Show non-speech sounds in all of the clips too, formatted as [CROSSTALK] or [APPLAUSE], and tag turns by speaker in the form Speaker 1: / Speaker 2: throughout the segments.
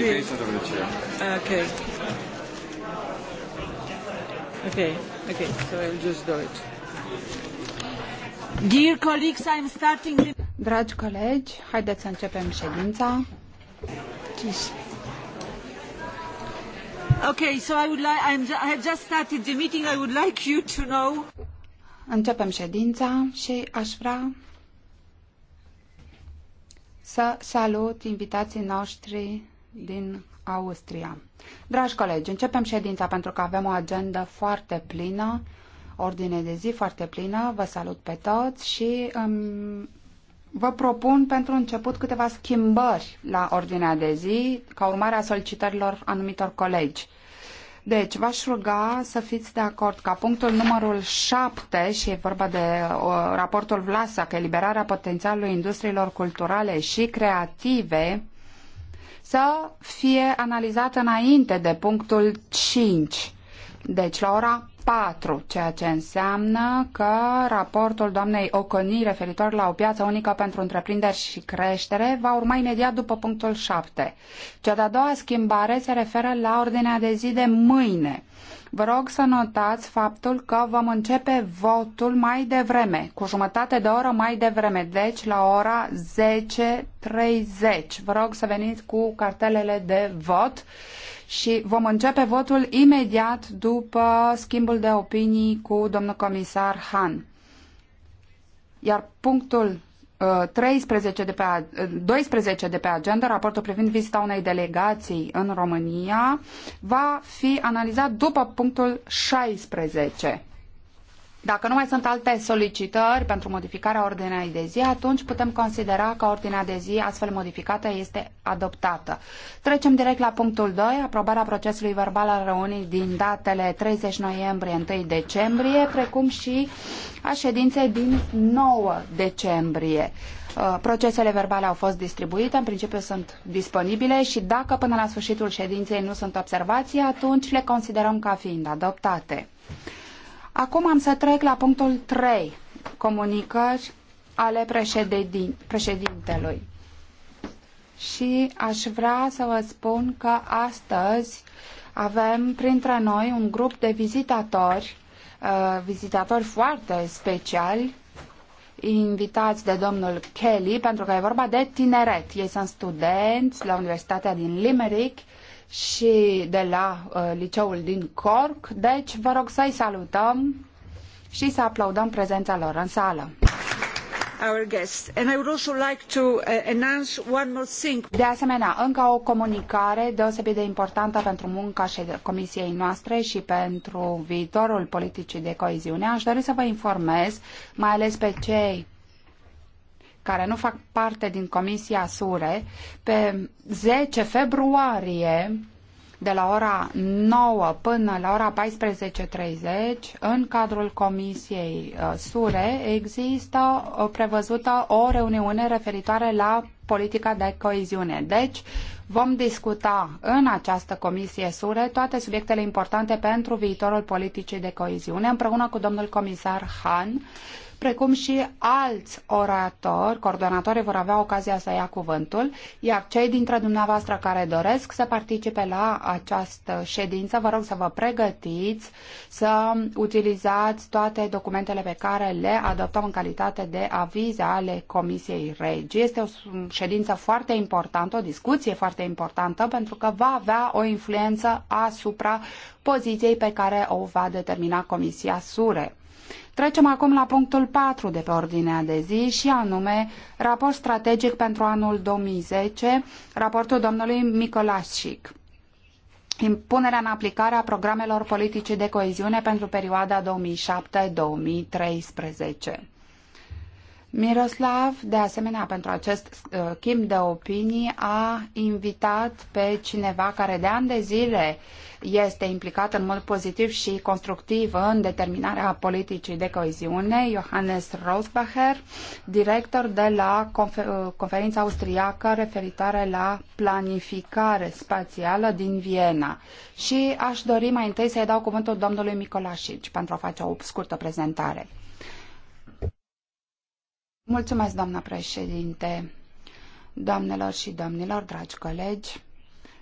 Speaker 1: Sì.
Speaker 2: Okay. Okay. Okay. So I'll just do it. Dear colleagues, I'm starting the... Dragi colegi, haideți să începem ședința. Jeez. Okay, so I would like I'm I have just started the meeting. I would like you to know. Începem ședința și aș vrea să salut invitații noștri din Austria. Dragi colegi, începem ședința pentru că avem o agendă foarte plină, ordine de zi foarte plină. Vă salut pe toți și um, vă propun pentru început câteva schimbări la ordinea de zi ca urmare a solicitărilor anumitor colegi. Deci, v-aș ruga să fiți de acord ca punctul numărul 7, și e vorba de uh, raportul că eliberarea potențialului industriilor culturale și creative, uh, să fie analizată înainte de punctul 5, deci la ora 4, ceea ce înseamnă că raportul doamnei Oconi referitor la o piață unică pentru întreprinderi și creștere va urma imediat după punctul 7. Cea de-a doua schimbare se referă la ordinea de zi de mâine. Vă rog să notați faptul că vom începe votul mai devreme, cu jumătate de oră mai devreme, deci la ora 10.30. Vă rog să veniți cu cartelele de vot și vom începe votul imediat după schimbul de opinii cu domnul comisar Han. Iar punctul 13 de pe, 12 de pe agenda, raportul privind vizita unei delegații în România, va fi analizat după punctul 16. Dacă nu mai sunt alte solicitări pentru modificarea ordinei de zi, atunci putem considera că ordinea de zi astfel modificată este adoptată. Trecem direct la punctul 2, aprobarea procesului verbal al reunii din datele 30 noiembrie 1 decembrie, precum și a ședinței din 9 decembrie. Uh, procesele verbale au fost distribuite, în principiu sunt disponibile și dacă până la sfârșitul ședinței nu sunt observații, atunci le considerăm ca fiind adoptate. Acum am să trec la punctul 3, comunicări ale președintelui. Și aș vrea să vă spun că astăzi avem printre noi un grup de vizitatori, uh, vizitatori foarte speciali, invitați de domnul Kelly, pentru că e vorba de tineret. Ei sunt studenți la Universitatea din Limerick și de la uh, liceul din Cork. Deci, vă rog să-i salutăm și să aplaudăm prezența lor în sală. Our guests. And I would also like to uh, announce one more thing. De asemenea, încă o comunicare deosebit de importantă pentru munca și comisiei noastre și pentru viitorul politicii de coeziune. Aș dori să vă informez, mai ales pe cei care nu fac parte din Comisia Sure, pe 10 februarie de la ora 9 până la ora 14.30, în cadrul Comisiei uh, Sure, există uh, prevăzută o reuniune referitoare la politica de coeziune. Deci, vom discuta în această Comisie Sure toate subiectele importante pentru viitorul politicii de coeziune, împreună cu domnul comisar Han precum și alți oratori, coordonatorii vor avea ocazia să ia cuvântul, iar cei dintre dumneavoastră care doresc să participe la această ședință, vă rog să vă pregătiți, să utilizați toate documentele pe care le adoptăm în calitate de avize ale Comisiei Regi. Este o ședință foarte importantă, o discuție foarte importantă, pentru că va avea o influență asupra poziției pe care o va determina Comisia Sure. Trecem acum la punctul 4 de pe ordinea de zi și anume raport strategic pentru anul 2010, raportul domnului Micolașic. Impunerea în aplicare a programelor politice de coeziune pentru perioada 2007-2013. Miroslav, de asemenea, pentru acest uh, schimb de opinii, a invitat pe cineva care de ani de zile este implicat în mod pozitiv și constructiv în determinarea politicii de coeziune, Johannes Rosbacher, director de la confer- uh, conferința austriacă referitoare la planificare spațială din Viena. Și aș dori mai întâi să-i dau cuvântul domnului Micolașici pentru a face o scurtă prezentare. Mulțumesc, doamna președinte, doamnelor și domnilor, dragi colegi.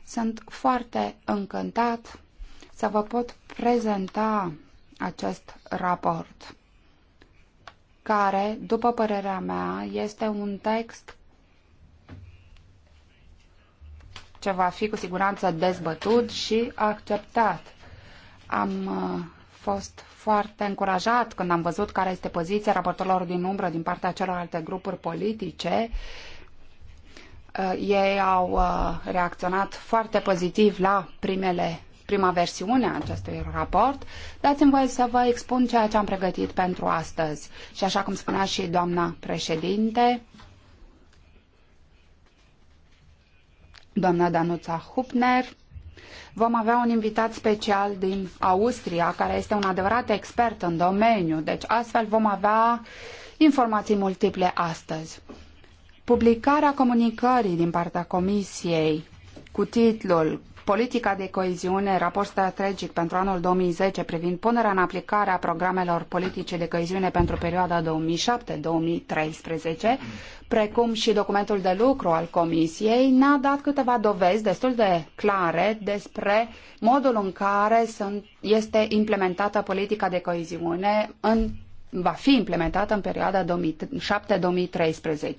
Speaker 2: Sunt foarte încântat să vă pot prezenta acest raport, care, după părerea mea, este un text ce va fi cu siguranță dezbătut și acceptat. Am uh, fost foarte încurajat când am văzut care este poziția raportorilor din umbră din partea celorlalte grupuri politice. Uh, ei au uh, reacționat foarte pozitiv la primele prima versiune a acestui raport, dați-mi voie să vă expun ceea ce am pregătit pentru astăzi. Și așa cum spunea și doamna președinte, doamna Danuța Hupner, Vom avea un invitat special din Austria, care este un adevărat expert în domeniu, deci astfel vom avea informații multiple astăzi. Publicarea comunicării din partea Comisiei cu titlul politica de coeziune, raport strategic pentru anul 2010 privind punerea în aplicare a programelor politice de coeziune pentru perioada 2007-2013, precum și documentul de lucru al Comisiei, ne-a dat câteva dovezi destul de clare despre modul în care sunt, este implementată politica de coeziune în va fi implementată în perioada 2007-2013.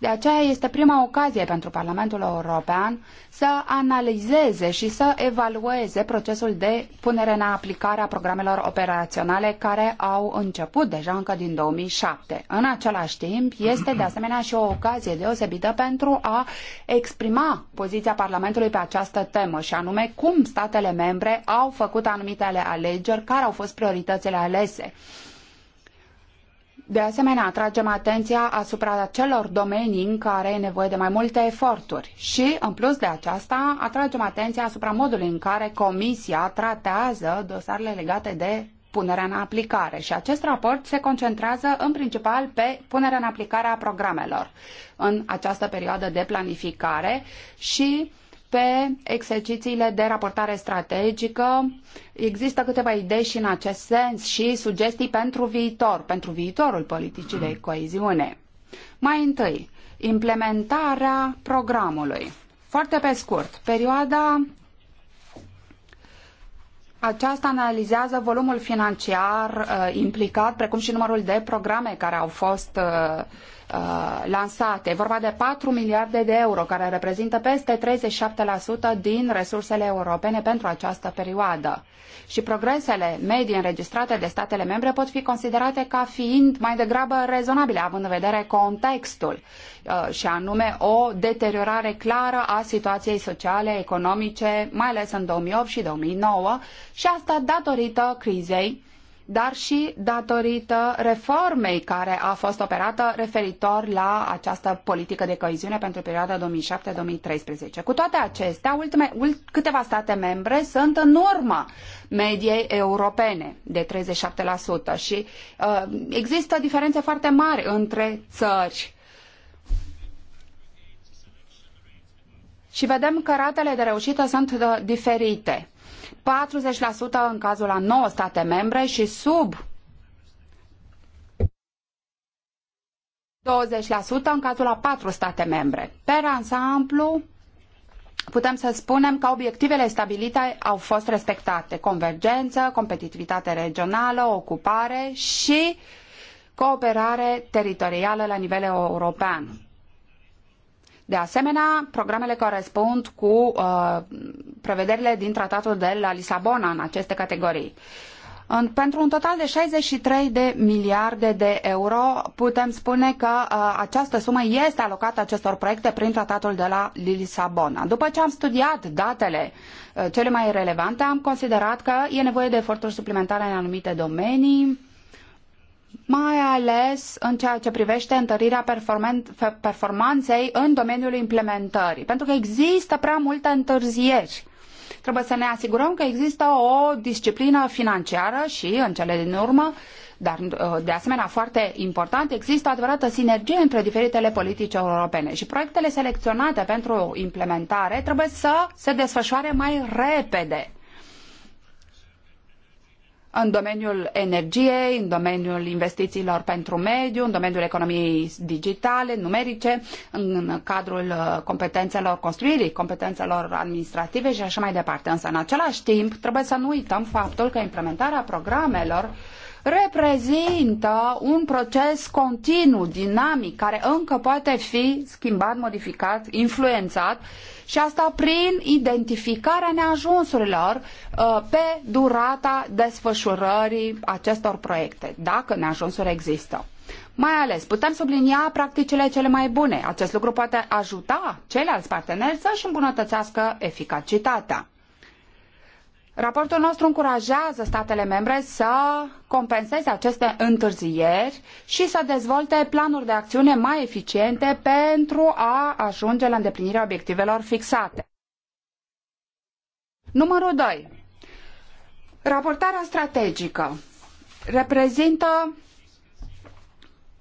Speaker 2: De aceea este prima ocazie pentru Parlamentul European să analizeze și să evalueze procesul de punere în aplicare a programelor operaționale care au început deja încă din 2007. În același timp, este de asemenea și o ocazie deosebită pentru a exprima poziția Parlamentului pe această temă și anume cum statele membre au făcut anumitele alegeri, care au fost prioritățile alese de asemenea, atragem atenția asupra celor domenii în care e nevoie de mai multe eforturi și, în plus de aceasta, atragem atenția asupra modului în care Comisia tratează dosarele legate de punerea în aplicare și acest raport se concentrează în principal pe punerea în aplicare a programelor în această perioadă de planificare și uh, pe exercițiile de raportare strategică. Există câteva idei și în acest sens și sugestii pentru viitor, pentru viitorul politicii de coeziune. Mai întâi, implementarea programului. Foarte pe scurt, perioada aceasta analizează volumul financiar uh, implicat, precum și numărul de programe care au fost uh, Uh, lansate. E vorba de 4 miliarde de euro, care reprezintă peste 37% din resursele europene pentru această perioadă. Și progresele medii înregistrate de statele membre pot fi considerate ca fiind mai degrabă rezonabile, având în vedere contextul uh, și anume o deteriorare clară a situației sociale, economice, mai ales în 2008 și 2009 și asta datorită crizei dar și datorită reformei care a fost operată referitor la această politică de coeziune pentru perioada 2007-2013. Cu toate acestea, ultime, ult, câteva state membre sunt în urma mediei europene de 37% și uh, există diferențe foarte mari între țări. Și vedem că ratele de reușită sunt uh, diferite. 40% în cazul a 9 state membre și sub 20% în cazul a 4 state membre. Per ansamblu, putem să spunem că obiectivele stabilite au fost respectate. Convergență, competitivitate regională, ocupare și cooperare teritorială la nivel european. De asemenea, programele corespund cu uh, prevederile din tratatul de la Lisabona în aceste categorii. În, pentru un total de 63 de miliarde de euro, putem spune că uh, această sumă este alocată acestor proiecte prin tratatul de la Lisabona. După ce am studiat datele uh, cele mai relevante, am considerat că e nevoie de eforturi suplimentare în anumite domenii, mai ales în ceea ce privește întărirea performanței în domeniul implementării, pentru că există prea multe întârzieri. Trebuie să ne asigurăm că există o disciplină financiară și, în cele din urmă, dar uh, de asemenea foarte important, există o adevărată sinergie între diferitele politici europene și proiectele selecționate pentru implementare trebuie să se desfășoare mai repede în domeniul energiei, în domeniul investițiilor pentru mediu, în domeniul economiei digitale, numerice, în cadrul uh, competențelor construirii, competențelor administrative și așa mai departe. Însă, în același timp, trebuie să nu uităm faptul că implementarea programelor uh, reprezintă un proces continuu, dinamic, care încă poate fi schimbat, modificat, influențat și asta prin identificarea neajunsurilor uh, pe durata desfășurării acestor proiecte, dacă neajunsuri există. Mai ales, putem sublinia practicile cele mai bune. Acest lucru poate ajuta ceilalți parteneri să-și îmbunătățească eficacitatea. Raportul nostru încurajează statele membre să compenseze aceste întârzieri și să dezvolte planuri de acțiune mai eficiente pentru a ajunge la îndeplinirea obiectivelor fixate. Numărul 2. Raportarea strategică reprezintă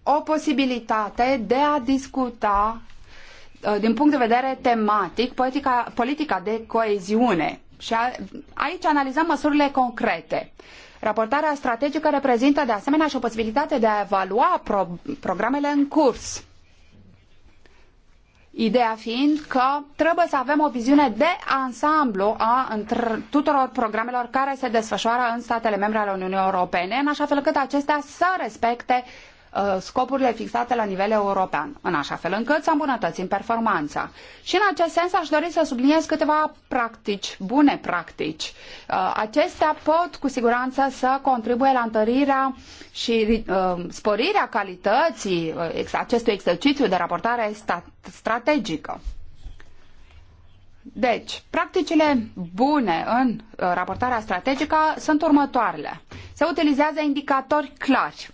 Speaker 2: o posibilitate de a discuta uh, din punct de vedere tematic politica, politica de coeziune și a, aici analizăm măsurile concrete. Raportarea strategică reprezintă de asemenea și o posibilitate de a evalua pro, programele în curs. Ideea fiind că trebuie să avem o viziune de ansamblu a tuturor programelor care se desfășoară în statele membre ale Uniunii Europene, în așa fel încât acestea să respecte Uh, scopurile fixate la nivel european, în așa fel încât să îmbunătățim performanța. Și în acest sens aș dori să subliniez câteva practici, bune practici. Uh, acestea pot cu siguranță să contribuie la întărirea și uh, sporirea calității acestui exercițiu de raportare strategică. Deci, practicile bune în raportarea strategică sunt următoarele. Se utilizează indicatori clari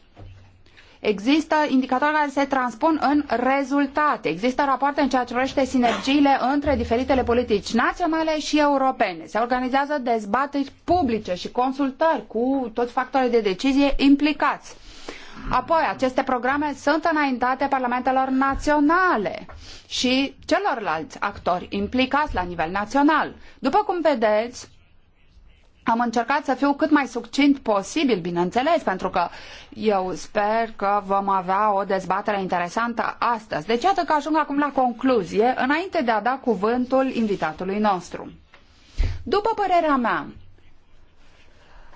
Speaker 2: Există indicatori care se transpun în rezultate. Există rapoarte în ceea ce privește sinergiile între diferitele politici naționale și europene. Se organizează dezbateri publice și consultări cu toți factorii de decizie implicați. Apoi, aceste programe sunt înaintate parlamentelor naționale și celorlalți actori implicați la nivel național. După cum vedeți, am încercat să fiu cât mai succint posibil, bineînțeles, pentru că eu sper că vom avea o dezbatere interesantă astăzi. Deci iată că ajung acum la concluzie, înainte de a da cuvântul invitatului nostru. După părerea mea,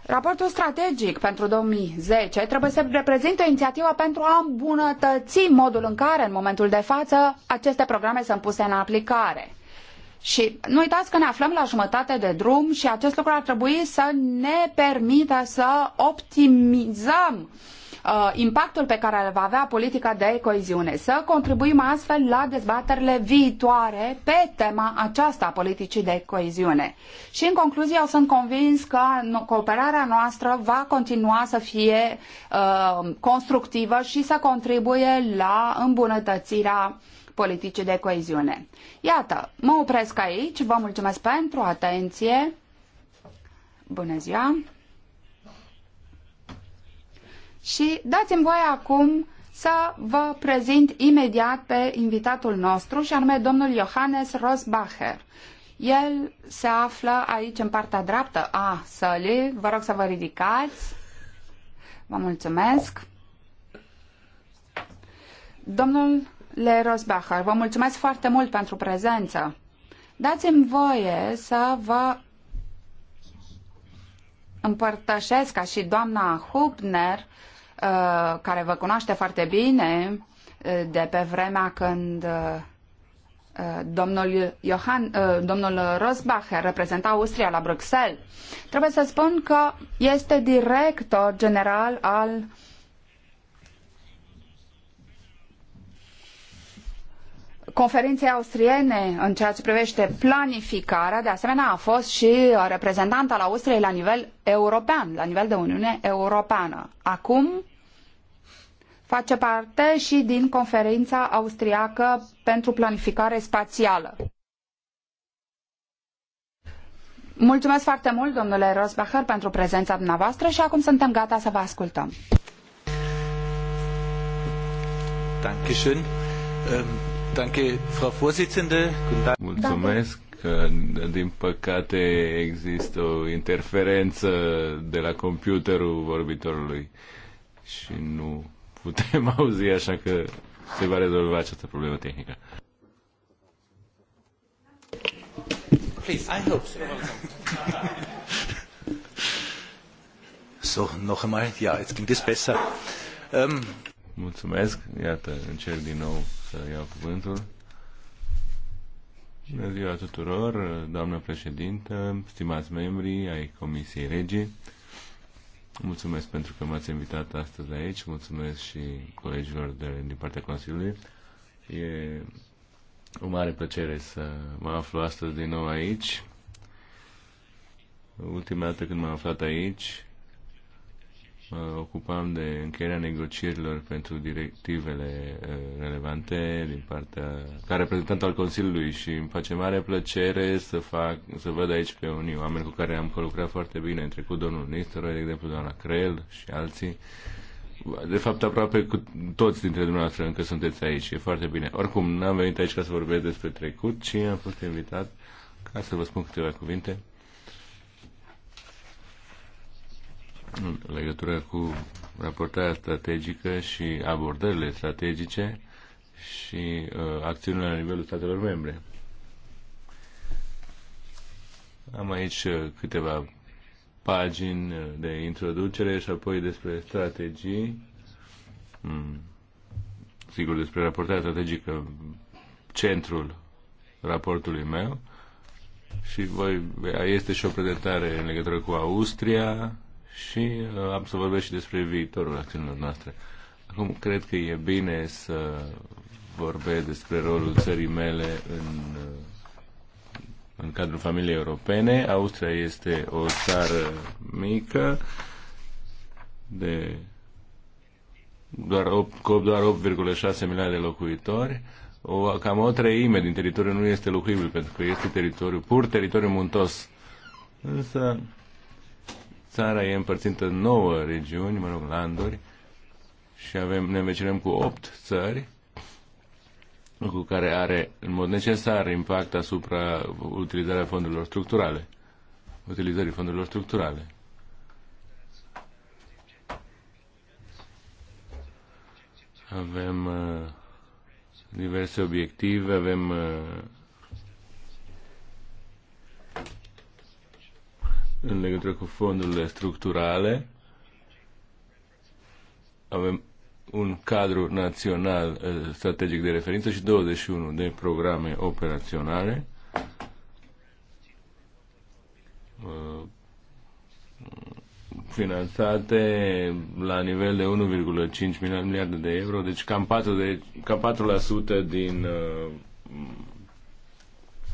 Speaker 2: Raportul strategic pentru 2010 trebuie să reprezinte o inițiativă pentru a îmbunătăți modul în care, în momentul de față, aceste programe sunt puse în aplicare. Și nu uitați că ne aflăm la jumătate de drum și acest lucru ar trebui să ne permită să optimizăm uh, impactul pe care îl va avea politica de coeziune. Să contribuim astfel la dezbaterile viitoare pe tema aceasta a politicii de coeziune. Și în concluzie eu sunt convins că cooperarea noastră va continua să fie uh, constructivă și să contribuie la îmbunătățirea uh, politicii de coeziune. Iată, mă opresc aici, vă mulțumesc pentru atenție. Bună ziua! Și dați-mi voie acum să vă prezint imediat pe invitatul nostru și anume domnul Johannes Rosbacher. El se află aici în partea dreaptă a sălii. Vă rog să vă ridicați. Vă mulțumesc. Domnul le Rosbacher, vă mulțumesc foarte mult pentru prezență. Dați-mi voie să vă împărtășesc ca și doamna Hubner, uh, care vă cunoaște foarte bine uh, de pe vremea când uh, domnul, Johann, domnul Rosbacher reprezenta Austria la Bruxelles. Trebuie să spun că este director general al conferinței austriene în ceea ce privește planificarea, de asemenea a fost și reprezentant al Austriei la nivel european, la nivel de Uniune Europeană. Acum face parte și din conferința austriacă pentru planificare spațială. Mulțumesc foarte mult, domnule Rosbacher, pentru prezența dumneavoastră și acum suntem gata să vă ascultăm.
Speaker 1: Dankeschön. Um... Danke, Frau Vorsitzende. Mulțumesc. Că, din
Speaker 3: păcate, există o interferență de la computerul vorbitorului și nu putem [LAUGHS] auzi, așa că se va rezolva această problemă tehnică.
Speaker 1: Please,
Speaker 4: I hope
Speaker 3: so. so, noch einmal, ja, jetzt ging das besser. Um... Mulțumesc, iată, încerc din nou să iau cuvântul. Bună ziua tuturor, doamnă președintă, stimați membri ai Comisiei Regii. Mulțumesc pentru că m-ați invitat astăzi aici, mulțumesc și colegilor de, din partea Consiliului. E o mare plăcere să mă aflu astăzi din nou aici. Ultima dată când m-am aflat aici ocupam de încheierea negocierilor pentru directivele uh, relevante din partea, ca reprezentant al Consiliului și îmi face mare plăcere să fac, să văd aici pe unii oameni cu care am lucrat foarte bine în trecut, domnul Nistoroi, de exemplu, doamna Crel și alții. De fapt, aproape cu toți dintre dumneavoastră încă sunteți aici. E foarte bine. Oricum, n-am venit aici ca să vorbesc despre trecut, ci am fost invitat ca să vă spun câteva cuvinte în legătură cu raportarea strategică și abordările strategice și uh, acțiunile la nivelul statelor membre. Am aici uh, câteva pagini uh, de introducere și apoi despre strategii. Mm. Sigur, despre raportarea strategică, centrul raportului meu. Și voi, este și o prezentare în legătură cu Austria, și uh, am să vorbesc și despre viitorul acțiunilor noastre. Acum, cred că e bine să vorbesc despre rolul țării mele în, uh, în cadrul familiei europene. Austria este o țară mică de doar 8, doar 8,6 milioane de locuitori. O, cam o treime din teritoriu nu este locuibil pentru că este teritoriu, pur teritoriu muntos. Însă Țara e împărțită în nouă regiuni, mă rog, landuri, și avem, ne învecinăm cu opt țări, cu care are în mod necesar impact asupra utilizarea fondurilor structurale, utilizării fondurilor structurale. Avem uh, diverse obiective, avem uh, în legătură cu fondurile structurale. Avem un cadru național eh, strategic de referință și 21 de programe operaționale. Eh, finanțate la nivel de 1,5 miliarde de euro, deci cam 4, de, cam 4% din uh,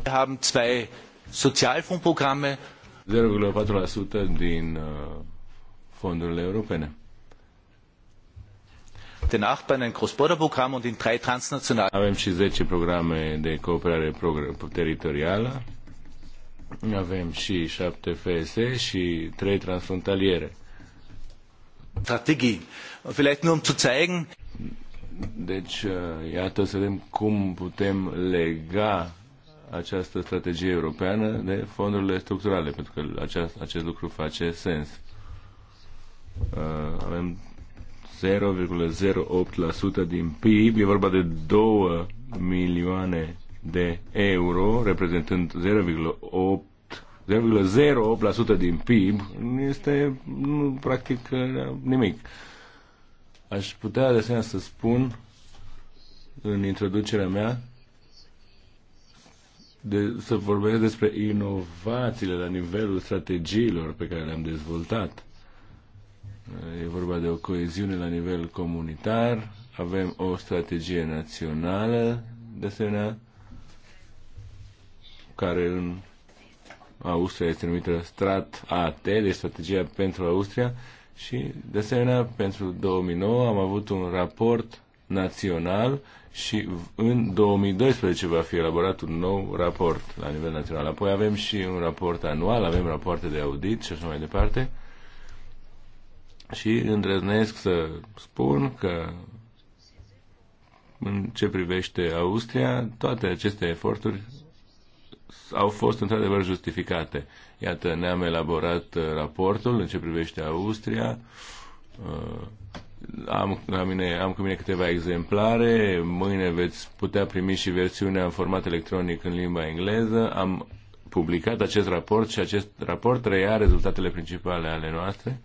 Speaker 3: haben zwei
Speaker 1: Sozialfondsprogramme
Speaker 3: 0,4% din uh, fondurile europene.
Speaker 1: Den Nachbarn ein Cross-Border-Programm und in drei transnationale.
Speaker 3: Avem și 10 programe de cooperare teritorială. Avem și 7 FSE și 3 transfrontaliere.
Speaker 1: Strategii. Vielleicht nur um zu zeigen.
Speaker 3: Deci, uh, iată să vedem cum putem lega această strategie europeană de fondurile structurale, pentru că aceast, acest lucru face sens. Uh, avem 0,08% din PIB, e vorba de 2 milioane de euro, reprezentând 0,8 0,08% din PIB este nu, practic uh, nimic. Aș putea de asemenea să spun în introducerea mea de, să vorbesc despre inovațiile la nivelul strategiilor pe care le-am dezvoltat. E vorba de o coeziune la nivel comunitar, avem o strategie națională, de asemenea, care în Austria este numită Strat AT, de deci strategia pentru Austria, și de asemenea, pentru 2009 am avut un raport național și în 2012 va fi elaborat un nou raport la nivel național. Apoi avem și un raport anual, avem rapoarte de audit și așa mai departe. Și îndrăznesc să spun că în ce privește Austria, toate aceste eforturi au fost într-adevăr justificate. Iată, ne-am elaborat uh, raportul în ce privește Austria, uh, am, la mine, am cu mine câteva exemplare. Mâine veți putea primi și versiunea în format electronic în limba engleză. Am publicat acest raport și acest raport reia rezultatele principale ale noastre.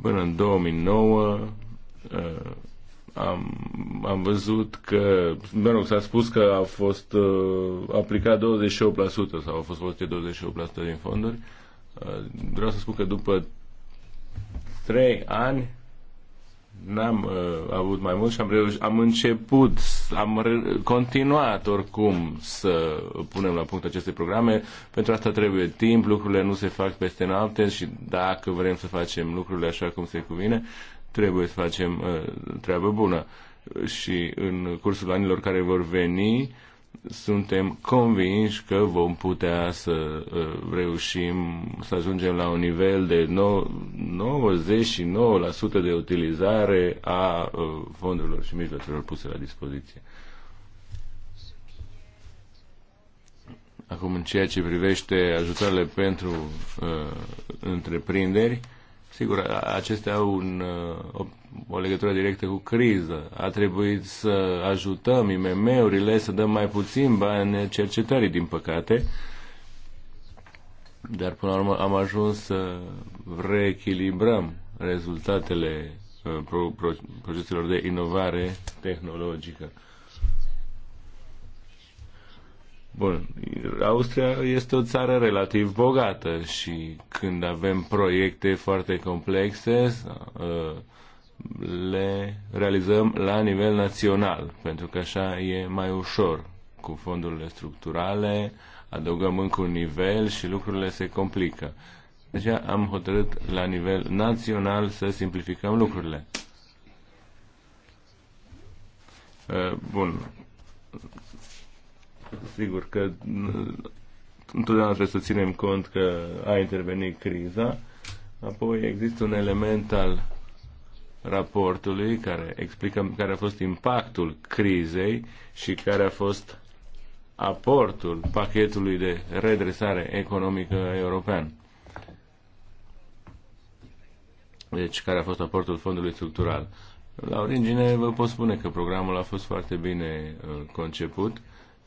Speaker 3: Până în 2009 uh, am, am văzut că, mă rog, s-a spus că a fost uh, aplicat 28% sau au fost folosite 28% din fonduri. Uh, vreau să spun că după trei ani n-am uh, avut mai mult și am, reuș- am început, am re- continuat oricum să punem la punct aceste programe. Pentru asta trebuie timp, lucrurile nu se fac peste noapte și dacă vrem să facem lucrurile așa cum se cuvine, trebuie să facem uh, treabă bună. Și în cursul anilor care vor veni, uh, suntem convinși că vom putea să uh, reușim să ajungem la un nivel de 99% de utilizare a uh, fondurilor și mijloacelor puse la dispoziție. Acum, în ceea ce privește ajutoarele pentru uh, întreprinderi, sigur, acestea au un, uh, o legătură directă cu criză. A trebuit să ajutăm IMM-urile, să dăm mai puțin bani cercetării, din păcate. Dar până la urmă am ajuns să reechilibrăm rezultatele uh, pro, pro, proceselor de inovare tehnologică. Bun, Austria este o țară relativ bogată și când avem proiecte foarte complexe, uh, le realizăm la nivel național, pentru că așa e mai ușor cu fondurile structurale, adăugăm încă un nivel și lucrurile se complică. Deci am hotărât la nivel național să simplificăm lucrurile. Bun. Sigur că întotdeauna trebuie să ținem cont că a intervenit criza, apoi există un element al raportului care explică care a fost impactul crizei și care a fost aportul pachetului de redresare economică european. Deci, care a fost aportul fondului structural. La origine, vă pot spune că programul a fost foarte bine uh, conceput,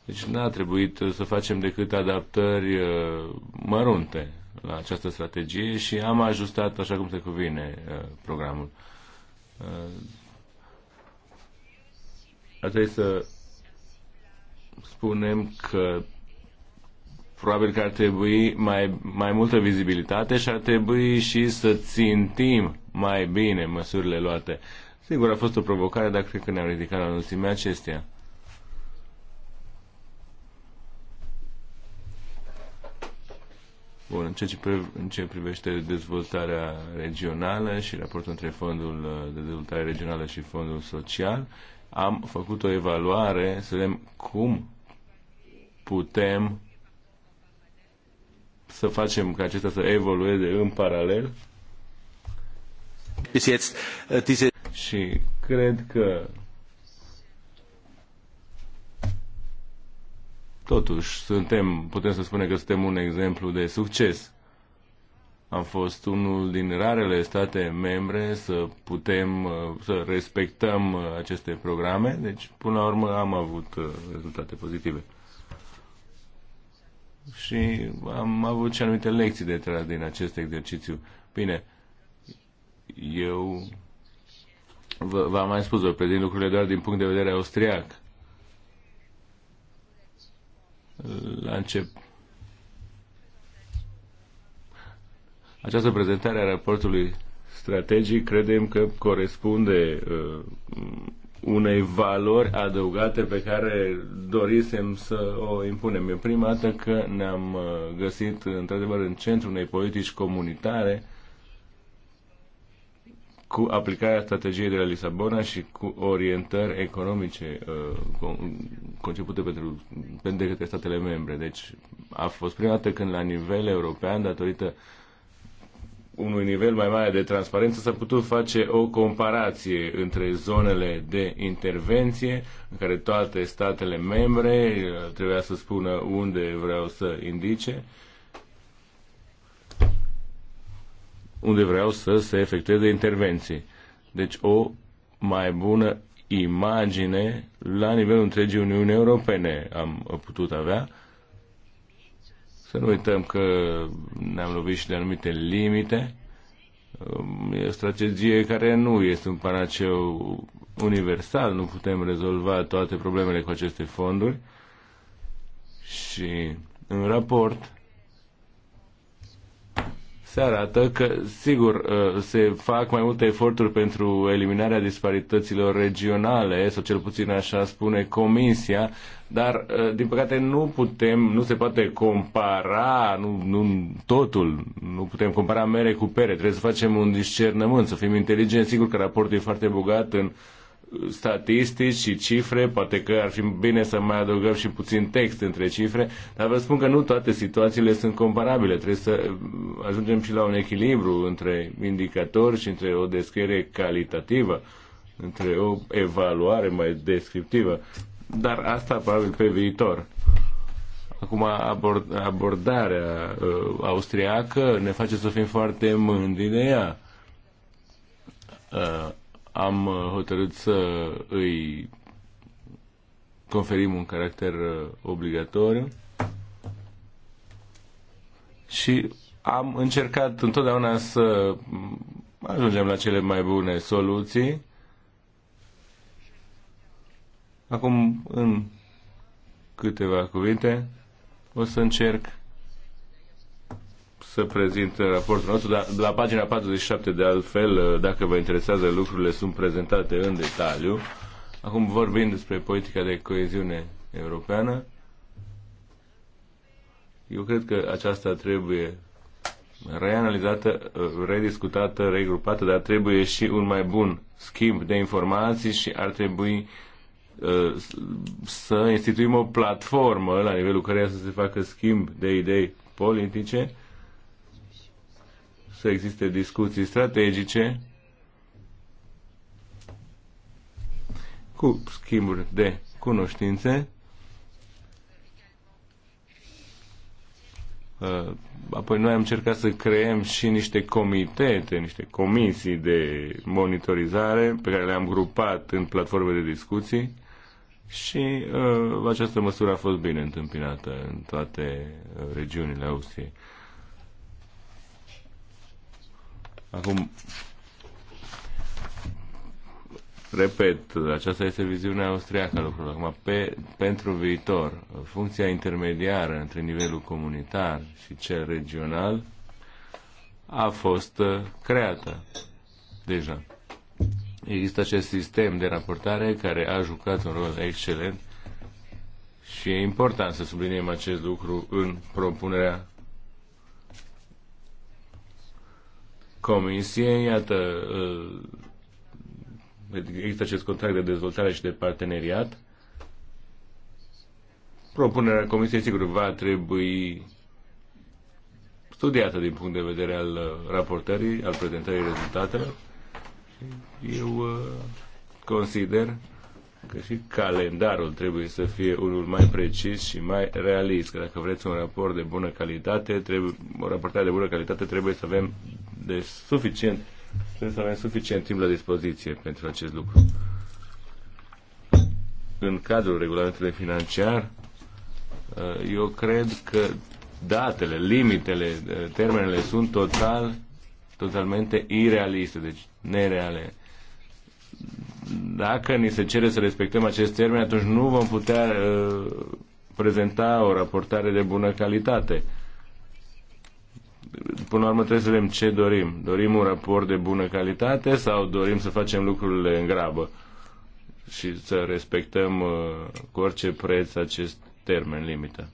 Speaker 3: deci n-a trebuit uh, să facem decât adaptări uh, mărunte la această strategie și am ajustat așa cum se cuvine programul. Uh, trebui să spunem că probabil că ar trebui mai, mai multă vizibilitate și ar trebui și să țintim mai bine măsurile luate. Sigur, a fost o provocare, dar cred că ne-am ridicat la înălțimea acesteia. Bun, în ceea ce, în ce privește dezvoltarea regională și raportul între Fondul uh, de Dezvoltare Regională și Fondul Social, am făcut o evaluare să vedem cum putem să facem ca acesta să evolueze în paralel. Äh, și cred că Totuși, suntem, putem să spunem că suntem un exemplu de succes. Am fost unul din rarele state membre să putem uh, să respectăm uh, aceste programe, deci până la urmă am avut uh, rezultate pozitive. Și am avut și anumite lecții de tras din acest exercițiu. Bine, eu v-am mai spus, vă prezint lucrurile doar din punct de vedere austriac la început. Această prezentare a raportului strategic credem că corespunde uh, unei valori adăugate pe care dorisem să o impunem. E prima dată că ne-am uh, găsit într-adevăr în centrul unei politici comunitare uh, cu aplicarea strategiei de la Lisabona și cu orientări economice uh, concepute pentru, pentru către statele membre. Deci a fost prima dată când la nivel european, datorită unui nivel mai mare de transparență, s-a putut face o comparație între zonele de intervenție, în care toate statele membre uh, trebuia să spună unde vreau să indice, uh, unde vreau să se efectueze intervenții. Deci o mai bună imagine la nivelul întregii Uniuni Europene am putut avea. Să nu uităm că ne-am lovit și de anumite limite. Um, e o strategie care nu este un panaceu universal, nu putem rezolva toate problemele cu aceste fonduri. Și în raport se arată că, sigur, uh, se fac mai multe eforturi pentru eliminarea disparităților regionale, sau cel puțin așa spune Comisia, dar, uh, din păcate, nu putem, nu se poate compara nu, nu, totul, nu putem compara mere cu pere, trebuie să facem un discernământ, să fim inteligenți. Sigur că raportul e foarte bogat în uh, statistici și cifre, poate că ar fi bine să mai adăugăm și puțin text între cifre, dar vă spun că nu toate situațiile sunt comparabile. Trebuie să ajungem și la un echilibru între indicatori și între o descriere calitativă, între o evaluare mai descriptivă. Dar asta probabil pe viitor. Acum, abord, abordarea uh, austriacă ne face să fim foarte mândri de ea. Uh, am uh, hotărât să îi conferim un caracter uh, obligatoriu și am încercat întotdeauna să ajungem la cele mai bune soluții.
Speaker 1: Acum, în
Speaker 3: câteva cuvinte, o să încerc să prezint raportul nostru, dar la pagina 47 de altfel, dacă vă interesează lucrurile, sunt prezentate în detaliu. Acum vorbim despre politica de coeziune europeană. Eu cred că aceasta trebuie reanalizată, rediscutată, regrupată, dar trebuie și un mai bun schimb de informații și ar trebui uh, să instituim o platformă la nivelul căreia să se facă schimb de idei politice să existe discuții strategice cu schimburi de cunoștințe. Uh, apoi noi am încercat să creăm și niște comitete, niște comisii de monitorizare pe care le-am grupat în platforme de discuții și uh, această măsură a fost bine întâmpinată în toate uh, regiunile Austriei. Acum, repet, aceasta este viziunea austriacă a lucrurilor. Acum, pe, pentru viitor, funcția intermediară între nivelul comunitar și cel regional a fost uh, creată deja. Există acest sistem de raportare care a jucat un rol excelent și e important să subliniem acest lucru în propunerea Comisie, iată, uh, există acest contract de dezvoltare și de parteneriat. Propunerea Comisiei, sigur, va trebui studiată din punct de vedere al uh, raportării, al prezentării rezultatelor. Eu uh, consider că și calendarul trebuie să fie unul mai precis și mai realist. Că dacă vreți un raport de bună calitate, trebuie, o raportare de bună calitate trebuie să avem de suficient trebuie să avem suficient timp la dispoziție pentru acest lucru. În cadrul regulamentului financiar, ă, eu cred că datele, limitele, ă, termenele sunt total, totalmente irealiste, deci nereale dacă ni se cere să respectăm acest termen, atunci nu vom putea uh, prezenta o raportare de bună calitate. Până la urmă trebuie să vedem ce dorim. Dorim un raport de bună calitate sau dorim să facem lucrurile în grabă și să respectăm uh, cu orice preț acest termen limită.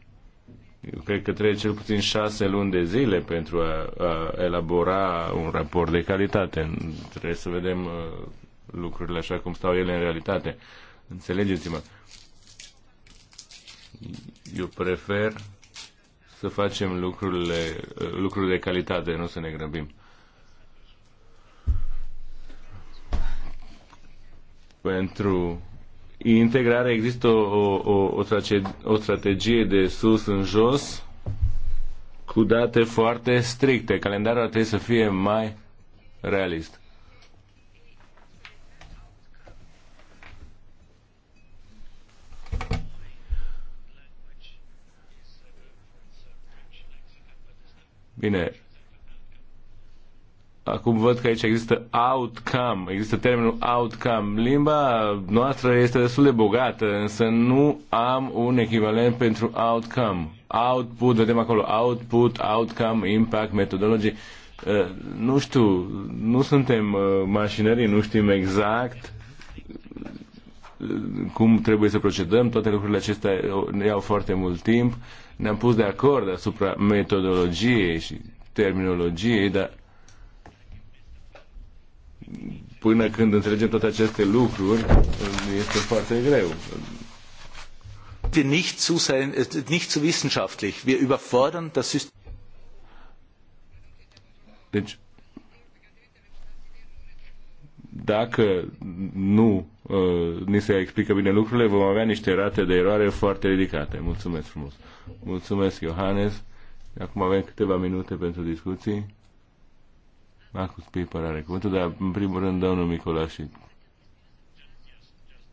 Speaker 3: Eu cred că trebuie cel puțin șase luni de zile pentru a, a elabora un raport de calitate. Trebuie să vedem uh, lucrurile așa cum stau ele în realitate. Înțelegeți-mă. Eu prefer să facem lucrurile, lucruri de calitate, nu să ne grăbim. Pentru integrare există o, o, o, o strategie de sus în jos cu date foarte stricte. Calendarul ar trebui să fie mai realist. Bine, acum văd că aici există outcome, există termenul outcome. Limba noastră este destul de bogată, însă nu am un echivalent pentru outcome. Output, vedem acolo, output, outcome, impact, metodologie. Uh, nu știu, nu suntem uh, mașinării, nu știm exact cum trebuie să procedăm. Toate lucrurile acestea ne iau foarte mult timp. Ne-am pus de acord asupra metodologiei și terminologiei, dar până când înțelegem toate aceste lucruri, este foarte
Speaker 1: greu. nicht zu, sein, äh, nicht zu wissenschaftlich. Wir überfordern das System. Deci,
Speaker 3: dacă nu uh, ni se explică bine lucrurile, vom avea niște rate de eroare foarte ridicate. Mulțumesc frumos. Mulțumesc, Iohannes. Acum avem câteva minute pentru discuții. Marcus Piper are cuvântul, dar în primul rând domnul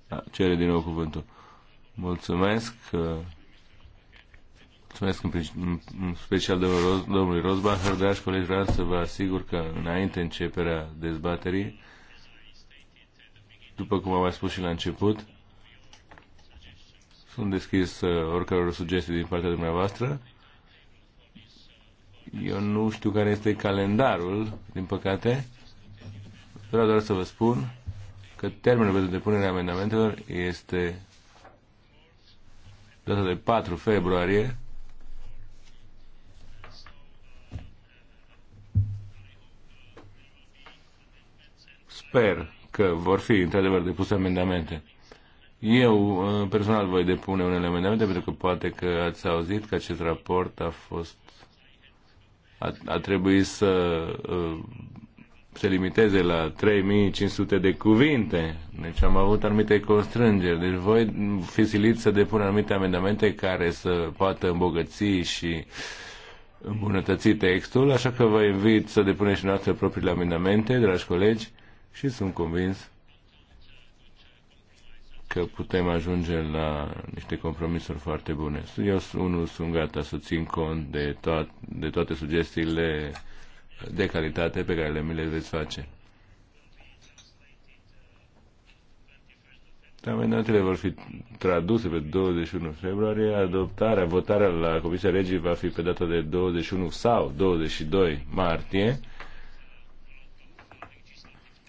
Speaker 3: da, cere din nou cuvântul. Mulțumesc. Uh, mulțumesc în, în special domnului Rosbacher, dragi colegi, vreau să vă asigur că înainte începerea dezbaterii după cum am mai spus și la început, sunt deschis uh, oricăror sugestii din partea dumneavoastră. Eu nu știu care este calendarul, din păcate. Vreau doar să vă spun că termenul pentru depunerea amendamentelor este data de 4 februarie Sper că vor fi într-adevăr depuse amendamente. Eu uh, personal voi depune unele amendamente pentru că poate că ați auzit că acest raport a fost a, a trebuit să uh, se limiteze la 3500 de cuvinte. Deci am avut anumite constrângeri. Deci voi fi silit să depun anumite amendamente care să poată îmbogăți și îmbunătăți textul, așa că vă invit să depuneți și noastre propriile amendamente, dragi colegi, și sunt convins că putem ajunge la niște compromisuri foarte bune. Eu unul sunt gata să țin cont de, toat, de toate sugestiile de calitate pe care le mi le veți face. Amendamentele vor fi traduse pe 21 februarie, adoptarea, votarea la Comisia Regii va fi pe data de 21 sau 22 martie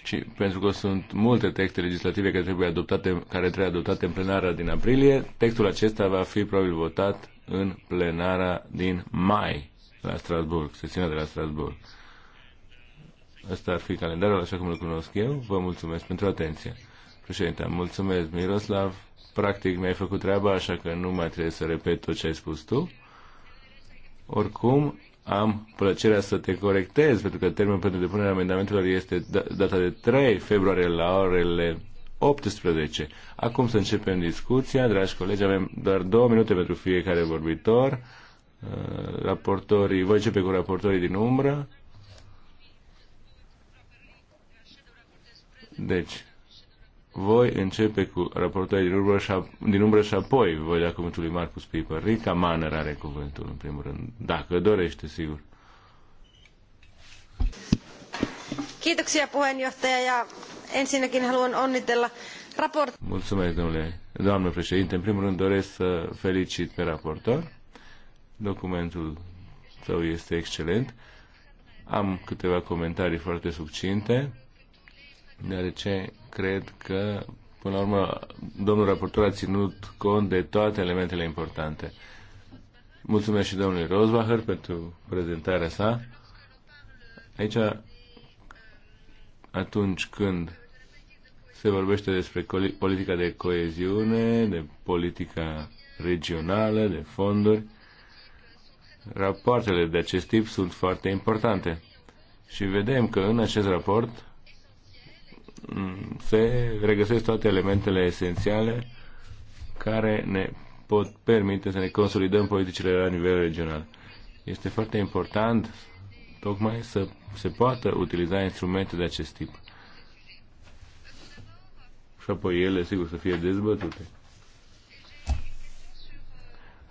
Speaker 3: și pentru că sunt multe texte legislative care trebuie adoptate, care trebuie adoptate în plenara din aprilie, textul acesta va fi probabil votat în plenara din mai la Strasburg, sesiunea de la Strasburg. Asta ar fi calendarul așa cum îl cunosc eu. Vă mulțumesc pentru atenție. Președinte, mulțumesc Miroslav. Practic mi-ai făcut treaba, așa că nu mai trebuie să repet tot ce ai spus tu. Oricum, am plăcerea să te corectez, pentru că termenul pentru depunerea amendamentelor este da, data de 3 februarie la orele 18. Acum să începem discuția. Dragi colegi, avem doar două minute pentru fiecare vorbitor. Uh, raportorii, voi începe cu raportorii din umbră. Deci, voi începe cu raportarea din umbră, și -a, din umbră și apoi voi da cuvântul lui Marcus Piper. Rica Manner are cuvântul, în primul rând, dacă dorește, sigur.
Speaker 2: Kiitoksia puheenjohtaja ja ensinnäkin haluan onnitella raport.
Speaker 3: Mulțumesc, domnule, doamnă președinte. În primul rând doresc să felicit pe raportor. Documentul său este excelent. Am câteva comentarii foarte succinte deoarece cred că, până la urmă, domnul raportor a ținut cont de toate elementele importante. Mulțumesc și domnului Rosbacher pentru prezentarea sa. Aici, atunci când se vorbește despre politica de coeziune, de politica regională, de fonduri, rapoartele de acest tip sunt foarte importante. Și vedem că în acest raport se regăsesc toate elementele esențiale care ne pot permite să ne consolidăm politicile la nivel regional. Este foarte important tocmai să se poată utiliza instrumente de acest tip. Și apoi ele, sigur, să fie dezbătute.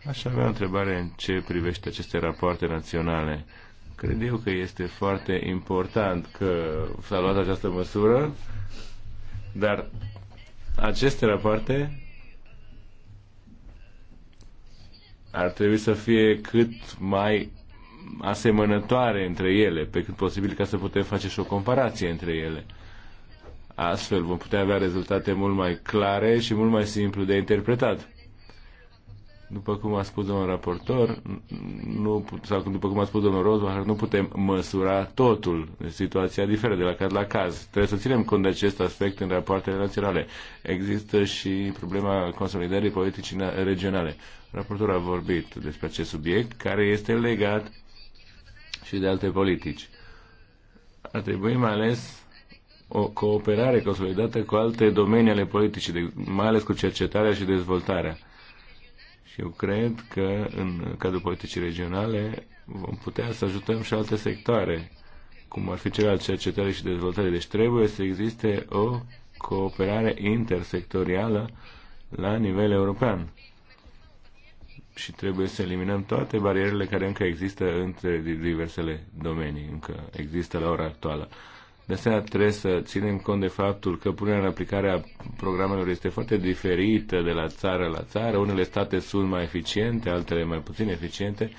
Speaker 3: Aș avea o întrebare în ce privește aceste rapoarte naționale. Cred eu că este foarte important că s-a luat această măsură, dar aceste rapoarte ar trebui să fie cât mai asemănătoare între ele, pe cât posibil ca să putem face și o comparație între ele. Astfel vom putea avea rezultate mult mai clare și mult mai simplu de interpretat. După cum a spus domnul raportor, nu, sau după cum a spus domnul Rosbacher, nu putem măsura totul. Situația diferă de la caz la caz. Trebuie să ținem cont de acest aspect în rapoartele naționale. Există și problema consolidării politicii regionale. Raportul a vorbit despre acest subiect care este legat și de alte politici. Ar trebui mai ales o cooperare consolidată cu alte domenii ale politicii, mai ales cu cercetarea și dezvoltarea. Și eu cred că în cadrul politicii regionale vom putea să ajutăm și alte sectoare, cum ar fi cel al cercetării și dezvoltării. Deci trebuie să existe o cooperare intersectorială la nivel european. Și trebuie să eliminăm toate barierele care încă există între diversele domenii, încă există la ora actuală. De asemenea, trebuie să ținem cont de faptul că punerea în aplicare a programelor este foarte diferită de la țară la țară. Unele state sunt mai eficiente, altele mai puțin eficiente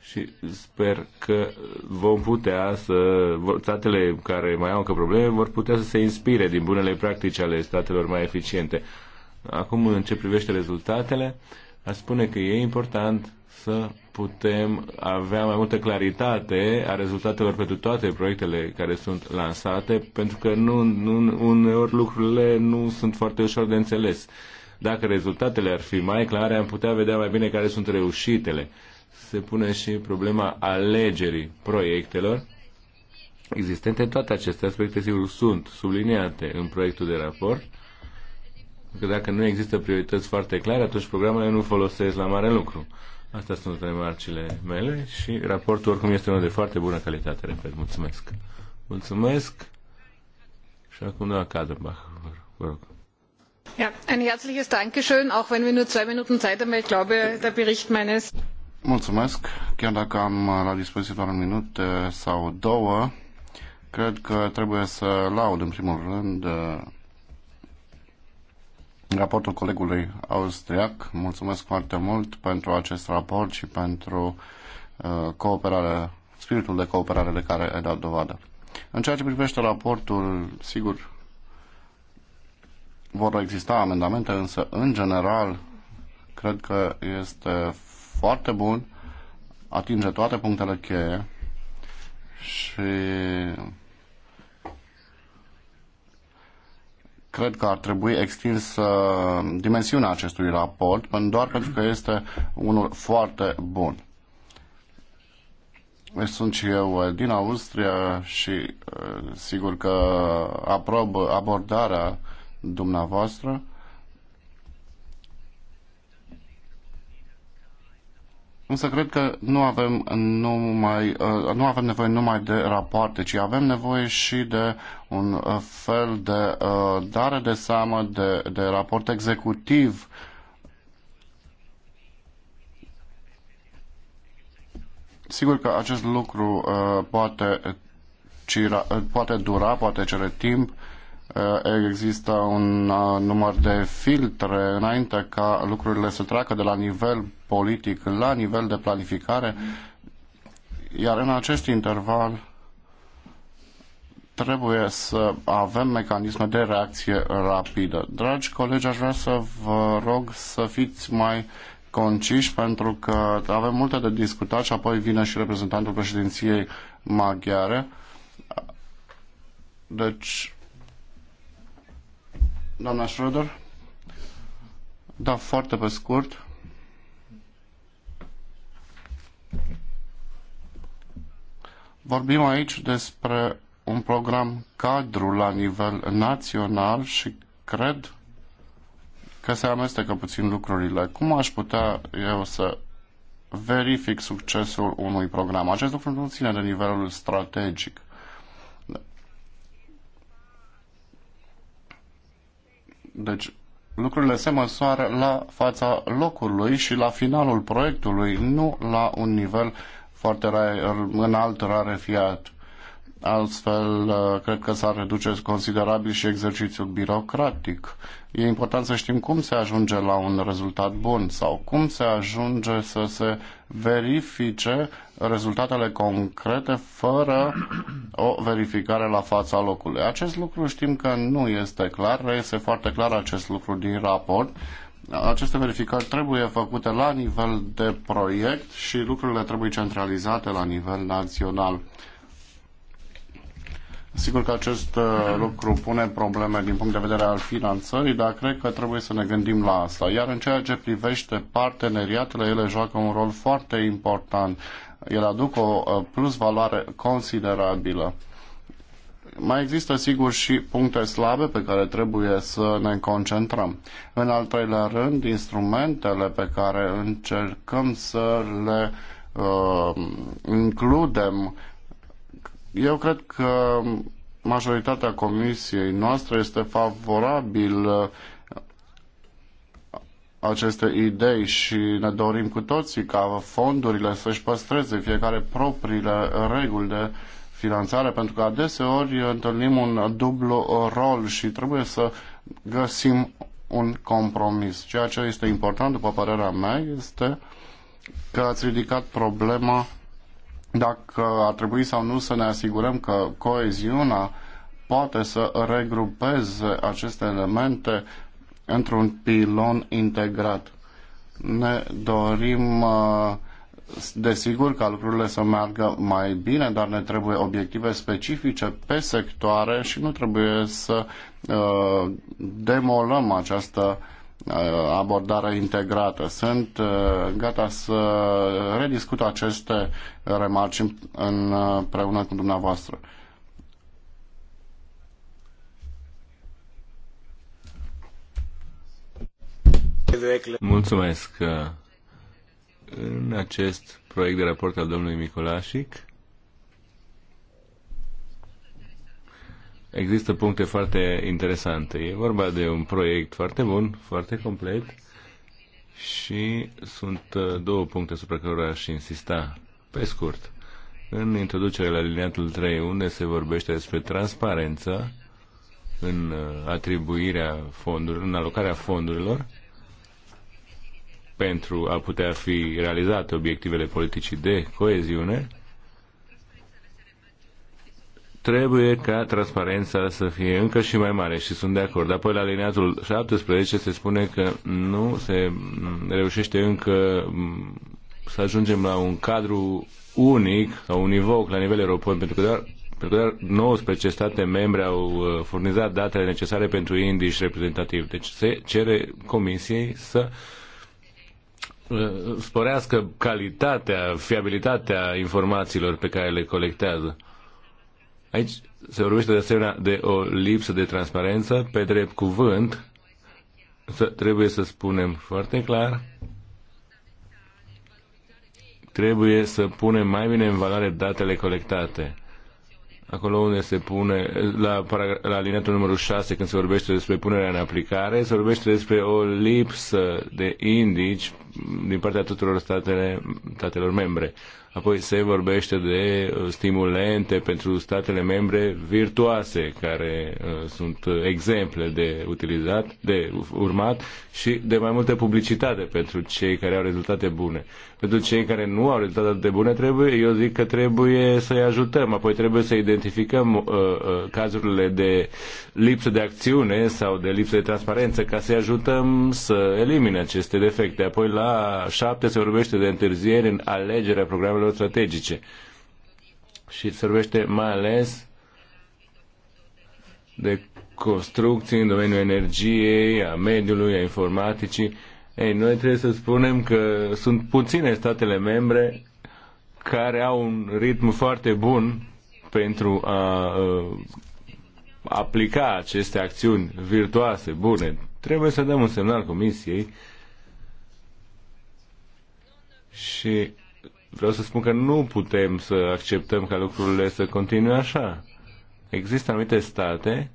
Speaker 3: și sper că vom putea să, statele care mai au încă probleme vor putea să se inspire din bunele practici ale statelor mai eficiente. Acum, în ce privește rezultatele, aș spune că e important să putem avea mai multă claritate a rezultatelor pentru toate proiectele care sunt lansate, pentru că nu, nu, uneori lucrurile nu sunt foarte ușor de înțeles. Dacă rezultatele ar fi mai clare, am putea vedea mai bine care sunt reușitele. Se pune și problema alegerii proiectelor existente. Toate aceste aspecte, sigur, sunt subliniate în proiectul de raport, că dacă nu există priorități foarte clare, atunci programele nu folosesc la mare lucru. Astea sunt remarcile mele și raportul oricum este unul de foarte bună calitate, repet. Mulțumesc. Mulțumesc. Și acum doamna Kadenbach, vă rog.
Speaker 2: Ja, ein herzliches Dankeschön,
Speaker 5: auch wenn wir nur zwei Minuten Zeit haben, ich glaube, der Bericht meines...
Speaker 6: Mulțumesc. Chiar dacă am uh, la dispoziție doar un minut uh, sau două, cred că trebuie să laud în primul rând uh, raportul colegului austriac. Mulțumesc foarte mult pentru acest raport și pentru uh, cooperare, spiritul de cooperare de care ai dat dovadă. În ceea ce privește raportul, sigur, vor exista amendamente, însă, în general, cred că este foarte bun, atinge toate punctele cheie și cred că ar trebui extins uh, dimensiunea acestui raport, doar pentru că este unul foarte bun. Deci sunt și eu uh, din Austria și uh, sigur că aprob abordarea dumneavoastră Însă cred că nu avem, numai, uh, nu avem nevoie numai de rapoarte, ci avem nevoie și de un uh, fel de uh, dare de seamă, de, de raport executiv. Sigur că acest lucru poate, poate dura, poate cere timp, Eh, există un număr de filtre înainte ca lucrurile să treacă de la nivel politic la nivel de planificare, iar în acest interval trebuie să avem mecanisme de reacție rapidă. Dragi colegi, aș vrea să vă rog să fiți mai conciși pentru că avem multe de discutat și apoi vine și reprezentantul președinției maghiare. Deci, Doamna Schroeder? Da, foarte pe scurt. Vorbim aici despre un program cadru la nivel național și cred că se amestecă puțin lucrurile. Cum aș putea eu să verific succesul unui program? Acest lucru nu ține de nivelul strategic. Deci lucrurile se măsoară la fața locului și la finalul proiectului, nu la un nivel foarte rar, înalt, rarefiat. Altfel, uh, cred că s-ar reduce considerabil și exercițiul birocratic. E important să știm cum se ajunge la un rezultat bun sau cum se ajunge să se verifice rezultatele concrete fără o verificare la fața locului. Acest lucru știm că nu este clar, este foarte clar acest lucru din raport. Aceste verificări trebuie făcute la nivel de proiect și lucrurile trebuie centralizate la nivel național. Sigur că acest uh, lucru pune probleme din punct de vedere al finanțării, dar cred că trebuie să ne gândim la asta. Iar în ceea ce privește parteneriatele, ele joacă un rol foarte important. Ele aduc o uh, plus valoare considerabilă. Mai există, sigur, și puncte slabe pe care trebuie să ne concentrăm. În al treilea rând, instrumentele pe care încercăm să le uh, includem eu cred că majoritatea comisiei noastre este favorabil uh, aceste idei și ne dorim cu toții ca fondurile să-și păstreze fiecare propriile reguli de finanțare, pentru că adeseori întâlnim un dublu rol și trebuie să găsim un compromis. Ceea ce este important, după părerea mea, este că ați ridicat problema dacă ar trebui sau nu să ne asigurăm că coeziunea poate să regrupeze aceste elemente într-un pilon integrat. Ne dorim, uh, desigur, ca lucrurile să meargă mai bine, dar ne trebuie obiective specifice pe sectoare și nu trebuie să uh, demolăm această Uh, abordare integrată. Sunt uh, gata să rediscut aceste remarci uh, împreună cu dumneavoastră.
Speaker 5: Mulțumesc.
Speaker 3: În acest proiect de raport al domnului Micolașic, există puncte foarte interesante. E vorba de un proiect foarte bun, foarte complet și sunt uh, două puncte asupra cărora aș insista, pe scurt. În introducerea la liniatul 3, unde se vorbește despre transparență în uh, atribuirea fondurilor, în alocarea fondurilor, pentru a putea fi realizate obiectivele politicii de coeziune, trebuie ca transparența să fie încă și mai mare și sunt de acord. Apoi la lineatul 17 se spune că nu se reușește încă să ajungem la un cadru unic, sau un univoc la nivel european, pentru că doar pentru că doar 19 state membre au uh, furnizat datele necesare pentru indici reprezentativ. Deci se cere Comisiei să uh, sporească calitatea, fiabilitatea informațiilor pe care le colectează. Aici se vorbește de asemenea de o lipsă de transparență. Pe drept cuvânt, să, trebuie să spunem foarte clar, trebuie să punem mai bine în valoare datele colectate. Acolo unde se pune, la, la alineatul numărul 6, când se vorbește despre punerea în aplicare, se vorbește despre o lipsă de indici din partea tuturor statele, statelor membre. Apoi se vorbește de uh, stimulente pentru statele membre virtuoase, care uh, sunt exemple de utilizat, de urmat și de mai multă publicitate pentru cei care au rezultate bune. Pentru cei care nu au rezultate atât de bune, trebuie, eu zic că trebuie să-i ajutăm, apoi trebuie să identificăm uh, uh, cazurile de lipsă de acțiune sau de lipsă de transparență ca să-i ajutăm să elimine aceste defecte. Apoi la șapte se vorbește de întârziere în alegerea programelor strategice și se vorbește mai ales de construcții în domeniul energiei, a mediului, a informaticii ei, noi trebuie să spunem că sunt puține statele membre care au un ritm foarte bun pentru a ă, aplica aceste acțiuni virtuoase, bune. Trebuie să dăm un semnal Comisiei și vreau să spun că nu putem să acceptăm ca lucrurile să continue așa. Există anumite state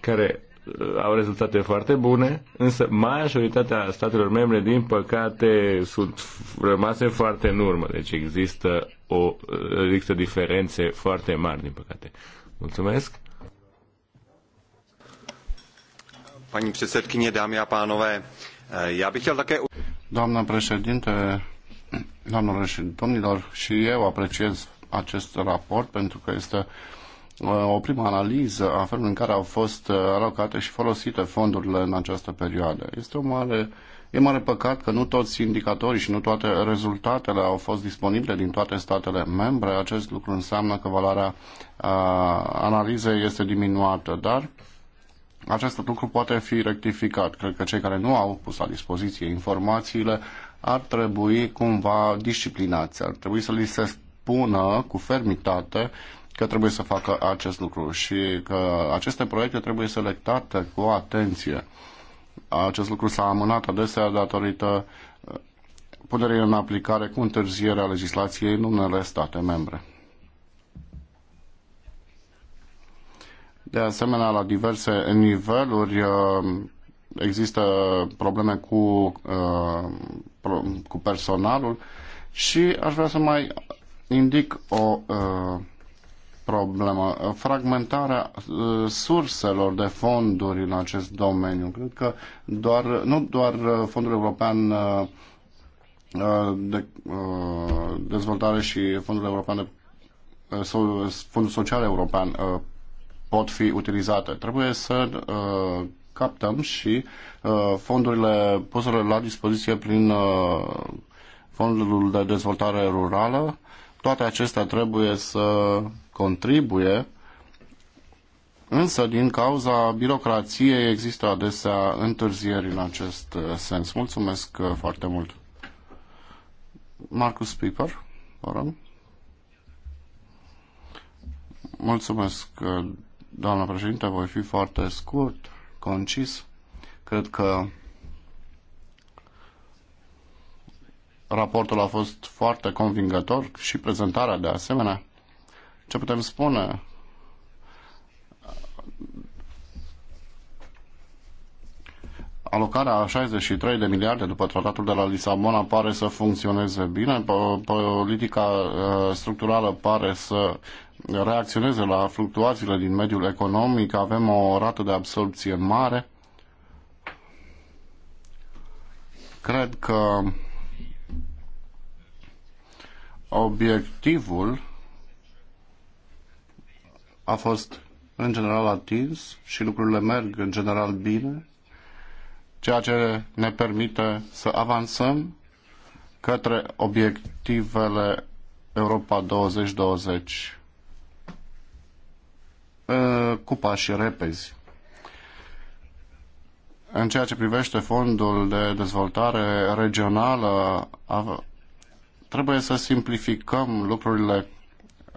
Speaker 3: care Uh, au rezultate foarte bune, însă majoritatea statelor membre, din păcate, sunt rămase foarte în urmă. Deci există, o, uh, există diferențe foarte mari, din
Speaker 6: păcate. Mulțumesc!
Speaker 1: Pani președinte, dame a pánové, eh, já bych chtěl také...
Speaker 6: Doamna președinte, doamnelor și domnilor, și eu apreciez acest raport pentru că este Uh, o primă analiză a felului în care au fost uh, alocate și folosite fondurile în această perioadă. Este o mare, e mare păcat că nu toți indicatorii și nu toate rezultatele au fost disponibile din toate statele membre. Acest lucru înseamnă că valoarea a, uh, analizei este diminuată, dar acest lucru poate fi rectificat. Cred că cei care nu au pus la dispoziție informațiile ar trebui cumva disciplinați, ar trebui să li se spună cu fermitate uh, că trebuie să facă acest lucru și că aceste proiecte trebuie selectate cu atenție. Acest lucru s-a amânat adesea datorită uh, puterii în aplicare cu întârzierea legislației în unele state membre. De asemenea, la diverse niveluri uh, există probleme cu, uh, cu personalul și aș vrea să mai indic o uh, problemă, fragmentarea uh, surselor de fonduri în acest domeniu. Cred că doar, nu doar uh, Fondul European uh, de Dezvoltare și Fondul European de Fondul Social European pot fi utilizate. Trebuie să captăm și fondurile puse la dispoziție prin Fondul de Dezvoltare Rurală toate acestea trebuie să contribuie, însă din cauza birocrației există adesea întârzieri în acest uh, sens. Mulțumesc uh, foarte mult. Marcus Piper, vă rog. Mulțumesc, uh, doamna președinte, voi fi foarte scurt, concis. Cred că Raportul a fost foarte convingător și prezentarea de asemenea. Ce putem spune? alocarea a 63 de miliarde după tratatul de la Lisabona pare să funcționeze bine, politica uh, structurală pare să reacționeze la fluctuațiile din mediul economic, avem o rată de absorpție mare. Cred că obiectivul a fost în general atins și lucrurile merg în general bine, ceea ce ne permite să avansăm către obiectivele Europa 2020 uh, cu și repezi. În ceea ce privește fondul de dezvoltare regională, Trebuie să simplificăm lucrurile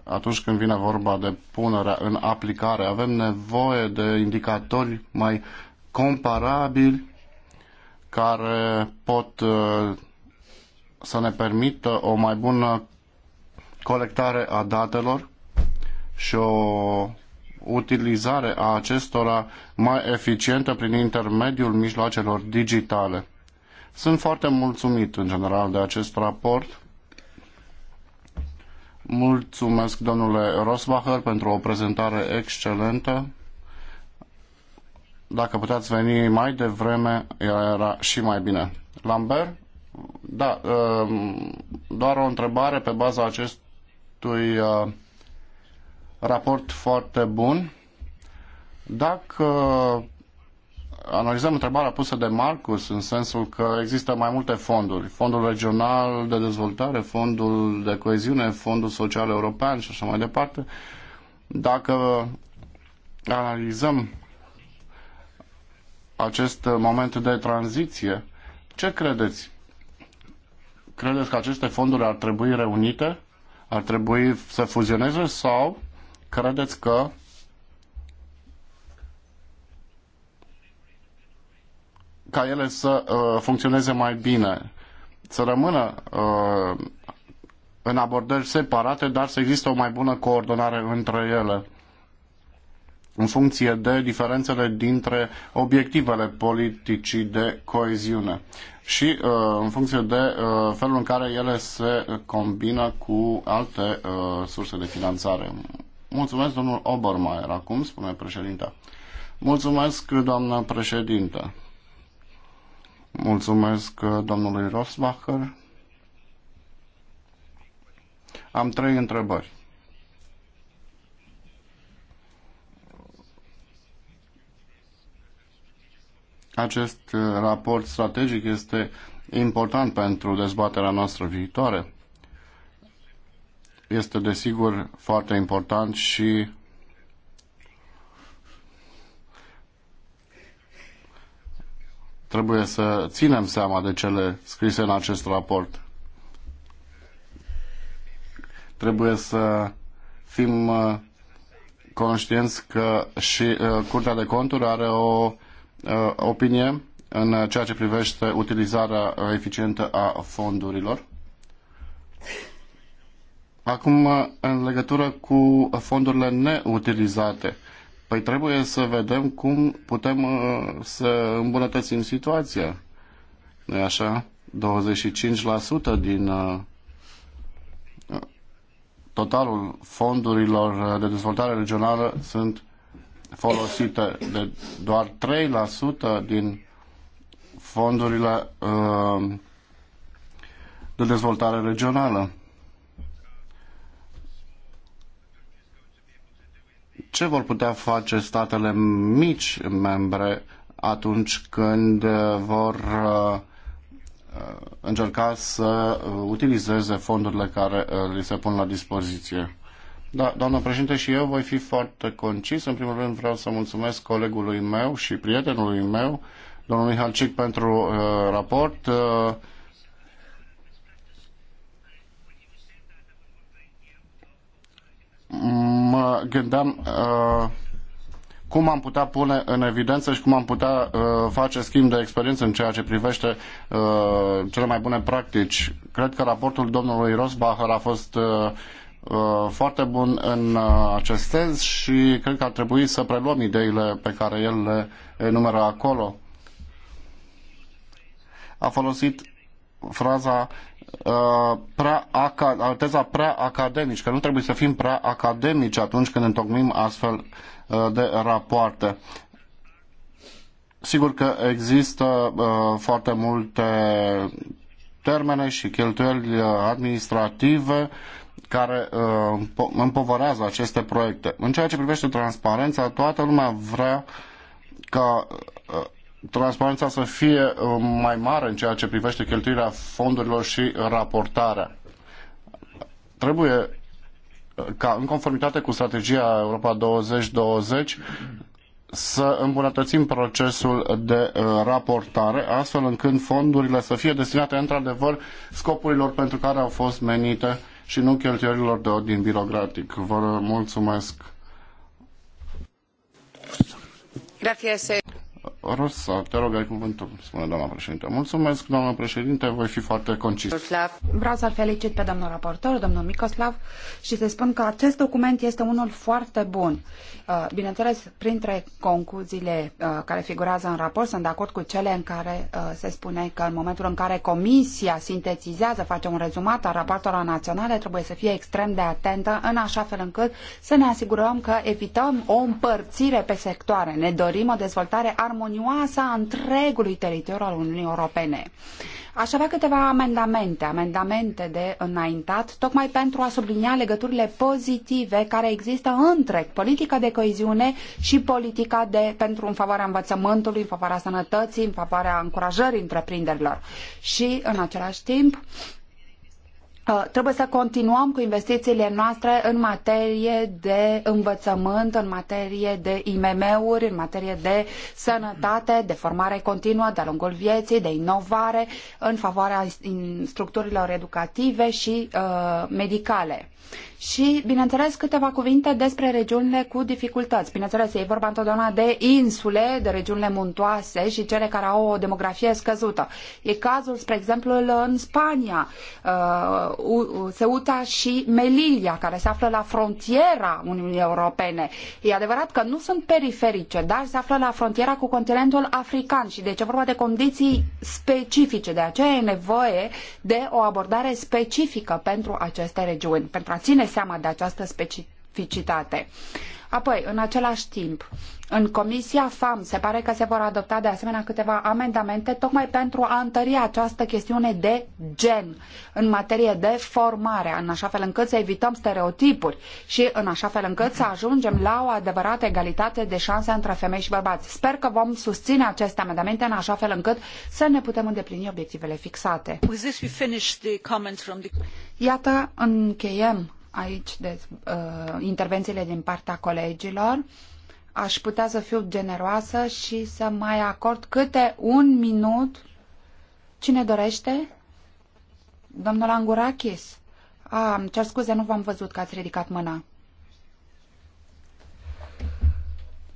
Speaker 6: atunci când vine vorba de punerea în aplicare. Avem nevoie de indicatori mai comparabili care pot uh, să ne permită o mai bună colectare a datelor și o utilizare a acestora mai eficientă prin intermediul mijloacelor digitale. Sunt foarte mulțumit în general de acest raport Mulțumesc, domnule Rosbacher, pentru o prezentare excelentă. Dacă puteați veni mai devreme, era și mai bine. Lambert? Da, uh, doar o întrebare pe baza acestui uh, raport foarte bun. Dacă analizăm întrebarea pusă de Marcus în sensul că există mai multe fonduri. Fondul regional de dezvoltare, fondul de coeziune, fondul social european și așa mai departe. Dacă analizăm acest moment de tranziție, ce credeți? Credeți că aceste fonduri ar trebui reunite? Ar trebui să fuzioneze sau credeți că ca ele să uh, funcționeze mai bine, să rămână uh, în abordări separate, dar să existe o mai bună coordonare între ele în funcție de diferențele dintre obiectivele politicii de coeziune și uh, în funcție de felul în care ele se combină cu alte surse de finanțare. Mulțumesc, domnul Obermeier. Acum spune președinta. Mulțumesc, doamnă președintă. Mulțumesc uh, domnului Rosbacher. Am trei întrebări. Acest uh, raport strategic este important pentru dezbaterea noastră viitoare. Este desigur foarte important și trebuie să ținem seama de cele scrise în acest raport. Trebuie să fim uh, conștienți că și uh, Curtea de Conturi are o uh, opinie în ceea ce privește utilizarea eficientă a fondurilor. Acum, în legătură cu fondurile neutilizate, Păi trebuie să vedem cum putem uh, să îmbunătățim situația. nu așa? 25% din uh, totalul fondurilor de dezvoltare regională sunt folosite de doar 3% din fondurile uh, de dezvoltare regională. ce vor putea face statele mici membre atunci când vor uh, încerca să utilizeze fondurile care uh, li se pun la dispoziție. Da, doamnă președinte, și eu voi fi foarte concis. În primul rând vreau să mulțumesc colegului meu și prietenului meu, domnul Halcic, pentru uh, raport. Uh, mă gândeam uh, cum am putea pune în evidență și cum am putea uh, face schimb de experiență în ceea ce privește uh, cele mai bune practici. Cred că raportul domnului Rosbacher a fost foarte bun în acest sens și cred că ar trebui să preluăm ideile pe care el le enumeră acolo. A folosit fraza Uh, prea, teza prea academici, că nu trebuie să fim prea academici atunci când întocmim astfel uh, de rapoarte. Sigur că există uh, foarte multe termene și cheltuieli administrative care împovărează aceste proiecte. În ceea ce privește transparența, toată lumea vrea ca transparența să fie uh, mai mare în ceea ce privește cheltuirea fondurilor și raportarea. Trebuie uh, ca în conformitate cu strategia Europa 2020 să îmbunătățim procesul de uh, raportare, astfel încât fondurile să fie destinate într-adevăr scopurilor pentru care au fost menite și nu cheltuielilor de ordin birocratic. Vă mulțumesc! Gracias. Eh. Rosa, te rog, ai cuvântul, spune doamna președinte. Mulțumesc, doamna președinte, voi fi foarte concis.
Speaker 2: Vreau să-l felicit pe domnul raportor, domnul Micoslav, și să spun că acest document este unul foarte bun. Uh, bineînțeles, printre concluziile uh, care figurează în raport, sunt de acord cu cele în care uh, se spune că în momentul în care comisia sintetizează, face un rezumat al raportelor naționale, trebuie să fie extrem de atentă, în așa fel încât să ne asigurăm că evităm o împărțire pe sectoare. Ne dorim o dezvoltare armonizată armonioasă a întregului teritoriu al Uniunii Europene. Aș avea câteva amendamente, amendamente de înaintat, tocmai pentru a sublinia legăturile pozitive care există între politica de coeziune și politica de, pentru în favoarea învățământului, în favoarea sănătății, în favoarea încurajării întreprinderilor. Și, în același timp, Uh, trebuie să continuăm cu investițiile noastre în materie de învățământ, în materie de IMM-uri, în materie de sănătate, de formare continuă de-a lungul vieții, de inovare în favoarea structurilor educative și uh, medicale. Și, bineînțeles, câteva cuvinte despre regiunile cu dificultăți. Bineînțeles, e vorba întotdeauna de insule, de regiunile muntoase și cele care au o demografie scăzută. E cazul, spre exemplu, în Spania, uh, Ceuta și Melilla, care se află la frontiera Uniunii Europene. E adevărat că nu sunt periferice, dar se află la frontiera cu continentul african și deci e vorba de condiții specifice. De aceea e nevoie de o abordare specifică pentru aceste regiuni, pentru a ține seama de această specificitate. Apoi, în același timp, în Comisia FAM se pare că se vor adopta de asemenea câteva amendamente tocmai pentru a întări această chestiune de gen în materie de formare, în așa fel încât să evităm stereotipuri și în așa fel încât să ajungem la o adevărată egalitate de șanse între femei și bărbați. Sper că vom susține aceste amendamente în așa fel încât să ne putem îndeplini obiectivele fixate. Iată, încheiem aici de, uh, intervențiile din partea colegilor. Aș putea să fiu generoasă și să mai acord câte un minut. Cine dorește? Domnul Angurakis. Ah, cer scuze, nu v-am văzut că ați ridicat mâna.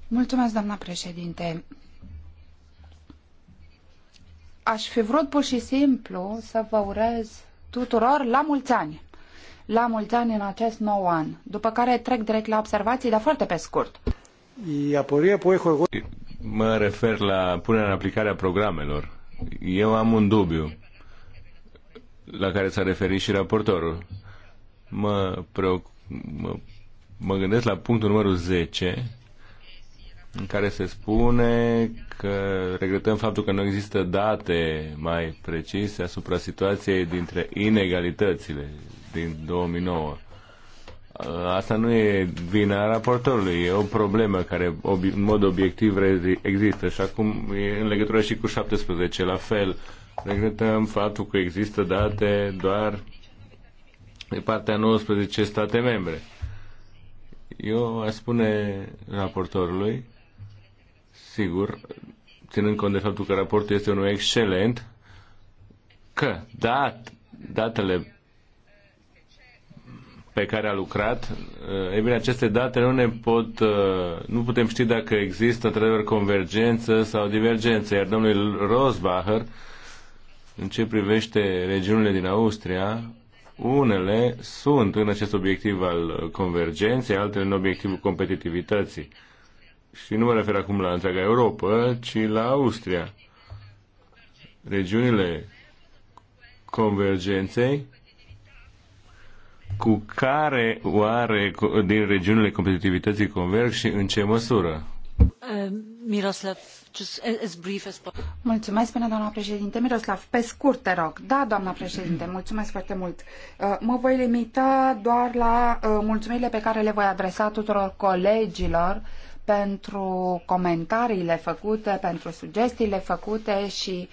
Speaker 2: Mulțumesc, doamna președinte. Aș fi vrut pur și simplu să vă urez tuturor la mulți ani! La mulți ani în acest nou an, după care trec direct la observații, dar foarte pe scurt.
Speaker 3: Mă refer la punerea în aplicare a programelor. Eu am un dubiu la care s-a referit și raportorul. Mă, preoc- mă, mă gândesc la punctul numărul 10 în care se spune că regretăm faptul că nu există date mai precise asupra situației dintre inegalitățile din 2009. Asta nu e vina raportorului, e o problemă care în mod obiectiv există și acum e în legătură și cu 17 la fel. Regretăm faptul că există date doar de partea 19 state membre. Eu aș spune raportorului sigur, ținând cont de faptul că raportul este unul excelent, că dat, datele pe care a lucrat, eh, e bine, aceste date nu ne pot, eh, nu putem ști dacă există într-adevăr convergență sau divergență, iar domnul Rosbacher, în ce privește regiunile din Austria, unele sunt în acest obiectiv al convergenței, altele în obiectivul competitivității și nu mă refer acum la întreaga Europa, ci la Austria. Regiunile convergenței cu care oare din regiunile competitivității converg și în ce măsură?
Speaker 2: Uh, Miroslav, just as brief as Mulțumesc, până doamna președinte. Miroslav, pe scurt, te rog. Da, doamna președinte, mulțumesc foarte mult. Uh, mă voi limita doar la uh, mulțumirile pe care le voi adresa tuturor colegilor uh, pentru comentariile făcute, pentru sugestiile făcute și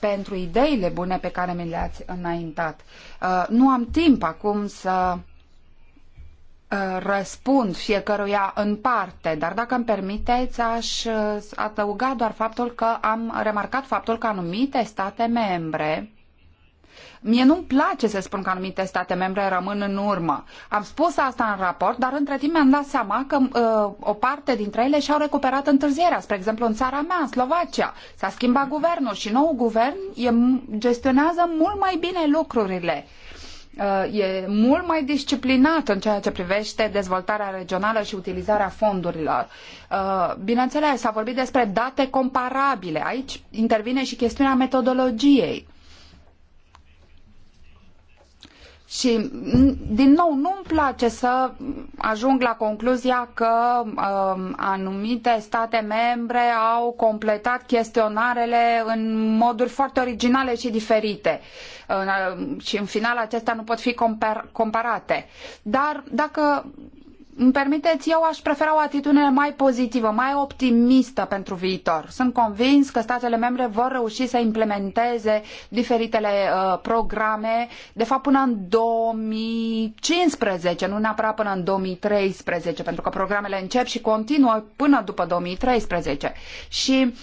Speaker 2: pentru ideile bune pe care mi le-ați înaintat. Uh, nu am timp acum să uh, răspund fiecăruia în parte, dar dacă îmi permiteți, aș uh, adăuga doar faptul că am remarcat faptul că anumite state membre Mie nu-mi place să spun că anumite state membre rămân în urmă. Am spus asta în raport, dar între timp mi-am dat seama că uh, o parte dintre ele și-au recuperat întârzierea. Spre exemplu, în țara mea, în Slovacia, s-a schimbat guvernul și nou guvern e, gestionează mult mai bine lucrurile uh, e mult mai disciplinat în ceea ce privește dezvoltarea regională și utilizarea fondurilor. Uh, bineînțeles, s-a vorbit despre date comparabile. Aici intervine și chestiunea metodologiei. Și, mm, din nou, nu-mi place să ajung la concluzia că um, anumite state membre au completat chestionarele în moduri foarte originale și diferite. Uh, și, în final, acestea nu pot fi compar comparate. Dar, dacă îmi permiteți, eu aș prefera o atitudine mai pozitivă, mai optimistă pentru viitor. Sunt convins că statele membre vor reuși să implementeze diferitele uh, programe, de fapt până în 2015, nu neapărat până în 2013, pentru că programele încep și continuă până după 2013. Și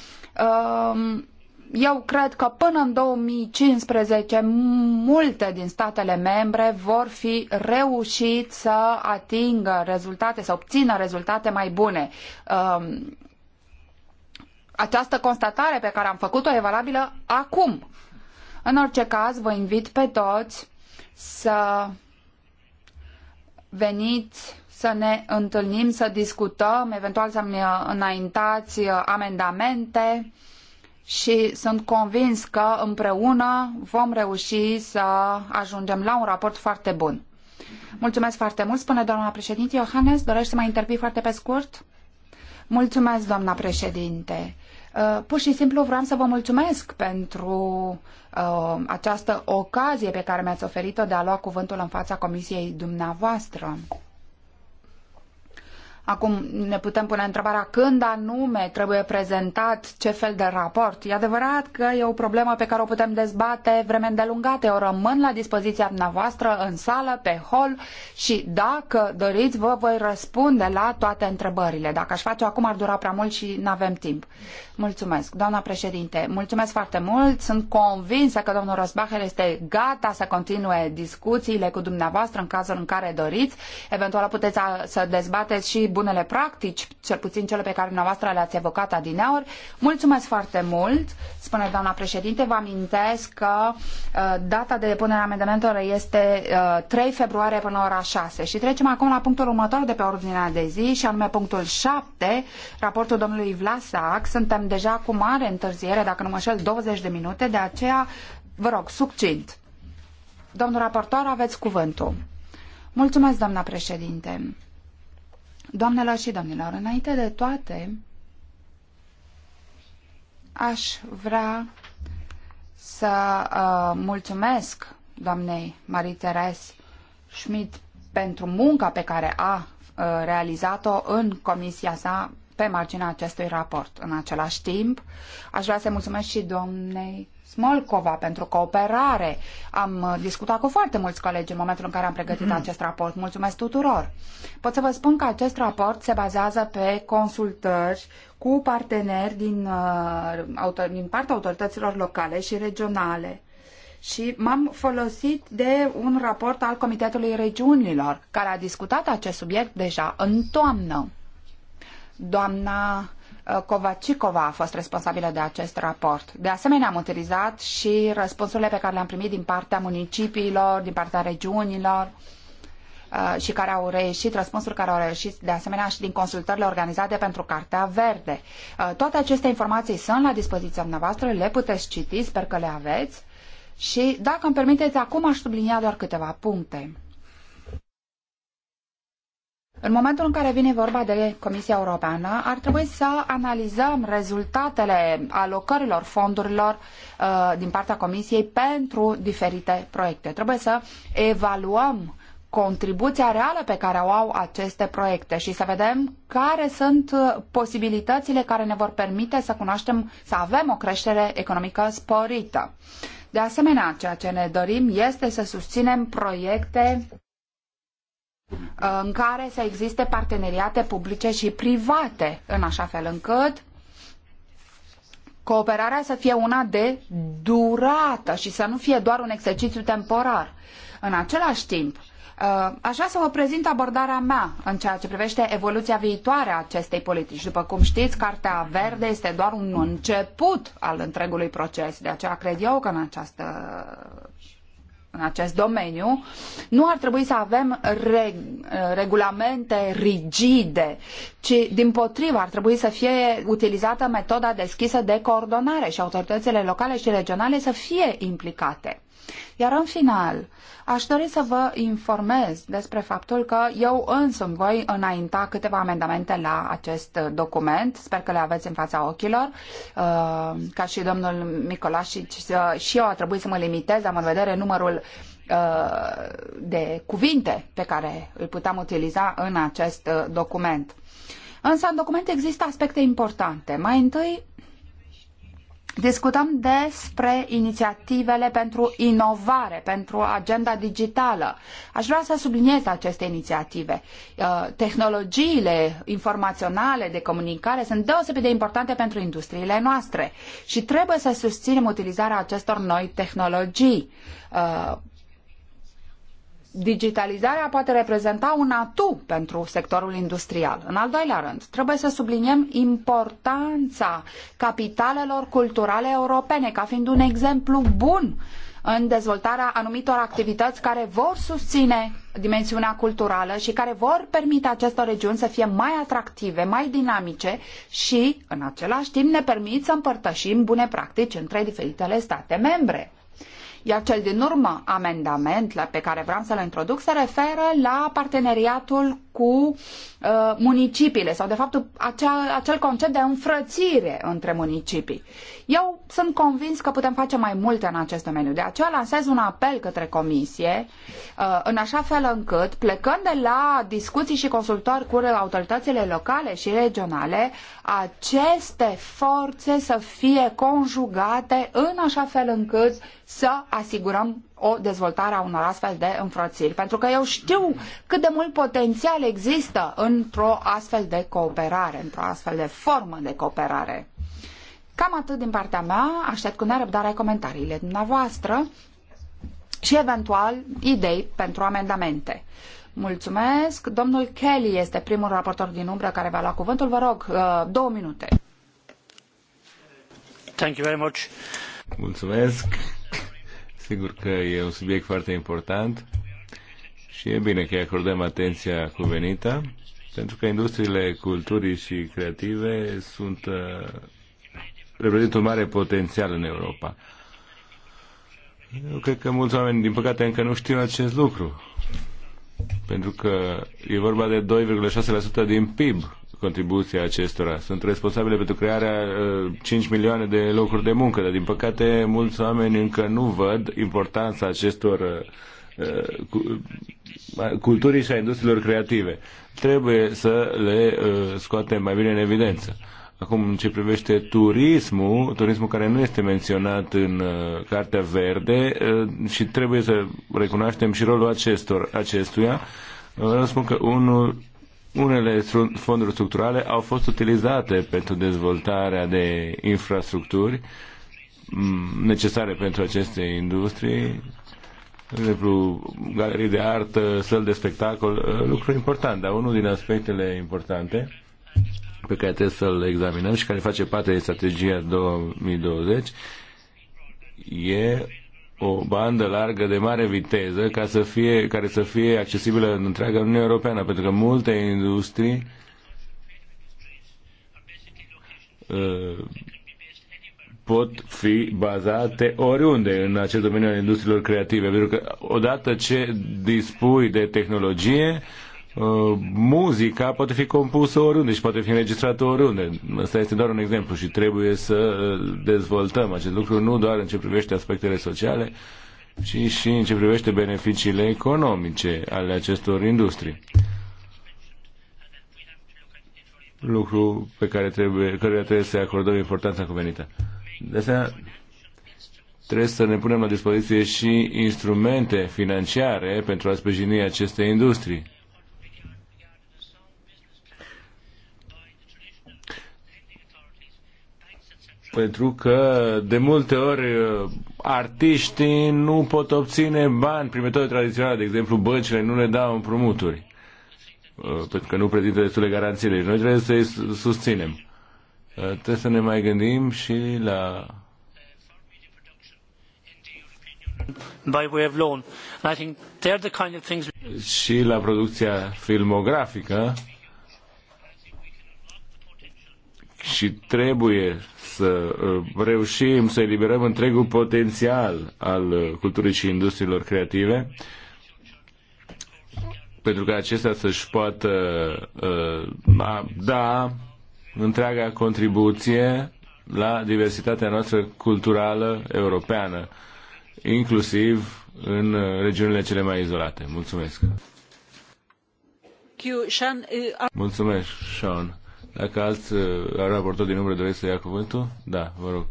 Speaker 2: uh, eu cred că până în 2015 multe din statele membre vor fi reușit să atingă rezultate, să obțină rezultate mai bune. Um, această constatare pe care am făcut-o e valabilă acum. În orice caz, vă invit pe toți să veniți să ne întâlnim, să discutăm, eventual să-mi înaintați amendamente și sunt convins că împreună vom reuși să ajungem la un raport foarte bun. Mulțumesc foarte mult, spune doamna președinte. Iohannes, dorești să mai intervii foarte pe scurt? Mulțumesc, doamna președinte. Uh, pur și simplu vreau să vă mulțumesc pentru uh, această ocazie pe care mi-ați oferit-o de a lua cuvântul în fața comisiei dumneavoastră. Acum ne putem pune întrebarea când anume trebuie prezentat ce fel de raport. E adevărat că e o problemă pe care o putem dezbate vreme îndelungate. Eu rămân la dispoziția dumneavoastră în sală, pe hol și dacă doriți vă voi răspunde la toate întrebările. Dacă aș face acum ar dura prea mult și nu avem timp. Mulțumesc, doamna președinte. Mulțumesc foarte mult. Sunt convinsă că domnul Rosbacher este gata să continue discuțiile cu dumneavoastră în cazul în care doriți. Eventual puteți să dezbateți și bunele practici, cel puțin cele pe care dumneavoastră le-ați evocat adineauri. Mulțumesc foarte mult, spune doamna președinte. Vă amintesc că uh, data de depunere a amendamentelor este uh, 3 februarie până la ora 6. Și trecem acum la punctul următor de pe ordinea de zi, și anume punctul 7, raportul domnului Vlasac. Suntem deja cu mare întârziere, dacă nu mă șel, 20 de minute, de aceea vă rog, succint. Domnul raportor, aveți cuvântul. Mulțumesc, doamna președinte. Doamnelor și domnilor, înainte de toate, aș vrea să uh, mulțumesc doamnei marie Teres Schmidt pentru munca pe care a uh, realizat-o în comisia sa pe marginea acestui raport. În același timp, aș vrea să mulțumesc și doamnei Smolkova pentru cooperare. Am uh, discutat cu foarte mulți colegi în momentul în care am pregătit mm. acest raport. Mulțumesc tuturor! Pot să vă spun că acest raport se bazează pe consultări cu parteneri din, uh, din partea autorităților locale și regionale și m-am folosit de un raport al Comitetului Regiunilor, care a discutat acest subiect deja în toamnă. Doamna Kovacicova uh, a fost responsabilă de acest raport. De asemenea, am utilizat și răspunsurile pe care le-am primit din partea municipiilor, din partea regiunilor uh, și care au reieșit, răspunsuri care au reieșit de asemenea și din consultările organizate pentru Cartea Verde. Uh, toate aceste informații sunt la dispoziția dumneavoastră, le puteți citi, sper că le aveți. Și dacă îmi permiteți, acum aș sublinia doar câteva puncte. În momentul în care vine vorba de Comisia Europeană, ar trebui să analizăm rezultatele alocărilor fondurilor uh, din partea Comisiei pentru diferite proiecte. Trebuie să evaluăm contribuția reală pe care o au aceste proiecte și să vedem care sunt uh, posibilitățile care ne vor permite să cunoaștem, să avem o creștere economică sporită. De asemenea, ceea ce ne dorim este să susținem proiecte în care să existe parteneriate publice și private, în așa fel încât cooperarea să fie una de durată și să nu fie doar un exercițiu temporar. În același timp, uh, Aș vrea să vă prezint abordarea mea în ceea ce privește evoluția viitoare a acestei politici. După cum știți, Cartea Verde este doar un început al întregului proces. De aceea cred eu că în această în acest domeniu, nu ar trebui să avem reg- regulamente rigide, ci din potrivă ar trebui să fie utilizată metoda deschisă de coordonare și autoritățile locale și regionale să fie implicate. Iar în final, aș dori să vă informez despre faptul că eu însumi voi înainta câteva amendamente la acest document. Sper că le aveți în fața ochilor. Uh, ca și domnul Micolașic, uh, și eu a trebuit să mă limitez, am în vedere numărul uh, de cuvinte pe care îl puteam utiliza în acest document. Însă în document există aspecte importante. Mai întâi, Discutăm despre inițiativele pentru inovare, pentru agenda digitală. Aș vrea să subliniez aceste inițiative. Uh, tehnologiile informaționale de comunicare sunt deosebit de importante pentru industriile noastre și trebuie să susținem utilizarea acestor noi tehnologii uh, digitalizarea poate reprezenta un atu pentru sectorul industrial. În al doilea rând, trebuie să subliniem importanța capitalelor culturale europene ca fiind un exemplu bun în dezvoltarea anumitor activități care vor susține dimensiunea culturală și care vor permite acestor regiuni să fie mai atractive, mai dinamice și, în același timp, ne permit să împărtășim bune practici între diferitele state membre. Iar cel din urmă amendament pe care vreau să-l introduc se referă la parteneriatul cu uh, sau de fapt acea, acel concept de înfrățire între municipii. Eu sunt convins că putem face mai multe în acest domeniu. De aceea lansez un apel către comisie uh, în așa fel încât, plecând de la discuții și consultări cu autoritățile locale și regionale, aceste forțe să fie conjugate în așa fel încât să asigurăm o dezvoltare a unor astfel de înfrățiri. Pentru că eu știu cât de mult potențial există într-o astfel de cooperare, într-o astfel de formă de cooperare. Cam atât din partea mea, aștept cu nerăbdare comentariile dumneavoastră și eventual idei pentru amendamente. Mulțumesc. Domnul Kelly este primul raportor din umbră care va lua cuvântul. Vă rog, uh, două minute.
Speaker 6: Thank you very much.
Speaker 3: Mulțumesc. Sigur că e un subiect foarte important și e bine că acordăm atenția cuvenită, pentru că industriile culturii și creative sunt, uh, reprezintă un mare potențial în Europa. Eu cred că mulți oameni, din păcate, încă nu știu acest lucru. Pentru că e vorba de 2,6% din PIB contribuția acestora. Sunt responsabile pentru crearea 5 uh, milioane de locuri de muncă, dar din păcate mulți oameni încă nu văd importanța acestor uh, uh, culturii și a industriilor creative. Trebuie să le scoatem mai bine în evidență. Acum, în ce privește turismul, turismul care nu este menționat în uh, Cartea Verde uh, și trebuie să recunoaștem și rolul acestor, acestuia, vreau să spun că unul unele fonduri structurale au fost utilizate pentru dezvoltarea de infrastructuri mm, necesare pentru aceste industrii, de exemplu, galerii de artă, săli de spectacol, ă, lucru important, dar unul din aspectele importante pe care trebuie să-l examinăm și care face parte din strategia 2020 e o bandă largă de mare viteză ca să fie, care să fie accesibilă în întreaga Uniune Europeană, pentru că multe industrii uh, pot fi bazate oriunde în acest domeniu al industriilor creative, pentru că odată ce dispui de tehnologie, Uh, muzica poate fi compusă oriunde și poate fi înregistrată oriunde. Asta este doar un exemplu și trebuie să uh, dezvoltăm acest lucru nu doar în ce privește aspectele sociale, ci și în ce privește beneficiile economice ale acestor industrii. Lucru pe care trebuie, care trebuie să acordăm importanța cuvenită. De asemenea, trebuie să ne punem la dispoziție și instrumente financiare pentru a sprijini aceste industrii pentru că de multe ori artiștii nu pot obține bani prin metode tradiționale, de exemplu băncile nu le dau împrumuturi uh, pentru că nu prezintă destule garanții, deci noi trebuie să-i susținem. Uh, trebuie să ne mai gândim și la
Speaker 6: by way of loan. And I think they're the kind of things
Speaker 3: și la producția filmografică și trebuie să uh, reușim să eliberăm întregul potențial al uh, culturii și industriilor creative pentru că acestea să-și poată uh, da întreaga contribuție la diversitatea noastră culturală europeană, inclusiv în uh, regiunile cele mai izolate. Mulțumesc! Mulțumesc, Sean. Dacă alți uh, raportori din umbră doresc să ia cuvântul, da, vă rog.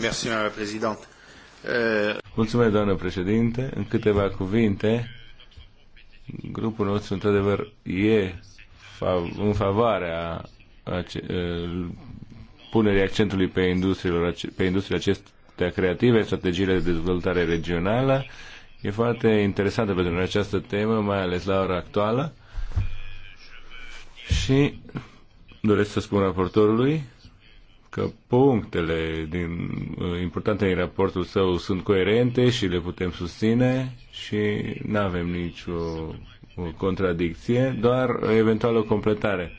Speaker 6: Merci, President. Euh,
Speaker 3: Mulțumesc, doamnă președinte. În câteva cuvinte, grupul nostru, într-adevăr, e în favoarea uh, punerii accentului pe industriile, pe industriile acestea creative, strategiile de dezvoltare regională. E foarte interesantă pentru această temă, mai ales la ora actuală. Și doresc să spun raportorului că punctele din, uh, importante din raportul său sunt coerente și le putem susține și nu avem nicio o contradicție, doar eventual o completare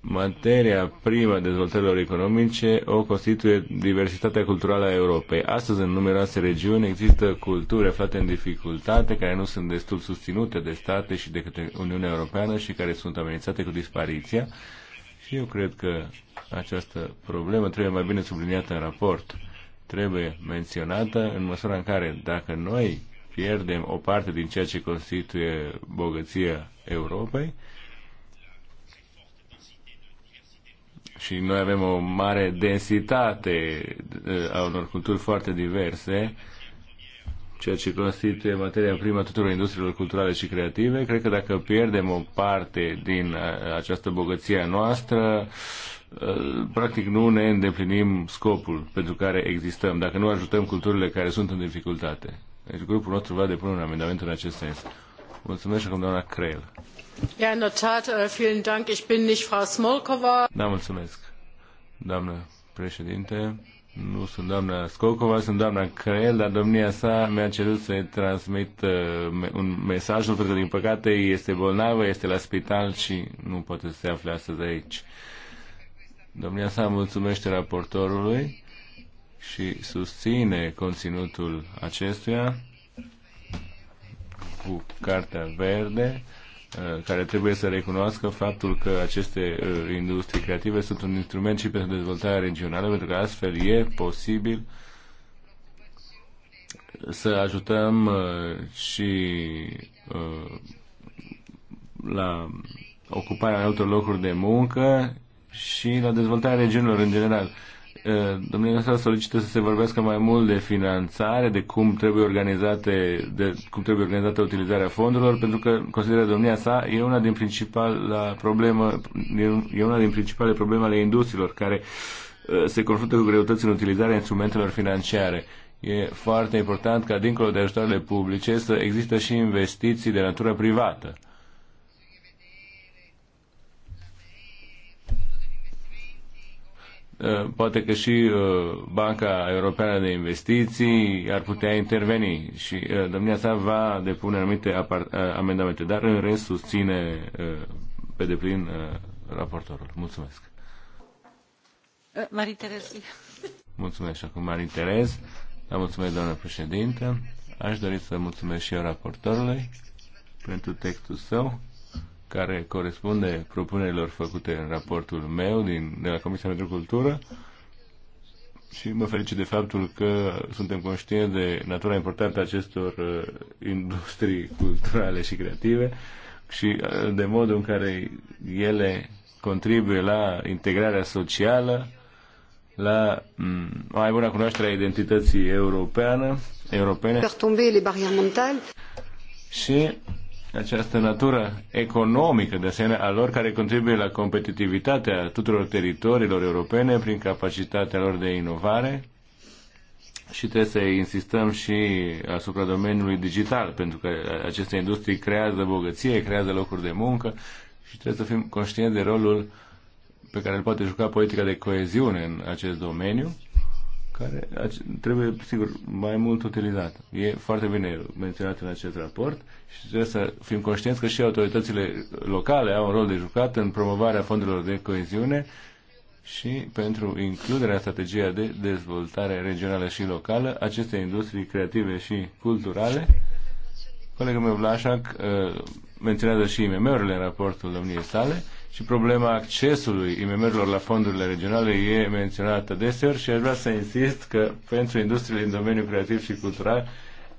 Speaker 3: materia primă dezvoltărilor economice o constituie diversitatea culturală a Europei. Astăzi, în numeroase regiuni, există culturi aflate în dificultate, care nu sunt destul susținute de state și de către Uniunea Europeană și care sunt amenințate cu dispariția. Și eu cred că această problemă trebuie mai bine subliniată în raport. Trebuie menționată în măsura în care, dacă noi pierdem o parte din ceea ce constituie bogăția Europei, și noi avem o mare densitate eh, a unor culturi foarte diverse, ceea ce constituie materia primă tuturor industriilor culturale și creative. Cred că dacă pierdem o parte din eh, această bogăție a noastră, eh, practic nu ne îndeplinim scopul pentru care existăm, dacă nu ajutăm culturile care sunt în dificultate. Deci grupul nostru va depune un amendament în acest sens. Mulțumesc și doamna Creel.
Speaker 1: Ja, in der Tat, äh, vielen Dank. Ich bin nicht Frau Smolkova.
Speaker 3: Da, mulțumesc, doamnă președinte. Nu sunt doamna Scocova, sunt doamna Creel, dar domnia sa mi-a cerut să-i transmit uh, un mesaj, pentru că, din păcate, este bolnavă, este la spital și nu poate să se afle astăzi aici. Domnia sa mulțumește raportorului și susține conținutul acestuia cu Cartea Verde, uh, care trebuie să recunoască faptul că aceste uh, industrii creative sunt un instrument și pentru dezvoltarea regională, pentru că astfel e posibil să ajutăm uh, și la ocuparea altor locuri de muncă și la dezvoltarea regiunilor în general. Eh, domnul Gasol solicită să se vorbească mai mult de finanțare, de cum trebuie organizate, de cum trebuie organizată utilizarea fondurilor, pentru că consideră domnia sa e una din principala problemă, e una din principale probleme ale industriilor care eh, se confruntă cu greutăți în utilizarea instrumentelor financiare. E foarte important ca dincolo de ajutoarele publice să există și investiții de natură privată Eh, poate că și eh, Banca Europeană de Investiții ar putea interveni și eh, domnia sa va depune anumite amendamente, dar în rest susține pe deplin raportorul. Mulțumesc.
Speaker 6: Marie Terez.
Speaker 3: Mulțumesc și acum Marie Terez. Da, mulțumesc, doamnă președintă. Aș dori să mulțumesc și eu raportorului pentru textul său care corespunde propunerilor făcute în raportul meu din, de la Comisia pentru Cultură și mă felicit de faptul că suntem conștienți de natura importantă a acestor uh, industrii culturale și creative și uh, de modul în care ele contribuie la integrarea socială, la um, mai bună cunoaștere a identității europeană, europene. Și această natură economică, de asemenea, a lor care contribuie la competitivitatea tuturor teritoriilor europene prin capacitatea lor de inovare și trebuie să insistăm și asupra domeniului digital, pentru că aceste industrii creează bogăție, creează locuri de muncă și trebuie să fim conștienți de rolul pe care îl poate juca politica de coeziune în acest domeniu care trebuie, sigur, mai mult utilizată. E foarte bine menționat în acest raport și trebuie să fim conștienți că și autoritățile locale au un rol de jucat în promovarea fondurilor de coeziune și pentru includerea strategiei de dezvoltare regională și locală aceste industrii creative și culturale. Colegul meu Vlașac uh, menționează și IMM-urile în raportul domniei sale și problema accesului IMM-urilor la fondurile regionale e menționată deseori și aș vrea să insist că pentru industriile în domeniul creativ și cultural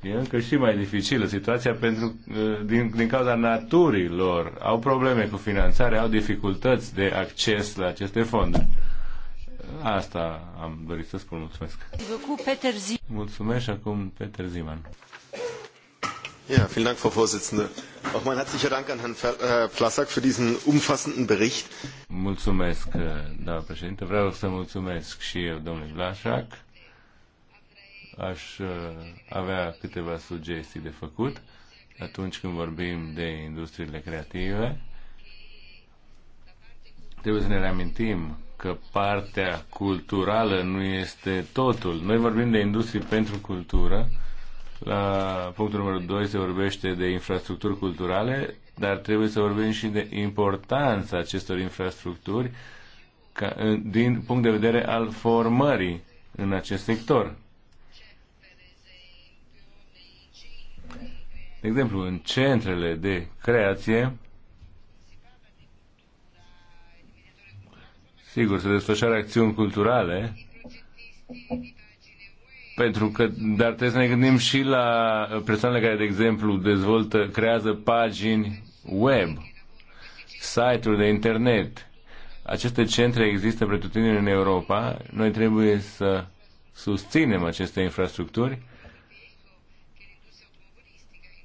Speaker 3: e încă și mai dificilă situația pentru, uh, din, din cauza naturii lor. Au probleme cu finanțare, au dificultăți de acces la aceste fonduri. Asta am dorit să spun. Mulțumesc. Mulțumesc și acum Peter Ziman.
Speaker 1: Ja, vielen Dank, Frau Vorsitzende. Auch mein herzlicher Dank an Herrn Plasak äh, für diesen umfassenden Bericht.
Speaker 3: Mulțumesc, äh, doamnă președinte. Vreau să mulțumesc și eu, domnului Vlașac. Aș uh, avea câteva sugestii de făcut atunci când vorbim de industriile creative. Trebuie să ne reamintim că partea culturală nu este totul. Noi vorbim de industrie pentru cultură, la punctul numărul 2 se vorbește de infrastructuri culturale, dar trebuie să vorbim și de importanța acestor infrastructuri ca, din punct de vedere al formării în acest sector. De exemplu, în centrele de creație, sigur, se desfășoară acțiuni culturale, pentru că, dar trebuie să ne gândim și la persoanele care, de exemplu, dezvoltă, creează pagini web, site-uri de internet. Aceste centre există pretutindeni în Europa. Noi trebuie să susținem aceste infrastructuri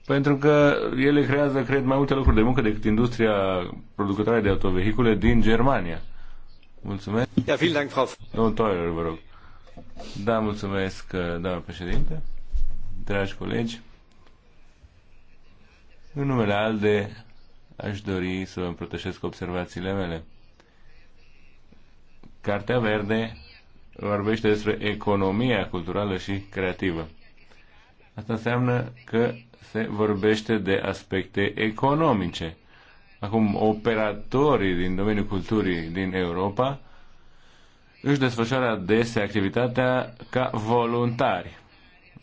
Speaker 3: pentru că ele creează, cred, mai multe locuri de muncă decât industria producătoare de autovehicule din Germania. Mulțumesc. Ja, vielen Dank, Frau. Domnul Toiler, vă rog. Da, mulțumesc, uh, doamnă președinte, dragi colegi. În numele ALDE aș dori să vă împrătășesc observațiile mele. Cartea Verde vorbește despre economia culturală și creativă. Asta înseamnă că se vorbește de aspecte economice. Acum, operatorii din domeniul culturii din Europa își desfășoară adesea activitatea ca voluntari.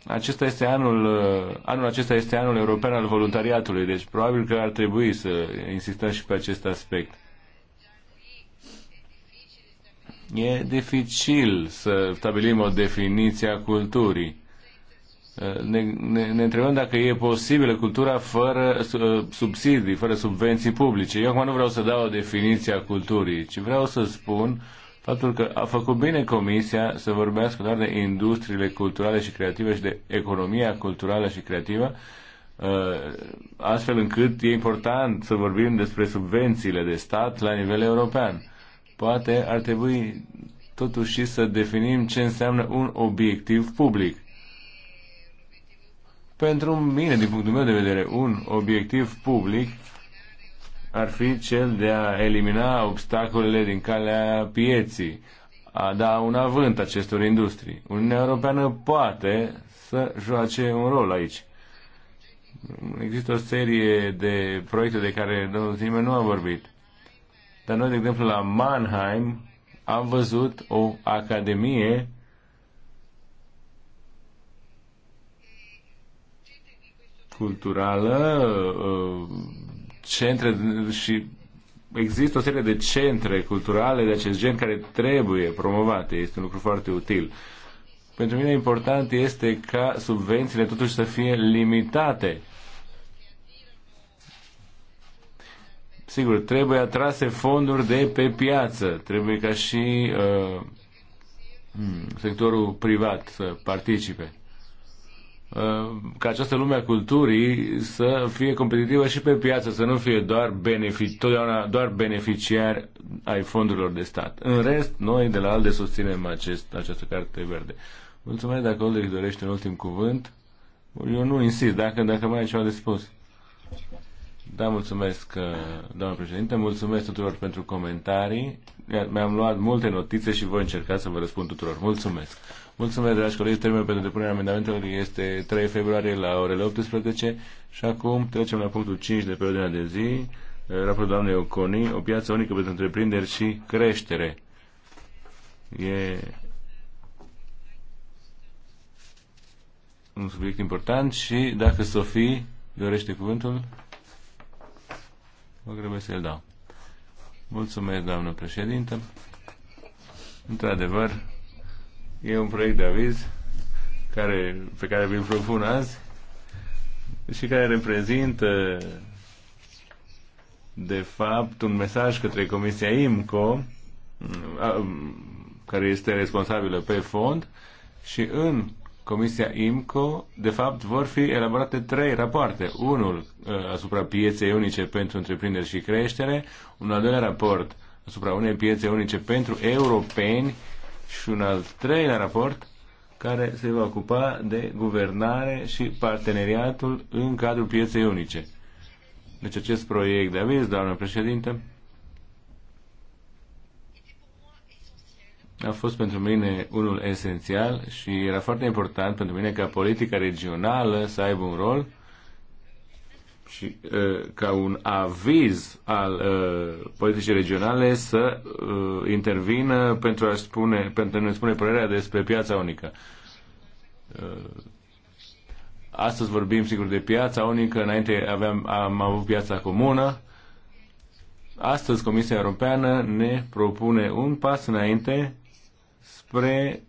Speaker 3: Acesta este anul, uh, anul acesta este anul european al voluntariatului, deci probabil că ar trebui să insistăm și pe acest aspect. E dificil să stabilim o definiție a culturii. Uh, ne, ne, ne întrebăm dacă e posibilă cultura fără uh, subsidii, fără subvenții publice. Eu acum nu vreau să dau o definiție a culturii, ci vreau să spun faptul că a făcut bine Comisia să vorbească doar de industriile culturale și creative și de economia culturală și creativă, uh, astfel încât e important să vorbim despre subvențiile de stat la nivel european. Poate ar trebui totuși și să definim ce înseamnă un obiectiv public. Pentru mine, din punctul meu de vedere, un obiectiv public ar fi cel de a elimina obstacolele din calea pieții, a da un avânt acestor industrii. Uniunea Europeană poate să joace un rol aici. Există o serie de proiecte de care domnul Zime nu a vorbit. Dar noi, de exemplu, la Mannheim am văzut o academie culturală uh, centre și există o serie de centre culturale de acest gen care trebuie promovate. Este un lucru foarte util. Pentru mine important este ca subvențiile totuși să fie limitate. Sigur, trebuie atrase fonduri de pe piață. Trebuie ca și uh, hmm, sectorul privat să participe. Uh, ca această lume a culturii să fie competitivă și pe piață, să nu fie doar, benefic, totdeauna doar beneficiari ai fondurilor de stat. În rest, noi de la ALDE susținem acest, această carte verde. Mulțumesc dacă Oldrich dorește un ultim cuvânt. Eu nu insist, dacă, dacă mai ai ceva de spus. Da, mulțumesc, uh, doamnă președinte, mulțumesc tuturor pentru comentarii. Mi-am luat multe notițe și voi încerca să vă răspund tuturor. Mulțumesc! Mulțumesc, dragi colegi. Termenul pentru depunerea amendamentelor este 3 februarie la orele 18 și acum trecem la punctul 5 de pe ordinea de zi. Eh, raportul doamnei Oconi, o piață unică pentru întreprinderi și creștere. E un subiect important și dacă Sofie dorește cuvântul, mă grăbesc să-l dau. Mulțumesc, doamnă președintă. Într-adevăr, E un proiect de aviz care, pe care vi-l propun azi și care reprezintă de fapt un mesaj către Comisia IMCO care este responsabilă pe fond și în Comisia IMCO, de fapt, vor fi elaborate trei rapoarte. Unul uh, asupra pieței unice pentru întreprinderi și creștere, un al doilea raport asupra unei piețe unice pentru europeni și un al treilea raport care se va ocupa de guvernare și parteneriatul în cadrul pieței unice. Deci acest proiect de aviz, doamnă președinte, a fost pentru mine unul esențial și era foarte important pentru mine ca politica regională să aibă un rol și uh, ca un aviz al uh, politicii regionale să uh, intervină pentru a spune, pentru a ne spune părerea despre piața unică. Uh, astăzi vorbim sigur de piața unică, înainte aveam, am avut piața comună. Astăzi Comisia Europeană ne propune un pas înainte spre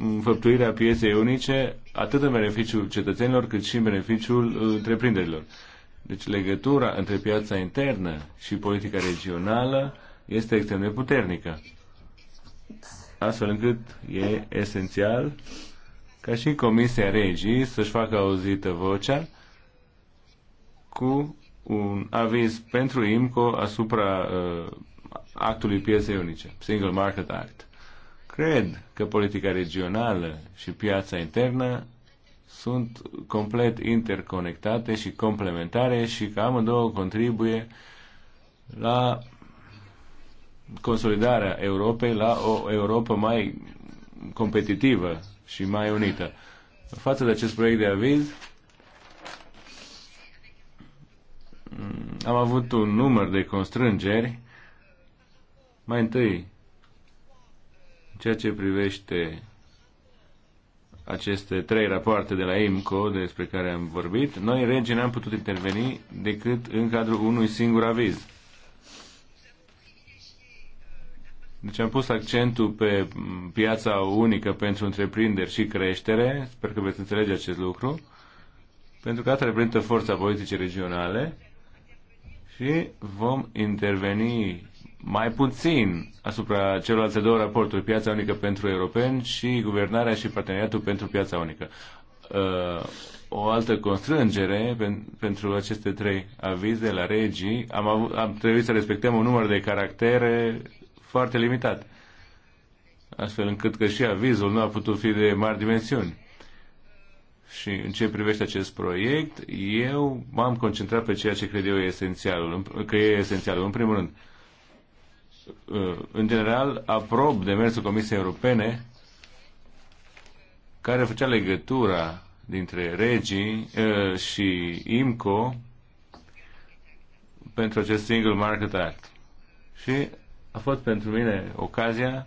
Speaker 3: înfăptuirea pieței unice, atât în beneficiul cetățenilor, cât și în beneficiul întreprinderilor. Uh, deci legătura între piața internă și politica regională este extrem de puternică. Astfel încât e esențial ca și Comisia Regii să-și facă auzită vocea cu un aviz pentru IMCO asupra uh, actului pieței unice, Single Market Act. Cred că politica regională și piața internă sunt complet interconectate și complementare și că amândouă contribuie la consolidarea Europei la o Europa mai competitivă și mai unită. În față de acest proiect de aviz, am avut un număr de constrângeri. Mai întâi, ceea ce privește aceste trei rapoarte de la IMCO despre care am vorbit, noi regi n-am putut interveni decât în cadrul unui singur aviz. Deci am pus accentul pe piața unică pentru întreprinderi și creștere, sper că veți înțelege acest lucru, pentru că asta reprezintă forța politice regionale și vom interveni mai puțin asupra celorlalte două raporturi, Piața Unică pentru Europeni și Guvernarea și Parteneriatul pentru Piața Unică. Uh, o altă constrângere pentru aceste trei avize la regii, am, avut, am trebuit să respectăm un număr de caractere foarte limitat, astfel încât că și avizul nu a putut fi de mari dimensiuni. Și în ce privește acest proiect, eu m-am concentrat pe ceea ce cred eu e esențial, că e esențial. În primul rând, uh, Uh, în general, aprob demersul Comisiei Europene care făcea legătura dintre regii uh, și IMCO pentru acest Single Market Act. Și a fost pentru mine ocazia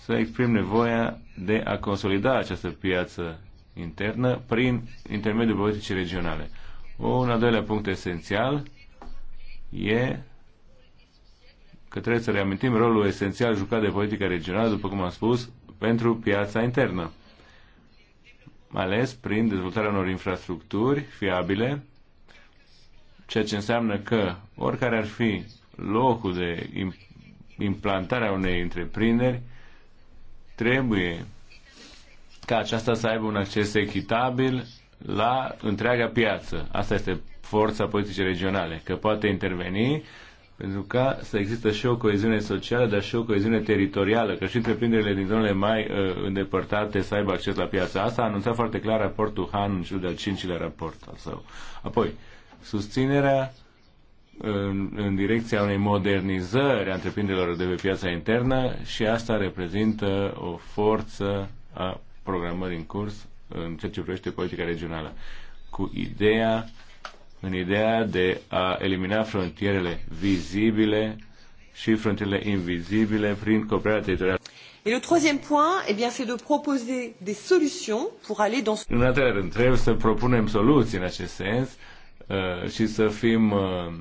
Speaker 3: să exprim nevoia de a consolida această piață internă prin intermediul politicii regionale. Un al doilea punct esențial e că trebuie să reamintim rolul esențial jucat de politica regională, după cum am spus, pentru piața internă, mai ales prin dezvoltarea unor infrastructuri fiabile, ceea ce înseamnă că oricare ar fi locul de implantare a unei întreprinderi, trebuie ca aceasta să aibă un acces echitabil la întreaga piață. Asta este forța politicii regionale, că poate interveni pentru ca să există și o coeziune socială, dar și o coeziune teritorială, că și întreprinderile din zonele mai uh, îndepărtate să aibă acces la piața asta, a anunțat foarte clar raportul Han în cel de-al cincilea raport al său. Apoi, susținerea în, în direcția unei modernizări a întreprinderilor de pe piața internă și asta reprezintă o forță a programării în curs în ceea ce privește politica regională, cu ideea în ideea de a elimina frontierele vizibile și frontierele invizibile prin cooperarea teritorială.
Speaker 5: Et le troisième point, eh bien, c'est de proposer des solutions pour aller dans.
Speaker 3: În al treilea rând, trebuie să propunem soluții în acest sens uh, și să fim uh,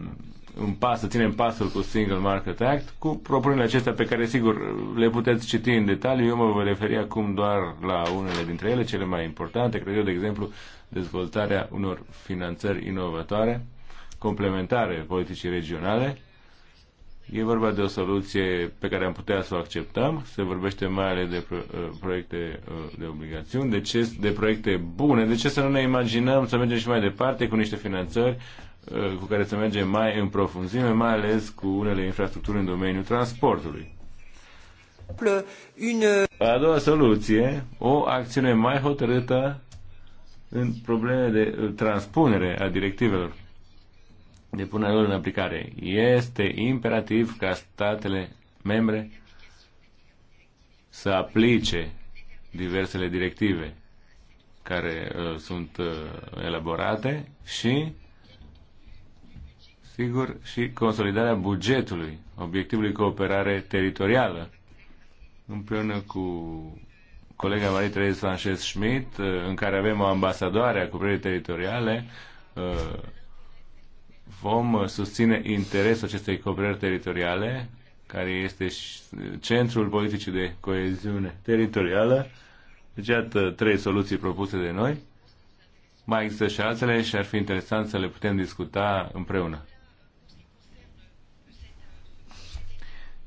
Speaker 3: în pas, să ținem pasul cu Single Market Act, cu propunerile acestea pe care, sigur, le puteți citi în detaliu. Eu mă voi referi acum doar la unele dintre ele, cele mai importante. Cred eu, de exemplu, dezvoltarea unor finanțări inovatoare, complementare politicii regionale. E vorba de o soluție pe care am putea să o acceptăm. Se vorbește mai ales de uh, proiecte uh, de obligațiuni, de, ce, de proiecte bune. De ce să nu ne imaginăm să mergem și mai departe cu niște finanțări uh, cu care să mergem mai în profunzime, mai ales cu unele infrastructuri în domeniul transportului. A doua soluție, o acțiune mai hotărâtă în probleme de uh, transpunere a directivelor de punerea lor în aplicare. Este imperativ ca statele membre să aplice diversele directive care uh, sunt uh, elaborate și, sigur, și consolidarea bugetului, obiectivului cooperare teritorială, împreună cu colega Marie Therese Sanchez Schmidt, uh, în care avem o ambasadoare a cuprierii teritoriale, uh, vom uh, susține interesul acestei cooperări teritoriale, care este centrul politicii de coeziune teritorială. Deci, iată trei soluții propuse de noi. Mai există și altele și ar fi interesant să le putem discuta împreună.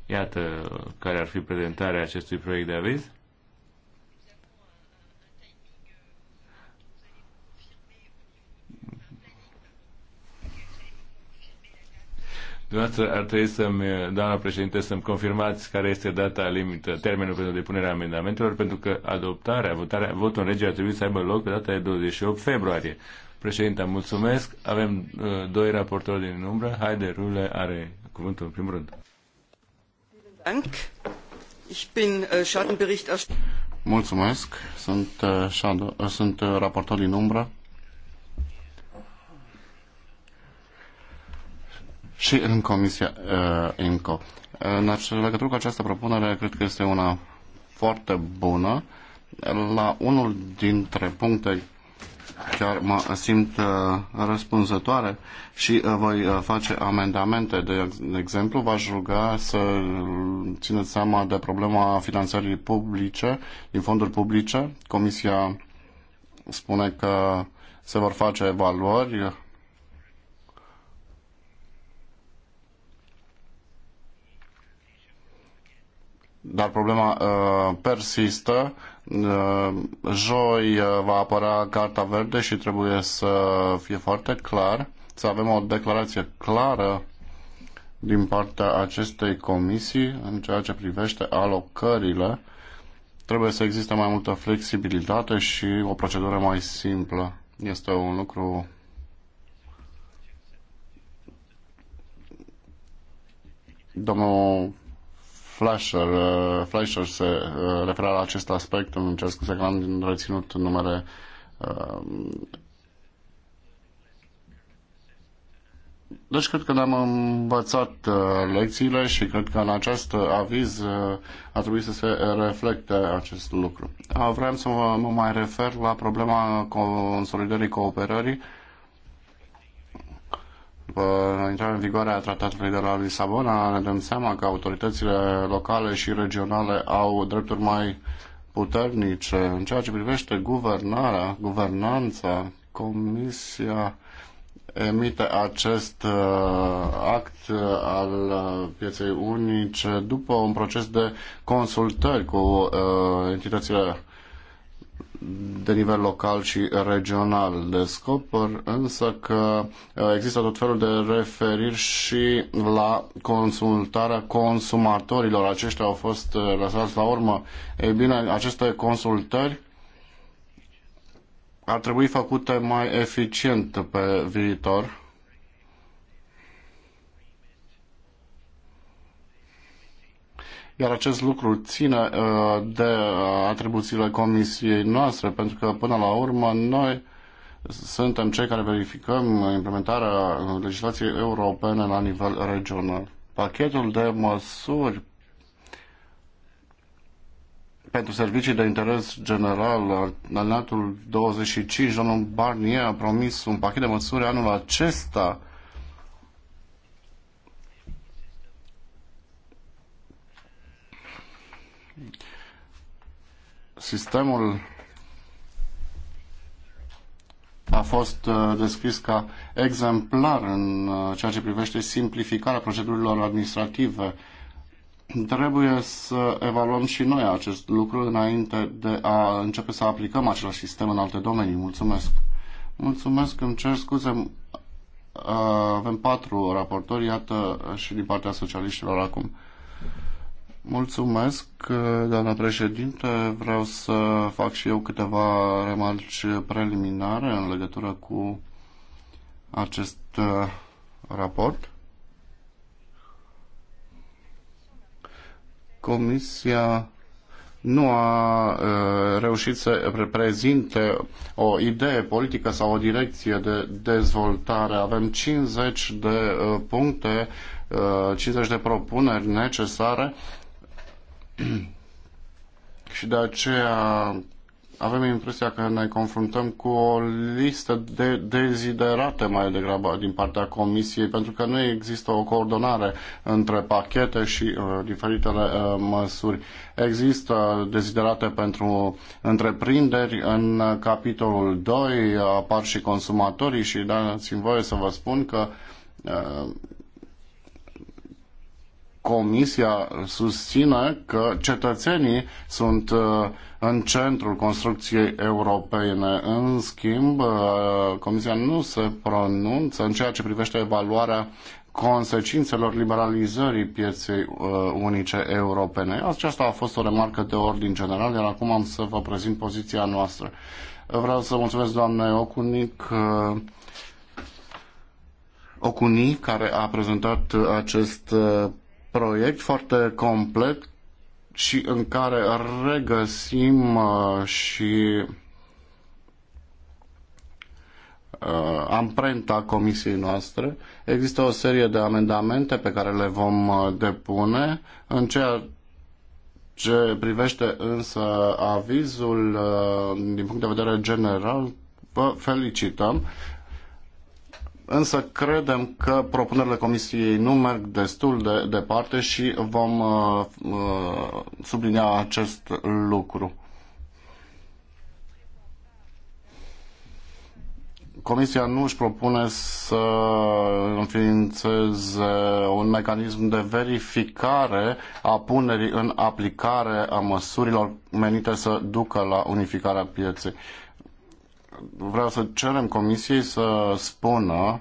Speaker 3: Iată care ar fi prezentarea acestui proiect de aviz. Dumneavoastră ar trebui să-mi, doamna președinte, să-mi confirmați care este data limită, termenul pentru depunerea amendamentelor, pentru că adoptarea, votarea, votul în regi ar trebui să aibă loc pe data de 28 februarie. Președinte, mulțumesc. Avem uh, doi raportori din umbră. Haide, Rule are cuvântul în primul rând.
Speaker 2: Äh,
Speaker 6: mulțumesc. Sunt, uh, uh, sunt uh, raportor din umbră și în Comisia uh, IMCO. În legătură cu această propunere, cred că este una foarte bună. La unul dintre puncte chiar mă simt uh, răspunzătoare și uh, voi uh, face amendamente. De, de exemplu, v-aș ruga să țineți seama de problema finanțării publice, din fonduri publice. Comisia spune că se vor face evaluări dar problema uh, persistă. Uh, joi uh, va apăra Carta Verde și trebuie să fie foarte clar, să avem o declarație clară din partea acestei comisii în ceea ce privește alocările. Trebuie să existe mai multă flexibilitate și o procedură mai simplă. Este un lucru domnul Flasher, uh, Flasher se uh, referă la acest aspect, îmi cer scuze că am reținut numele uh, Deci cred că ne-am învățat uh, lecțiile și cred că în acest aviz uh, a trebuit să se reflecte acest lucru. Uh, vreau să mă, mă mai refer la problema consolidării cooperării uh, după intrarea în vigoare a tratatului de la Lisabona, ne dăm seama că autoritățile locale și regionale au drepturi mai puternice în ceea ce privește guvernarea, guvernanța, comisia emite acest uh, act uh, al uh, pieței unice după un proces de consultări cu entitățile de nivel local și regional. Descoper însă că uh, există tot felul de referiri și la consultarea consumatorilor. Aceștia au fost uh, lăsați la urmă. Ei bine, aceste consultări ar trebui făcute mai eficient pe viitor. iar acest lucru ține uh, de uh, atribuțiile comisiei noastre, pentru că până la urmă noi suntem cei care verificăm implementarea legislației europene la nivel regional. Pachetul de măsuri pentru servicii de interes general, al anului 25, domnul Barnier a promis un pachet de măsuri anul acesta sistemul a fost uh, descris ca exemplar în uh, ceea ce privește simplificarea procedurilor administrative. Trebuie să evaluăm și noi acest lucru înainte de a începe să aplicăm același sistem în alte domenii. Mulțumesc! Mulțumesc, îmi cer scuze. Uh, avem patru raportori, iată și din partea socialiștilor acum. Mulțumesc, doamna președinte. Vreau să fac și eu câteva remarci preliminare în legătură cu acest uh, raport. Comisia nu a uh, reușit să prezinte o idee politică sau o direcție de dezvoltare. Avem 50 de uh, puncte, 50 de propuneri necesare [CLEARS THROAT] și de aceea avem impresia că ne confruntăm cu o listă de deziderate mai degrabă din partea Comisiei, pentru că nu există o coordonare între pachete și uh, diferitele uh, măsuri. Există deziderate pentru întreprinderi. În capitolul 2 apar și consumatorii și dați-mi voie să vă spun că uh, Comisia susține că cetățenii sunt uh, în centrul construcției europene. În schimb, uh, Comisia nu se pronunță în ceea ce privește evaluarea consecințelor liberalizării pieței uh, unice europene. Aceasta a fost o remarcă de ordin general, iar acum am să vă prezint poziția noastră. Vreau să mulțumesc doamnei Ocunic Okuni care a prezentat acest proiect foarte complet și în care regăsim uh, și uh, amprenta comisiei noastre. Există o serie de amendamente pe care le vom uh, depune în ceea ce privește însă avizul din punct de vedere general, vă felicităm Însă credem că propunerile Comisiei nu merg destul de departe și vom uh, uh, sublinia acest lucru. Comisia nu își propune să înființeze un mecanism de verificare a punerii în aplicare a măsurilor menite să ducă la unificarea pieței vreau să cerem Comisiei să spună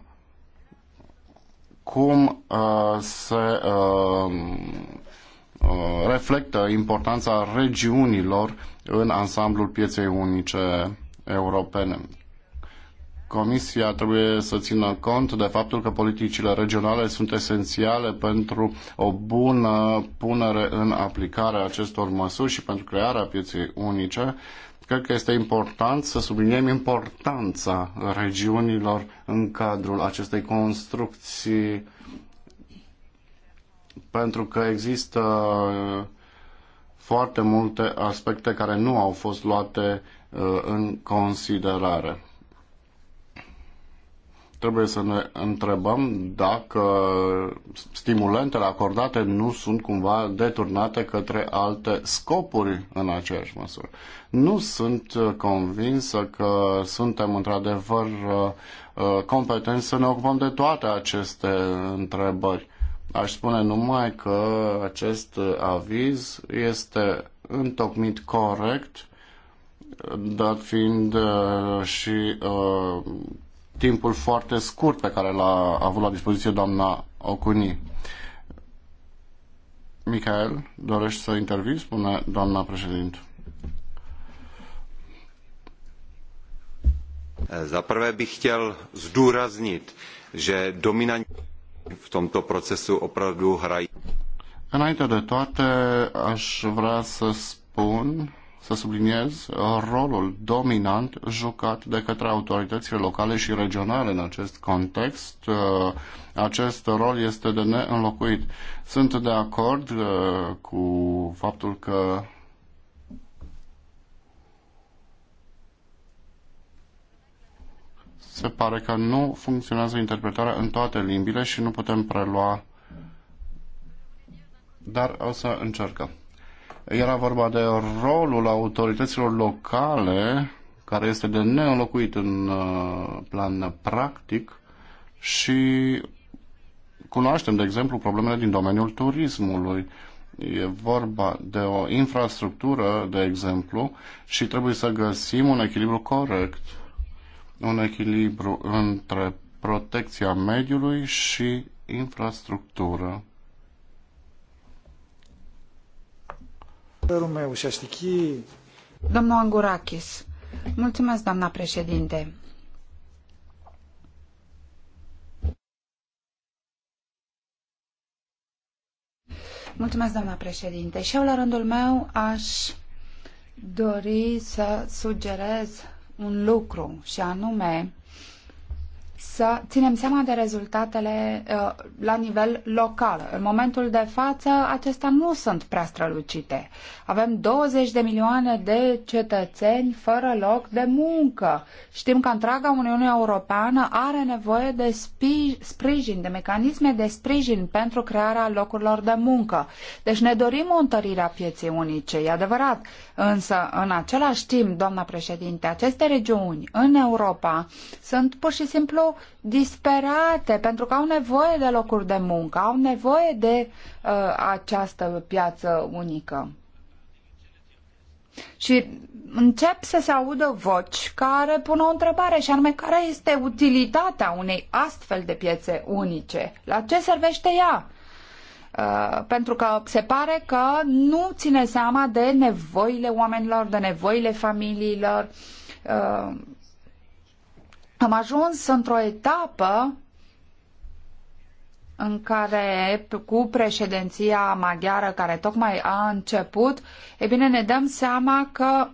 Speaker 6: cum uh, se uh, uh, reflectă importanța regiunilor în ansamblul pieței unice europene. Comisia trebuie să țină cont de faptul că politicile regionale sunt esențiale pentru o bună punere în aplicare a acestor măsuri și pentru crearea pieței unice, Cred că este important să subliniem importanța regiunilor în cadrul acestei construcții pentru că există foarte multe aspecte care nu au fost luate uh, în considerare trebuie să ne întrebăm dacă stimulentele acordate nu sunt cumva deturnate către alte scopuri în aceeași măsură. Nu sunt uh, convinsă că suntem într-adevăr uh, uh, competenți să ne ocupăm de toate aceste întrebări. Aș spune numai că acest aviz este întocmit corect, dat fiind și timpul foarte scurt pe care l-a avut la dispoziție doamna Ocuni. Michael, dorești să intervii? Spune doamna președinte. Za prvé bych
Speaker 1: chtěl zdůraznit, že dominantní v tomto procesu opravdu hrají.
Speaker 6: Înainte de toate, aș vrea să spun să subliniez uh, rolul dominant jucat de către autoritățile locale și regionale în acest context. Uh, acest rol este de neînlocuit. Sunt de acord uh, cu faptul că se pare că nu funcționează interpretarea în toate limbile și nu putem prelua, dar o să încercăm. Era vorba de rolul autorităților locale, care este de neînlocuit în uh, plan practic și cunoaștem, de exemplu, problemele din domeniul turismului. E vorba de o infrastructură, de exemplu, și trebuie să găsim un echilibru corect, un echilibru între protecția mediului și infrastructură.
Speaker 2: Domnul Angurakis, mulțumesc, doamna președinte. Mulțumesc, doamna președinte. Și eu, la rândul meu, aș dori să sugerez un lucru, și anume să ținem seama de rezultatele uh, la nivel local. În momentul de față, acestea nu sunt prea strălucite. Avem 20 de milioane de cetățeni fără loc de muncă. Știm că întreaga Uniune Europeană are nevoie de sprijin, de mecanisme de sprijin pentru crearea locurilor de muncă. Deci ne dorim o întărire a pieței unice, e adevărat. Însă, în același timp, doamna președinte, aceste regiuni în Europa sunt pur și simplu disperate pentru că au nevoie de locuri de muncă, au nevoie de uh, această piață unică. Și încep să se audă voci care pun o întrebare și anume care este utilitatea unei astfel de piețe unice? La ce servește ea? Uh, pentru că se pare că nu ține seama de nevoile oamenilor, de nevoile familiilor. Uh, am ajuns într-o etapă în care cu președinția maghiară care tocmai a început, e bine, ne dăm seama că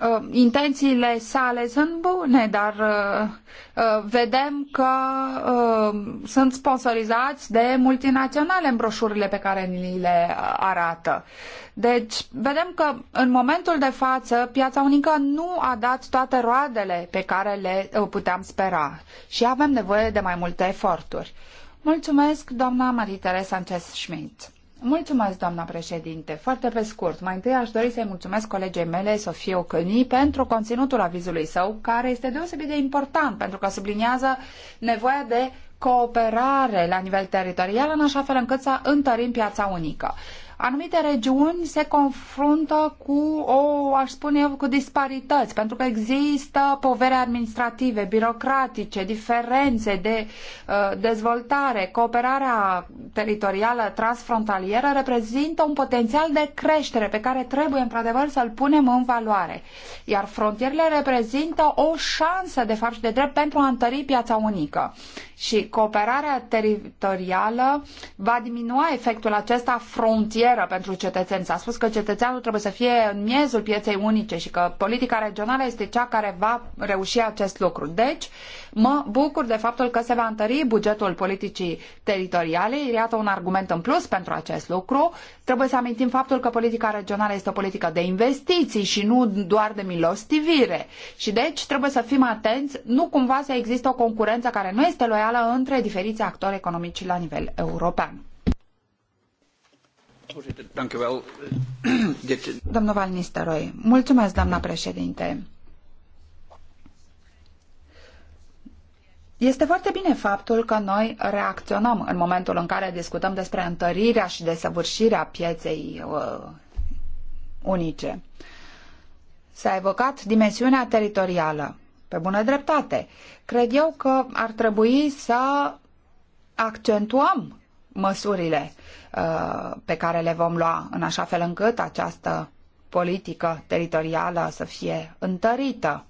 Speaker 2: uh, intențiile sale sunt bune, dar uh, uh, vedem că uh, sunt sponsorizați de multinaționale în broșurile pe care ni le arată. Deci, vedem că în momentul de față piața unică nu a dat toate roadele pe care le uh, puteam spera și avem nevoie de mai multe eforturi. Mulțumesc, doamna marie teresa Sanchez-Schmidt. Mulțumesc, doamna președinte. Foarte pe scurt, mai întâi aș dori să-i mulțumesc colegei mele, Sofie Ocăni, pentru conținutul avizului său, care este deosebit de important, pentru că subliniază nevoia de cooperare la nivel teritorial, în așa fel încât să întărim piața unică anumite regiuni se confruntă cu o, aș spune eu, cu disparități, pentru că există povere administrative, birocratice, diferențe de uh, dezvoltare, cooperarea teritorială transfrontalieră reprezintă un potențial de creștere pe care trebuie într-adevăr să-l punem în valoare. Iar frontierele reprezintă o șansă, de fapt și de drept, pentru a întări piața unică. Și cooperarea teritorială va diminua efectul acesta frontier barieră pentru cetățeni. S-a spus că cetățeanul trebuie să fie în miezul pieței unice și că politica regională este cea care va reuși acest lucru. Deci, mă bucur de faptul că se va întări bugetul politicii teritoriale. Iată un argument în plus pentru acest lucru. Trebuie să amintim faptul că politica regională este o politică de investiții și nu doar de milostivire. Și deci trebuie să fim atenți, nu cumva să există o concurență care nu este loială între diferiți actori economici la nivel european. [CLEARS THROAT] Domnul Val Nistelrooy, mulțumesc, doamna președinte. Este foarte bine faptul că noi reacționăm în momentul în care discutăm despre întărirea și desăvârșirea pieței uh, unice. S-a evocat dimensiunea teritorială. Pe bună dreptate. Cred eu că ar trebui să accentuăm măsurile uh, pe care le vom lua în așa fel încât această politică teritorială să fie întărită.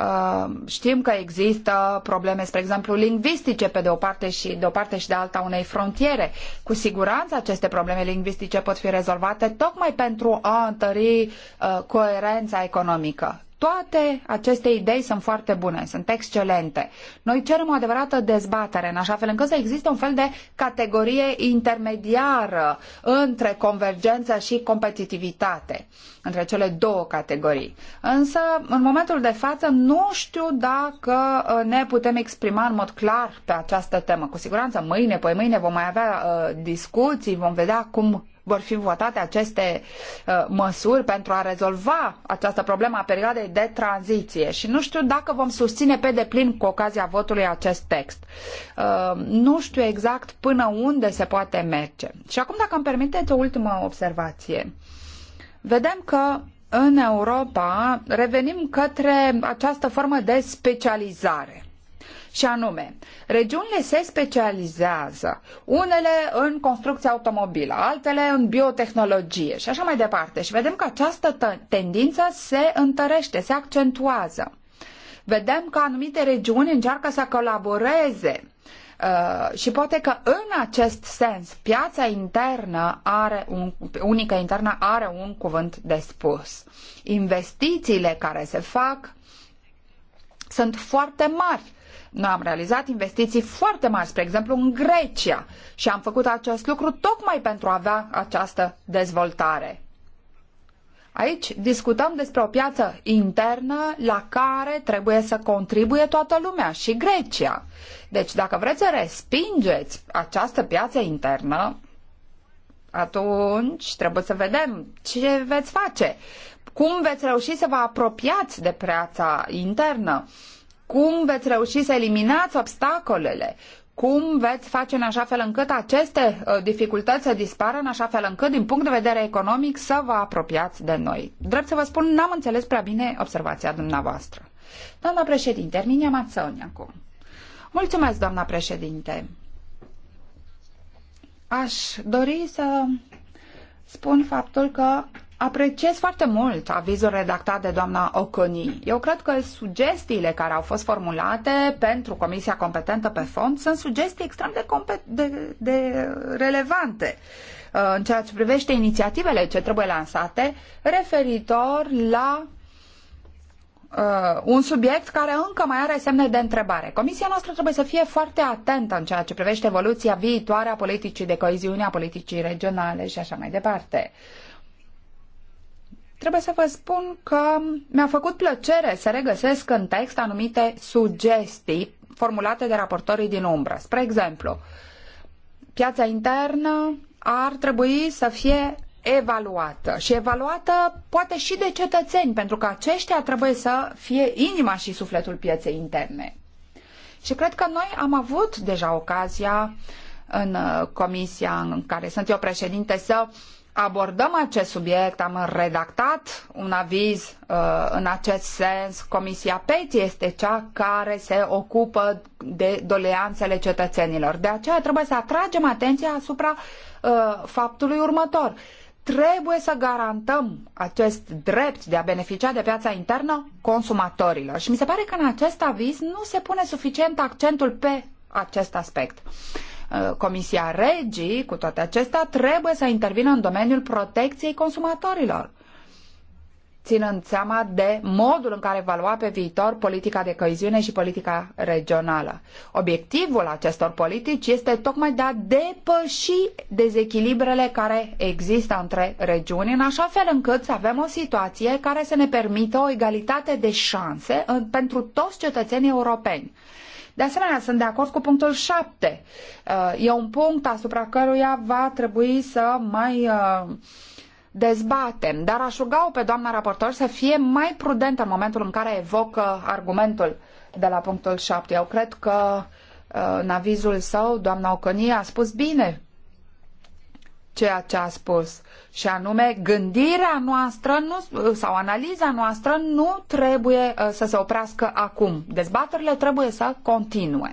Speaker 2: Uh, știm că există probleme, spre exemplu, lingvistice pe de o parte și de o parte și de alta unei frontiere. Cu siguranță aceste probleme lingvistice pot fi rezolvate tocmai pentru a întări uh, coerența economică. Toate aceste idei sunt foarte bune, sunt excelente. Noi cerem o adevărată dezbatere, în așa fel încât să existe un fel de categorie intermediară între convergență și competitivitate, între cele două categorii. Însă, în momentul de față, nu știu dacă uh, ne putem exprima în mod clar pe această temă. Cu siguranță, mâine, păi mâine vom mai avea uh, discuții, vom vedea cum vor fi votate aceste uh, măsuri pentru a rezolva această problemă a perioadei de tranziție și nu știu dacă vom susține pe deplin cu ocazia votului acest text. Uh, nu știu exact până unde se poate merge. Și acum, dacă îmi permiteți o ultimă observație. Vedem că în Europa revenim către această formă de specializare. Și anume, regiunile se specializează, unele în construcția automobilă, altele în biotehnologie și așa mai departe. Și vedem că această tendință se întărește, se accentuează. Vedem că anumite regiuni încearcă să colaboreze Uh, și poate că în acest sens piața internă are un, unică internă are un cuvânt de spus. Investițiile care se fac sunt foarte mari noi am realizat investiții foarte mari, spre exemplu în Grecia, și am făcut acest lucru tocmai pentru a avea această dezvoltare. Aici discutăm despre o piață internă la care trebuie să contribuie toată lumea și Grecia. Deci dacă vreți să respingeți această piață internă, atunci trebuie să vedem ce veți face. Cum veți reuși să vă apropiați de piața internă? Uh, cum veți reuși să eliminați obstacolele, cum veți face în așa fel încât aceste uh, dificultăți să dispară, în așa fel încât, din punct de vedere economic, să vă apropiați de noi. Drept să vă spun, n-am înțeles prea bine observația dumneavoastră. Doamna președinte, Erminia Mațăuni acum. Mulțumesc, doamna președinte. Aș dori să spun faptul că Apreciez foarte mult avizul redactat de doamna Oconi. Eu cred că sugestiile care au fost formulate pentru Comisia Competentă pe Fond sunt sugestii extrem de, de, de relevante uh, în ceea ce privește inițiativele ce trebuie lansate referitor la uh, un subiect care încă mai are semne de întrebare. Comisia noastră trebuie să fie foarte atentă în ceea ce privește evoluția viitoare a politicii de coeziune, a politicii regionale și așa mai departe. Uh, trebuie să vă spun că mi-a făcut plăcere să regăsesc în text anumite sugestii formulate de raportorii din umbră. Spre exemplu, piața internă ar trebui să fie evaluată și evaluată poate și de cetățeni, pentru că aceștia trebuie să fie inima și sufletul pieței interne. Și cred că noi am avut deja ocazia în uh, comisia în care sunt eu președinte să uh, abordăm acest subiect, am redactat un aviz uh, în acest sens. Comisia PETI este cea care se ocupă de doleanțele cetățenilor. De aceea trebuie să atragem atenția asupra uh, faptului următor. Trebuie să garantăm acest drept de a beneficia de piața internă consumatorilor. Și mi se pare că în acest aviz nu se pune suficient accentul pe acest aspect. Uh, Uh, Comisia Regii, cu toate acestea, trebuie să intervină în domeniul protecției consumatorilor ținând seama de modul în care evalua pe viitor politica de coeziune și politica regională. Obiectivul acestor politici este tocmai de a depăși dezechilibrele care există între regiuni, în așa fel încât să avem o situație care să ne permită o egalitate de șanse pentru toți cetățenii europeni. De asemenea, sunt de acord cu punctul 7. Uh, e un punct asupra căruia va trebui să mai uh, dezbatem, dar aș ruga-o pe doamna raportor să fie mai prudentă în momentul în care evocă argumentul de la punctul 7. Eu cred că uh, în avizul său, doamna Ocănie a spus bine ceea ce a spus. Și anume, gândirea noastră nu, sau analiza noastră nu trebuie uh, să se oprească acum. Dezbaterile trebuie să continue.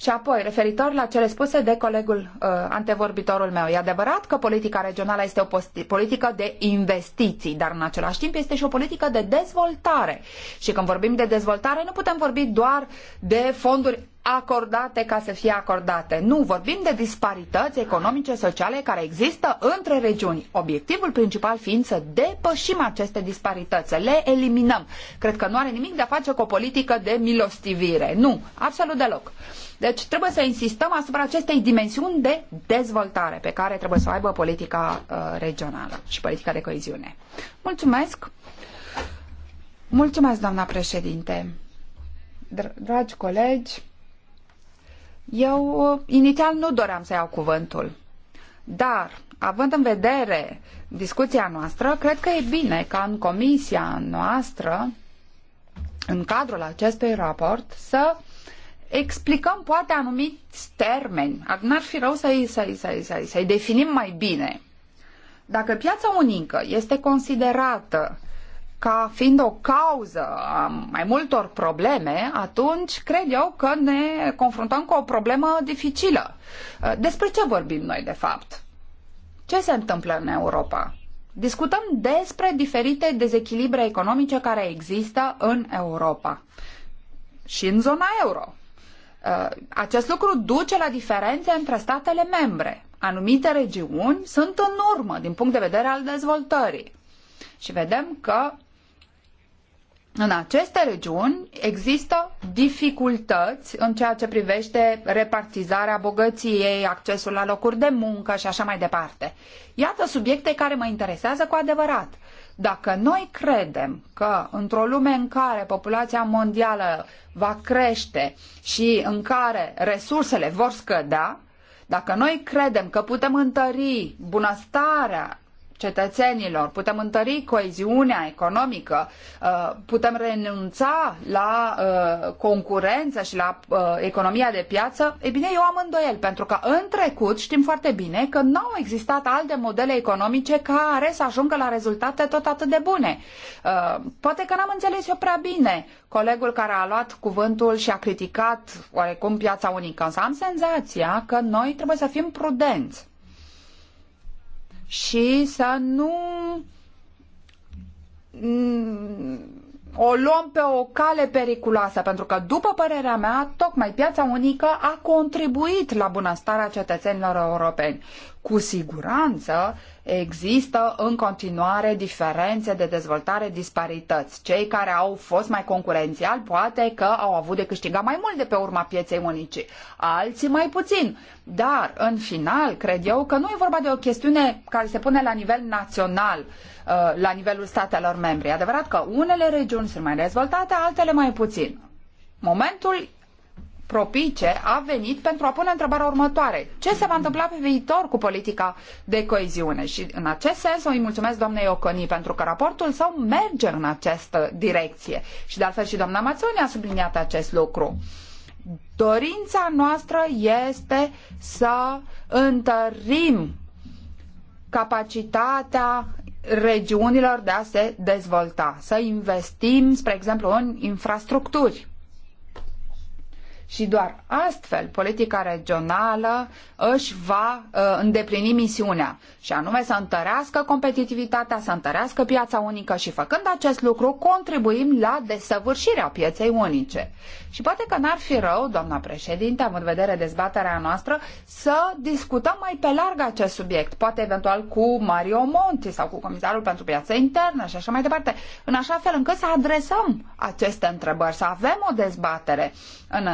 Speaker 2: Și apoi, referitor la cele spuse de colegul uh, antevorbitorul meu, e adevărat că politica regională este o politică de investiții, dar în același timp este și o politică de dezvoltare. Și când vorbim de dezvoltare, nu putem vorbi doar de fonduri acordate ca să fie acordate. Nu, vorbim de disparități economice, sociale care există între regiuni. Obiectivul principal fiind să depășim aceste disparități, să le eliminăm. Cred că nu are nimic de a face cu o politică de milostivire. Nu, absolut deloc. Deci trebuie să insistăm asupra acestei dimensiuni de dezvoltare pe care trebuie să o aibă politica uh, regională și politica de coeziune. Mulțumesc! Mulțumesc, doamna președinte! Dragi colegi, eu uh, inițial nu doream să iau cuvântul, dar având în vedere discuția noastră, cred că e bine ca în comisia noastră, în cadrul acestui raport, să explicăm poate anumiți termeni. N-ar fi rău să-i, să-i, să-i, să-i, să-i definim mai bine. Dacă piața unică este considerată ca fiind o cauză a mai multor probleme, atunci cred eu că ne confruntăm cu o problemă dificilă. Uh, despre ce vorbim noi, de fapt? Ce se întâmplă în Europa? Discutăm despre diferite dezechilibre economice care există în Europa și în zona euro. Uh, acest lucru duce la diferențe între statele membre. Anumite regiuni sunt în urmă din punct de vedere al dezvoltării. Și vedem că în aceste regiuni există dificultăți în ceea ce privește repartizarea bogăției, accesul la locuri de muncă și așa mai departe. Iată subiecte care mă interesează cu adevărat. Dacă noi credem că într-o lume în care populația mondială va crește și în care resursele vor scădea, dacă noi credem că putem întări bunăstarea cetățenilor, putem întări coeziunea economică, uh, putem renunța la uh, concurență și la uh, economia de piață, e bine, eu am îndoiel, pentru că în trecut știm foarte bine că nu au existat alte modele economice care să ajungă la rezultate tot atât de bune. Poate că n-am înțeles eu prea bine colegul care a luat cuvântul și a criticat oarecum piața unică, însă am senzația că noi trebuie să fim prudenți și să nu mm, o luăm pe o cale periculoasă, pentru că, după părerea mea, tocmai piața unică a contribuit la bunăstarea cetățenilor europeni. Cu siguranță există în continuare diferențe de dezvoltare, disparități. Cei care au fost mai concurențiali poate că au avut de câștigat mai mult de pe urma pieței unice, alții mai puțin. Dar, în final, cred eu că nu e vorba de o chestiune care se pune la nivel național, uh, la nivelul statelor membre. E adevărat că unele regiuni sunt mai dezvoltate, altele mai puțin. Momentul propice a venit pentru a pune întrebarea următoare. Ce se va întâmpla pe viitor cu politica de coeziune? Și în acest sens îi mulțumesc doamnei Oconi pentru că raportul său merge în această direcție. Și de altfel și doamna Mațoni a subliniat acest lucru. Dorința noastră este să întărim capacitatea regiunilor de a se dezvolta, să investim, spre exemplu, în infrastructuri și doar astfel politica regională își va uh, îndeplini misiunea și anume să întărească competitivitatea, să întărească piața unică și făcând acest lucru contribuim la desăvârșirea pieței unice. Și poate că n-ar fi rău, doamna președinte, având în vedere dezbaterea noastră, să discutăm mai pe larg acest subiect, poate eventual cu Mario Monti sau cu Comisarul pentru Piața Internă și așa mai departe, în așa fel încât să adresăm aceste întrebări, să avem o dezbatere în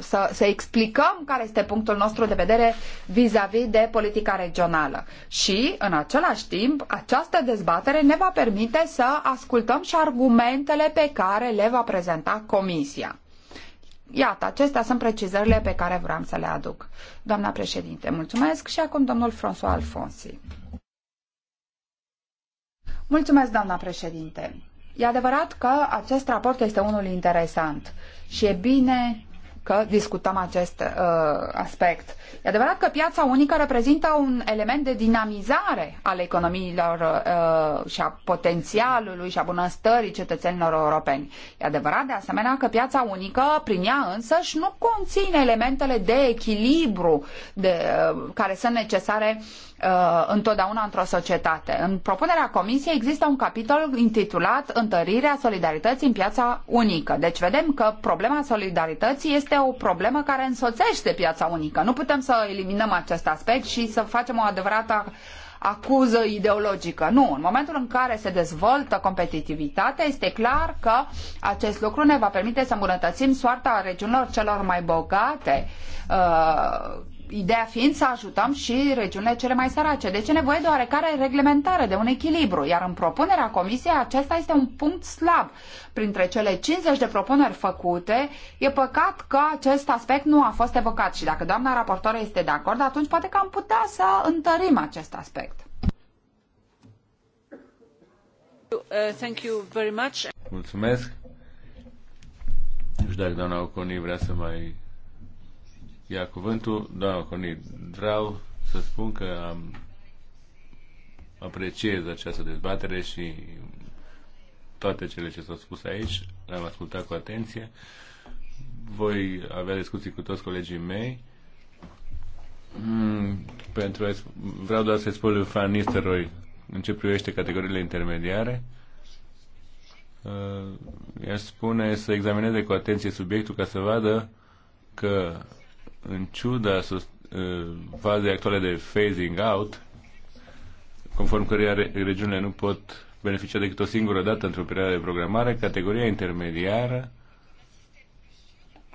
Speaker 2: să, să explicăm care este punctul nostru de vedere vis-a-vis de politica regională. Și, în același timp, această dezbatere ne va permite să ascultăm și argumentele pe care le va prezenta Comisia. Iată, acestea sunt precizările pe care vreau să le aduc. Doamna președinte, mulțumesc și acum domnul François Alfonsi. Mulțumesc, doamna președinte. E adevărat că acest raport este unul interesant și e bine că discutăm acest uh, aspect. E adevărat că piața unică reprezintă un element de dinamizare al economiilor uh, și a potențialului și a bunăstării cetățenilor europeni. E adevărat de asemenea că piața unică, prin ea însăși, nu conține elementele de echilibru de, uh, care sunt necesare uh, Uh, întotdeauna într-o societate. În propunerea Comisiei există un capitol intitulat Întărirea solidarității în piața unică. Deci vedem că problema solidarității este o problemă care însoțește piața unică. Nu putem să eliminăm acest aspect și să facem o adevărată acuză ideologică. Nu, în momentul în care se dezvoltă competitivitatea, este clar că acest lucru ne va permite să îmbunătățim soarta regiunilor celor mai bogate, uh, ideea fiind să ajutăm și regiunile cele mai sărace. Deci e nevoie de oarecare reglementare, de un echilibru, iar în propunerea comisiei acesta este un punct slab. Printre cele 50 de propuneri făcute, e păcat că acest aspect nu a fost evocat și dacă doamna raportoare este de acord, atunci poate că am putea să întărim acest aspect. Uh, thank you very much.
Speaker 3: Mulțumesc. Nu știu dacă doamna Oconi vrea să mai ia cuvântul. Doamna Conid, vreau să spun că am, apreciez această dezbatere și toate cele ce s-au spus aici, le-am ascultat cu atenție. Voi avea discuții cu toți colegii mei. Mm, pentru a, vreau doar să-i spun lui Fan Nisteroi în ce privește categoriile intermediare. Uh, i spune să examineze cu atenție subiectul ca să vadă că în ciuda uh, fazei actuale de phasing out, conform căreia regiunile nu pot beneficia decât o singură dată într-o perioadă de programare, categoria intermediară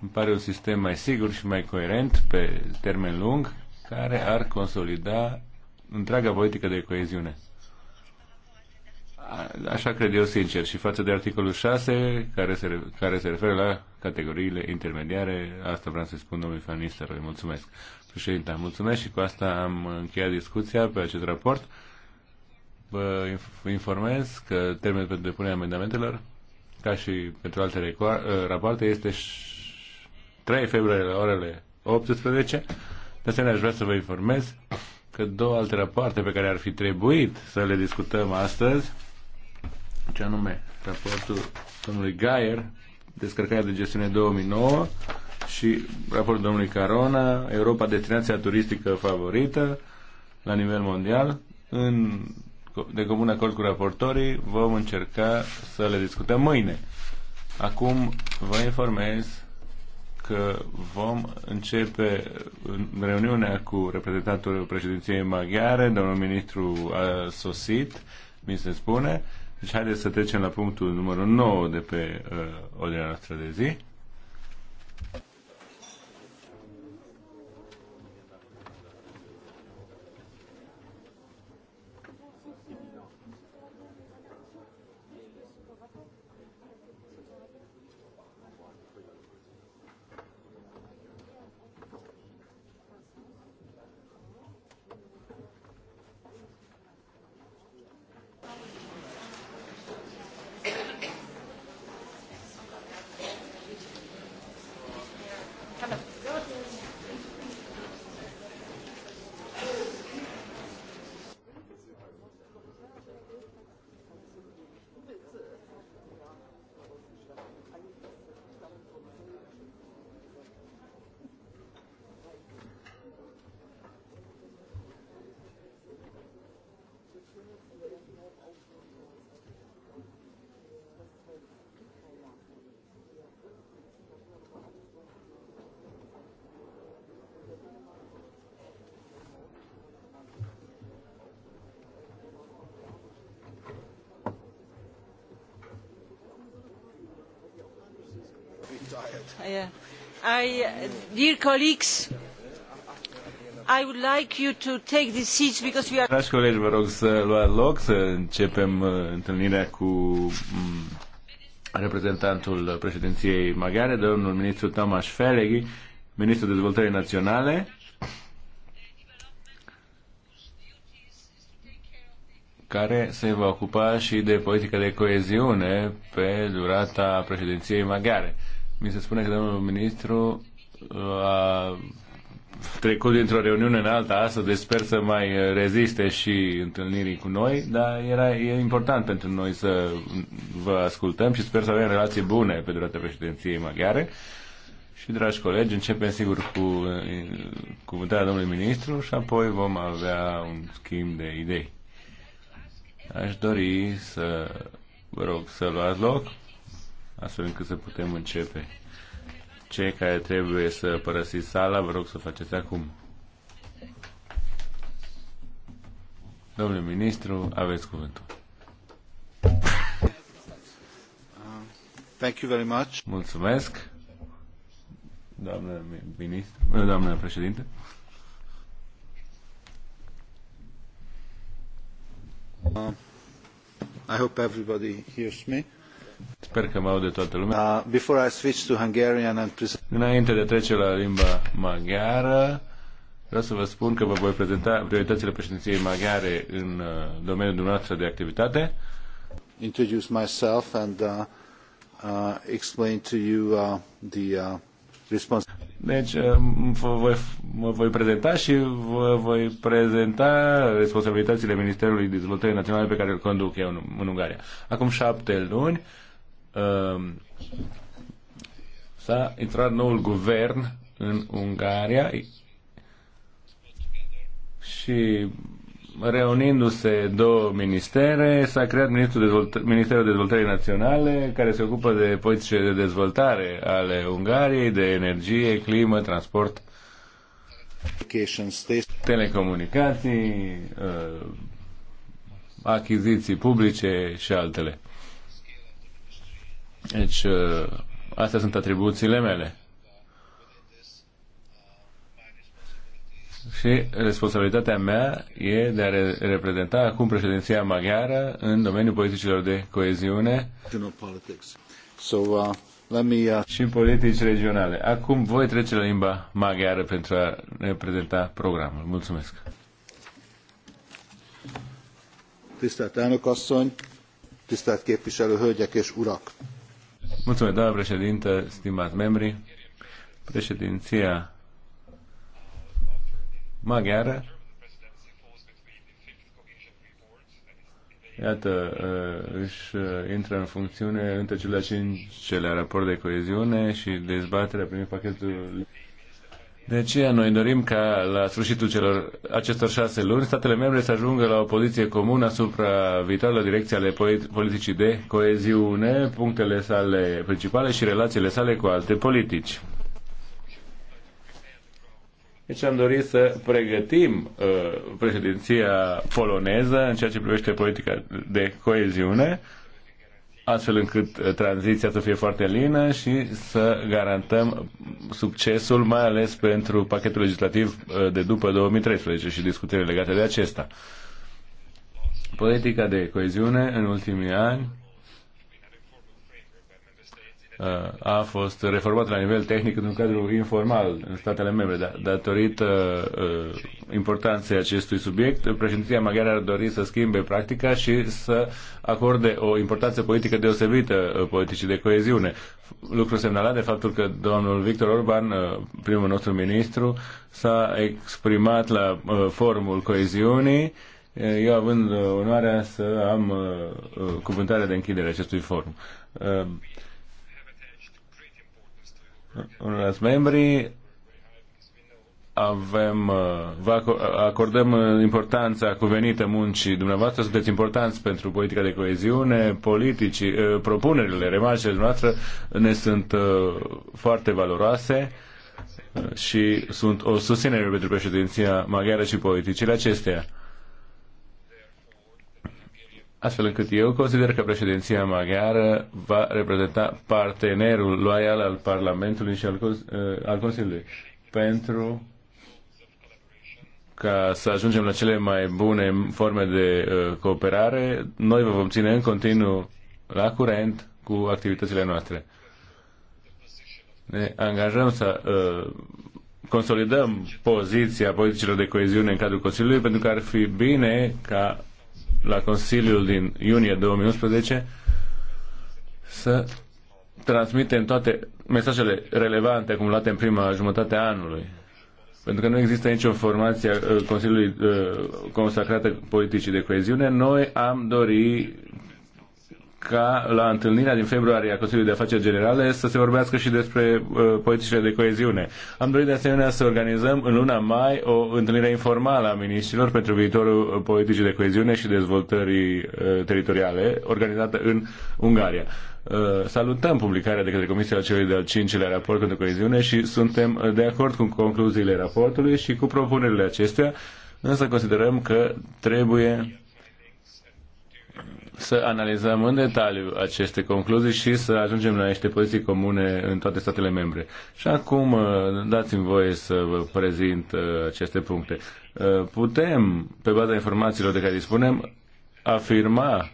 Speaker 3: îmi pare un sistem mai sigur și mai coerent pe termen lung, care ar consolida întreaga politică de coeziune. Așa cred eu sincer și față de articolul 6 care se, care se referă la categoriile intermediare, asta vreau să spun domnului Fanister. Nistelrooy. Mulțumesc. Președinte, mulțumesc și cu asta am încheiat discuția pe acest raport. Vă informez că termenul pentru depunerea amendamentelor, ca și pentru alte uh, rapoarte, este 3 februarie la orele 18. De asemenea, aș vrea să vă informez că două alte rapoarte pe care ar fi trebuit să le discutăm astăzi ce anume raportul domnului Gaier, descărcarea de gestiune 2009 și raportul domnului Carona, Europa destinația turistică favorită la nivel mondial. În, de comun acord cu raportorii vom încerca să le discutăm mâine. Acum vă informez că vom începe reuniunea cu reprezentantul președinției maghiare, domnul ministru a sosit, mi se spune, deci haideți să trecem la punctul numărul 9 de pe uh, ordinea noastră de zi.
Speaker 2: dear colleagues, I would like you to take the seats because we are... Dragi colegi, vă
Speaker 3: rog să luați loc, să începem uh, întâlnirea cu mm, reprezentantul președinției maghiare, domnul ministru Tamas Feleghi, ministrul dezvoltării naționale. care se va ocupa și de politica de coeziune pe durata președinției maghiare. Mi se spune că domnul ministru uh, a trecut dintr-o reuniune în alta astăzi, sper să mai reziste și întâlnirii cu noi, dar era, e important pentru noi să vă ascultăm și sper să avem relații bune pe durata președinției maghiare. Și, dragi colegi, începem sigur cu uh, cuvântarea domnului ministru și apoi vom avea un schimb de idei. Aș dori să vă rog să luați loc astfel încât să putem începe. Cei care trebuie să părăsiți sala, vă rog să faceți acum. Domnule ministru, aveți cuvântul. Thank you very much. Mulțumesc, doamnă, ministru, doamnă președinte.
Speaker 1: Uh, I hope everybody hears me. Sper
Speaker 3: că mă aude toată lumea.
Speaker 1: Uh, before I switch to Hungarian and
Speaker 3: Înainte de a trece la limba maghiară, vreau să vă spun că vă voi prezenta prioritățile președinției maghiare în
Speaker 1: uh, domeniul dumneavoastră de activitate. Introduce myself and uh, uh, explain to you uh, the uh, response. Deci uh,
Speaker 3: voi, mă voi prezenta și vă voi prezenta responsabilitățile Ministerului Dezvoltării Naționale pe care îl conduc eu în, în Ungaria. Acum șapte luni Ehm, s-a intrat noul guvern în Ungaria și reunindu-se două ministere, s-a creat Ministerul, Dezvolt- Ministerul Dezvoltării Naționale, care se ocupă de politice de dezvoltare ale Ungariei, de energie, climă, transport, telecomunicații, ehm, achiziții publice și altele. Deci, uh, astea sunt atribuțiile mele. Și responsabilitatea mea e de a re- reprezenta acum președinția maghiară în domeniul politicilor de coeziune so, uh, let me, uh... și politici regionale. Acum voi trece la limba maghiară pentru a reprezenta programul. Mulțumesc!
Speaker 1: Tisztelt elnök asszony, tisztelt képviselő hölgyek és urak!
Speaker 3: Mulțumesc, doamnă președintă, stimați membri. Președinția maghiară iată, uh, își uh, intră în funcțiune între cele 5 cele raport de coeziune și dezbaterea primit pachetul de aceea noi dorim ca la sfârșitul celor, acestor șase luni statele membre să ajungă la o poziție comună asupra viitoarelor direcții ale politicii de coeziune, punctele sale principale și relațiile sale cu alte politici. Deci am dorit să pregătim uh, președinția poloneză în ceea ce privește politica de coeziune, astfel încât uh, tranziția să fie foarte lină și să garantăm succesul, mai ales pentru pachetul legislativ uh, de după 2013 și discuțiile legate de acesta. Politica de coeziune în ultimii ani a fost reformat la nivel tehnic într-un cadru informal în statele membre. Dar datorită importanței acestui subiect, președinția maghiară ar dori să schimbe practica și să acorde o importanță politică deosebită politicii de coeziune. Lucru semnalat de faptul că domnul Victor Orban, primul nostru ministru, s-a exprimat la formul coeziunii eu având onoarea să am uh, cuvântarea de închidere acestui forum. Uh, unor membri avem, uh, vă acordăm uh, importanța cuvenită muncii dumneavoastră, sunteți importanți pentru politica de coeziune, politicii, uh, propunerile, remarcele dumneavoastră ne sunt foarte valoroase și sunt o susținere pentru președinția maghiară și politicile acestea astfel încât eu consider că președinția maghiară va reprezenta partenerul loial al Parlamentului și al, uh, al Consiliului pentru ca să ajungem la cele mai bune forme de uh, cooperare. Noi vă vom ține în continuu la curent cu activitățile noastre. Ne angajăm să uh, consolidăm poziția politicilor de coeziune în cadrul Consiliului pentru că ar fi bine ca la Consiliul din iunie 2011 să transmitem toate mesajele relevante acumulate în prima jumătate a anului. Pentru că nu există nicio formație a uh, Consiliului uh, consacrată politicii de coeziune, noi am dorit ca la întâlnirea din februarie a Consiliului de Afaceri Generale să se vorbească și despre uh, politicile de coeziune. Am dorit de asemenea să organizăm în luna mai o întâlnire informală a ministrilor pentru viitorul politicii de coeziune și dezvoltării uh, teritoriale, organizată în Ungaria. Uh, salutăm publicarea de către Comisia celui de-al cincilea raport pentru coeziune și suntem de acord cu concluziile raportului și cu propunerile acestea, însă considerăm că trebuie să analizăm în detaliu aceste concluzii și să ajungem la niște poziții comune în toate statele membre. Și acum uh, dați-mi voie să vă prezint uh, aceste puncte. Uh, putem, pe baza informațiilor de care dispunem, afirma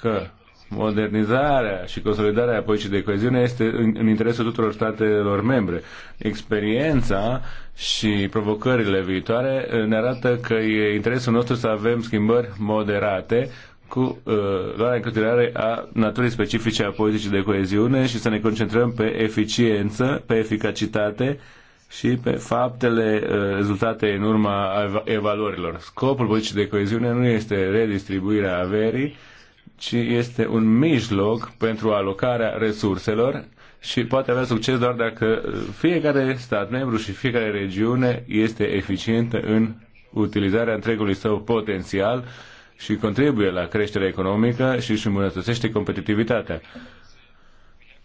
Speaker 3: că modernizarea și consolidarea politicii de coeziune este în, în interesul tuturor statelor membre. Experiența și provocările viitoare ne arată că e interesul nostru să avem schimbări moderate cu uh, luarea în considerare a naturii specifice a politicii de coeziune și să ne concentrăm pe eficiență, pe eficacitate și pe faptele uh, rezultate în urma evaluărilor. Scopul politicii de coeziune nu este redistribuirea averii, ci este un mijloc pentru alocarea resurselor și poate avea succes doar dacă uh, fiecare stat membru și fiecare regiune este eficientă în utilizarea întregului său potențial uh, și contribuie la creșterea economică și își îmbunătățește competitivitatea.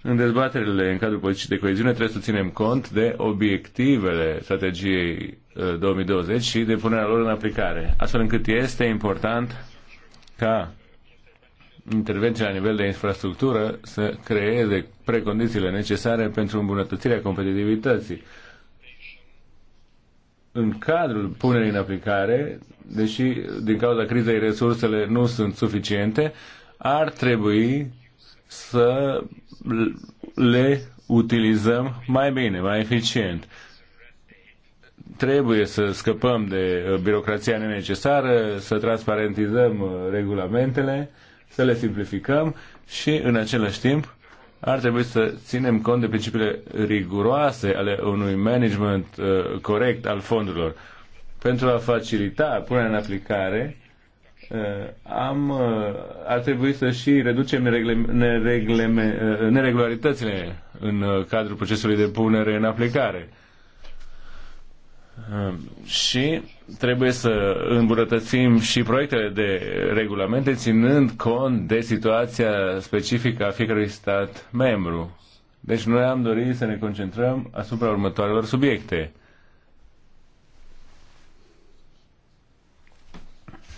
Speaker 3: În dezbaterile în cadrul politicii de coeziune trebuie să ținem cont de obiectivele strategiei 2020 uh, și de punerea lor în aplicare, astfel încât este important ca intervenția la nivel de infrastructură să creeze precondițiile necesare pentru îmbunătățirea competitivității în cadrul punerii în aplicare, deși din cauza crizei resursele nu sunt suficiente, ar trebui să le utilizăm mai bine, mai eficient. Trebuie să scăpăm de uh, birocrația nenecesară, să transparentizăm uh, regulamentele, să le simplificăm și în același timp ar trebui să ținem cont de principiile riguroase ale unui management uh, corect al fondurilor. Pentru a facilita punerea în aplicare, uh, am, uh, ar trebui să și reducem neregle, neregle, uh, neregularitățile în uh, cadrul procesului de punere în aplicare Ehm, și trebuie să îmbunătățim și proiectele de regulamente ținând cont de situația specifică a fiecărui stat membru. Deci noi am dorit să ne concentrăm asupra următoarelor subiecte.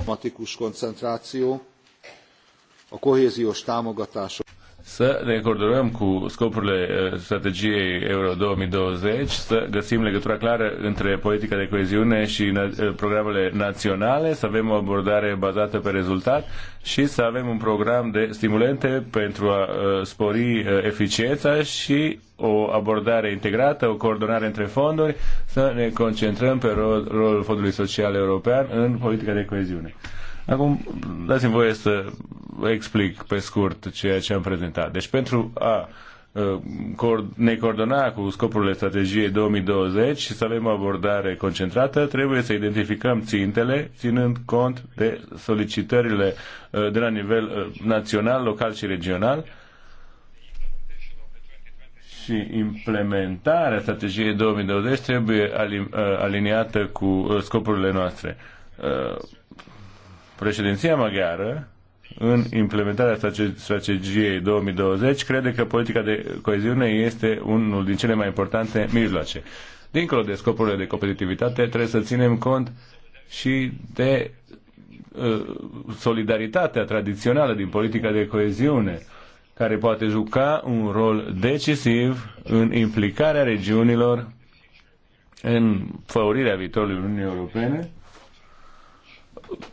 Speaker 1: Matikus koncentráció, a kohéziós támogatások
Speaker 3: să ne coordonăm cu scopurile uh, strategiei Euro 2020, să găsim legătura clară între politica de coeziune și uh, programele naționale, să avem o abordare bazată pe rezultat și să avem un program de stimulente pentru a uh, spori eficiența și o abordare integrată, o coordonare între fonduri, să ne concentrăm pe rolul Fondului Social European în politica de coeziune. Acum, dați-mi voie să explic pe scurt ceea ce am prezentat. Deci, pentru a uh, ne coordona cu scopurile strategiei 2020 și să avem o abordare concentrată, trebuie să identificăm țintele, ținând cont de solicitările uh, de la nivel uh, național, local și regional și implementarea strategiei 2020 trebuie aliniată cu scopurile noastre Președinția maghiară, în implementarea strategiei 2020, crede că politica de coeziune este unul din cele mai importante mijloace. Dincolo de scopurile de competitivitate, trebuie să ținem cont și de uh, solidaritatea tradițională din politica de coeziune, care poate juca un rol decisiv în implicarea regiunilor în făurirea viitorului Uniunii Europene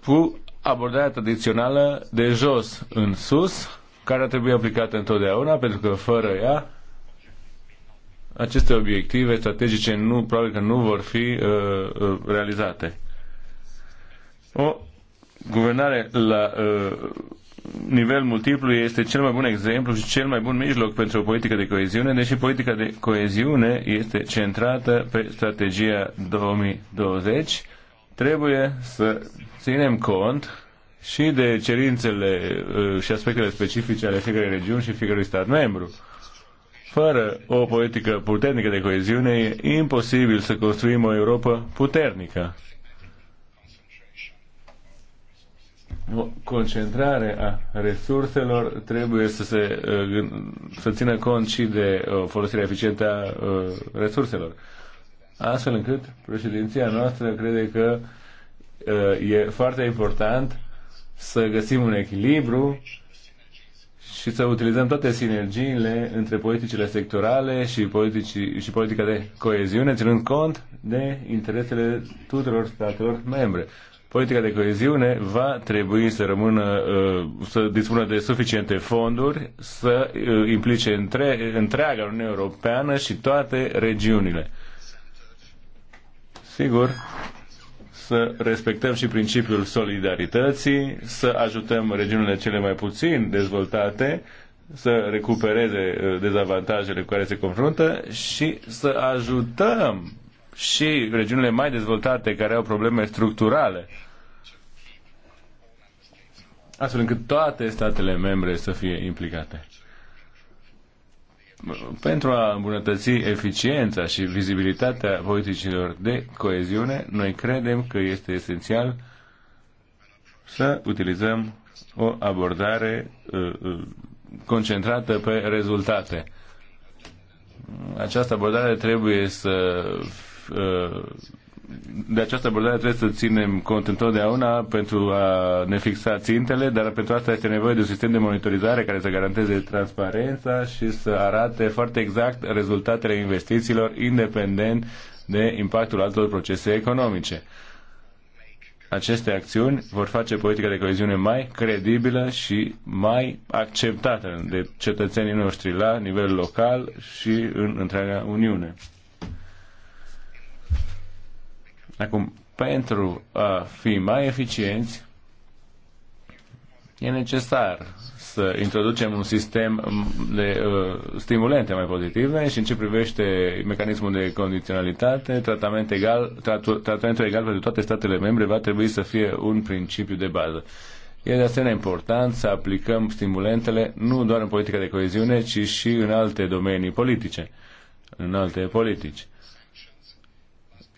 Speaker 3: cu abordarea tradițională de jos în sus, care trebuie aplicată întotdeauna, pentru că fără ea aceste obiective strategice nu, probabil că nu vor fi uh, uh, realizate. O guvernare la uh, nivel multiplu este cel mai bun exemplu și cel mai bun mijloc pentru o politică de coeziune, deși politica de coeziune este centrată pe strategia 2020 Trebuie să ținem cont și de cerințele uh, și aspectele specifice ale fiecărei regiuni și fiecărui stat membru. Fără o politică puternică de coeziune, e imposibil să construim o Europa puternică. O concentrare a resurselor trebuie să, se, uh, să țină cont și de uh, folosirea eficientă a resurselor astfel încât președinția noastră crede că uh, e foarte important să găsim un echilibru și să utilizăm toate sinergiile între politicile sectorale și, politici, și politica de coeziune, ținând cont de interesele tuturor statelor membre. Politica de coeziune va trebui să rămână, uh, să dispună de suficiente fonduri, să uh, implice între, întreaga Uniune Europeană și toate regiunile sigur, să respectăm și principiul solidarității, să ajutăm regiunile cele mai puțin dezvoltate, să recupereze uh, dezavantajele cu care se confruntă și să ajutăm și regiunile mai dezvoltate care au probleme structurale, astfel încât toate statele membre să fie implicate pentru a îmbunătăți eficiența și vizibilitatea politicilor de coeziune, noi credem că este esențial să utilizăm o abordare uh, uh, concentrată pe rezultate. Această abordare trebuie să uh, de această abordare trebuie să ținem cont întotdeauna pentru a ne fixa țintele, dar pentru asta este nevoie de un sistem de monitorizare care să garanteze transparența și să arate foarte exact rezultatele investițiilor, independent de impactul altor procese economice. Aceste acțiuni vor face politica de coeziune mai credibilă și mai acceptată de cetățenii noștri la nivel local și în întreaga Uniune. Acum, pentru a fi mai eficienți, e necesar să introducem un sistem de uh, stimulente mai pozitive și în ce privește mecanismul de condiționalitate, tratament egal, tratu, tratamentul egal pentru toate statele membre va trebui să fie un principiu de bază. E de asemenea important să aplicăm stimulentele nu doar în politica de coeziune, ci și în alte domenii politice, în alte politici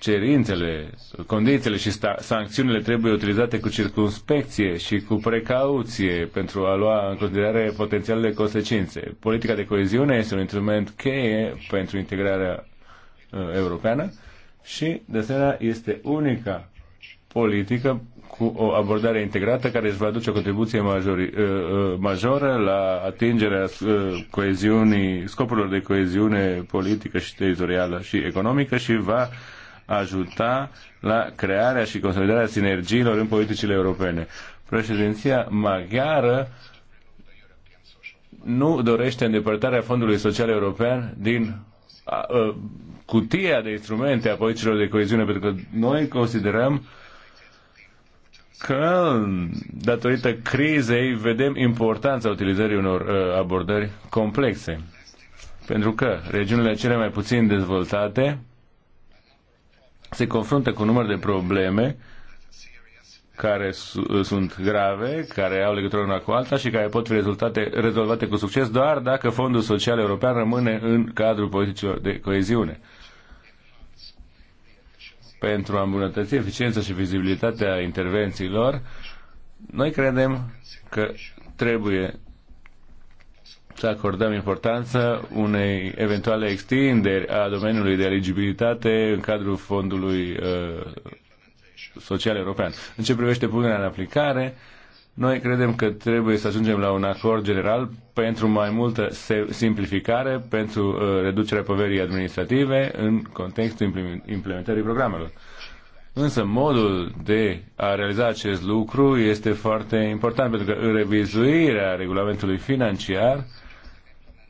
Speaker 3: cerințele, condițiile și sancțiunile trebuie utilizate cu circunspecție și cu precauție pentru a lua în considerare potențialele consecințe. Politica de coeziune este un instrument cheie pentru integrarea uh, europeană și, de asemenea, este unica politică cu o abordare integrată care își va aduce o contribuție majori, uh, uh, majoră la atingerea uh, coeziunii, scopurilor de coeziune politică și teritorială și economică și va ajuta la crearea și consolidarea sinergiilor în politicile europene. Președinția maghiară nu dorește îndepărtarea Fondului Social European din a, a, cutia de instrumente a politicilor de coeziune, pentru că noi considerăm că, datorită crizei, vedem importanța utilizării unor a, abordări complexe. Pentru că regiunile cele mai puțin dezvoltate se confruntă cu un număr de probleme care su- sunt grave, care au legătură una cu alta și care pot fi rezultate, rezolvate cu succes doar dacă Fondul Social European rămâne în cadrul politicilor de coeziune. Pentru a îmbunătăți eficiența și vizibilitatea intervențiilor, noi credem că trebuie să acordăm importanță unei eventuale extinderi a domeniului de eligibilitate în cadrul Fondului uh, Social European. În ce privește punerea în aplicare, noi credem că trebuie să ajungem la un acord general pentru mai multă simplificare, pentru uh, reducerea poverii administrative în contextul implementării programelor. Însă modul de a realiza acest lucru este foarte important, pentru că în revizuirea regulamentului financiar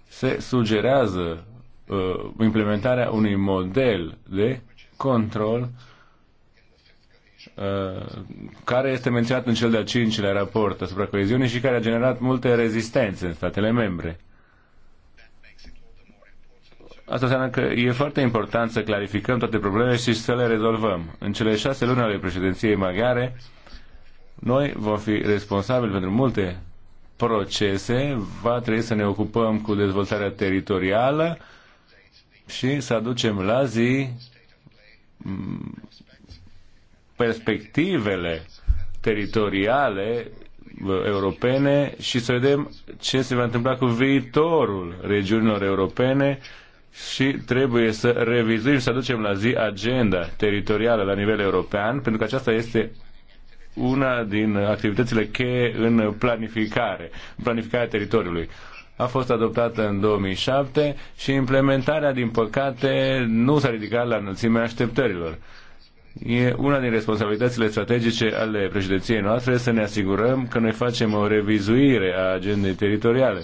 Speaker 3: se sugerează uh, implementarea unui model de control uh, care este menționat în cel de-al cincilea raport asupra coeziunii și care a generat multe rezistențe în statele membre. Asta înseamnă că e foarte important să clarificăm toate problemele și să le rezolvăm. În cele șase luni ale președinției maghiare, noi vom fi responsabili pentru multe procese, va trebui să ne ocupăm cu dezvoltarea teritorială și să aducem la zi mm, perspectivele teritoriale uh, europene și să vedem ce se va întâmpla cu viitorul regiunilor europene și trebuie să revizuim, să aducem la zi agenda teritorială la nivel european, pentru că aceasta este una din activitățile cheie în planificare, în planificarea teritoriului. A fost adoptată în 2007 și implementarea, din păcate, nu s-a ridicat la înălțimea așteptărilor. E una din responsabilitățile strategice ale președinției noastre să ne asigurăm că noi facem o revizuire a agendei teritoriale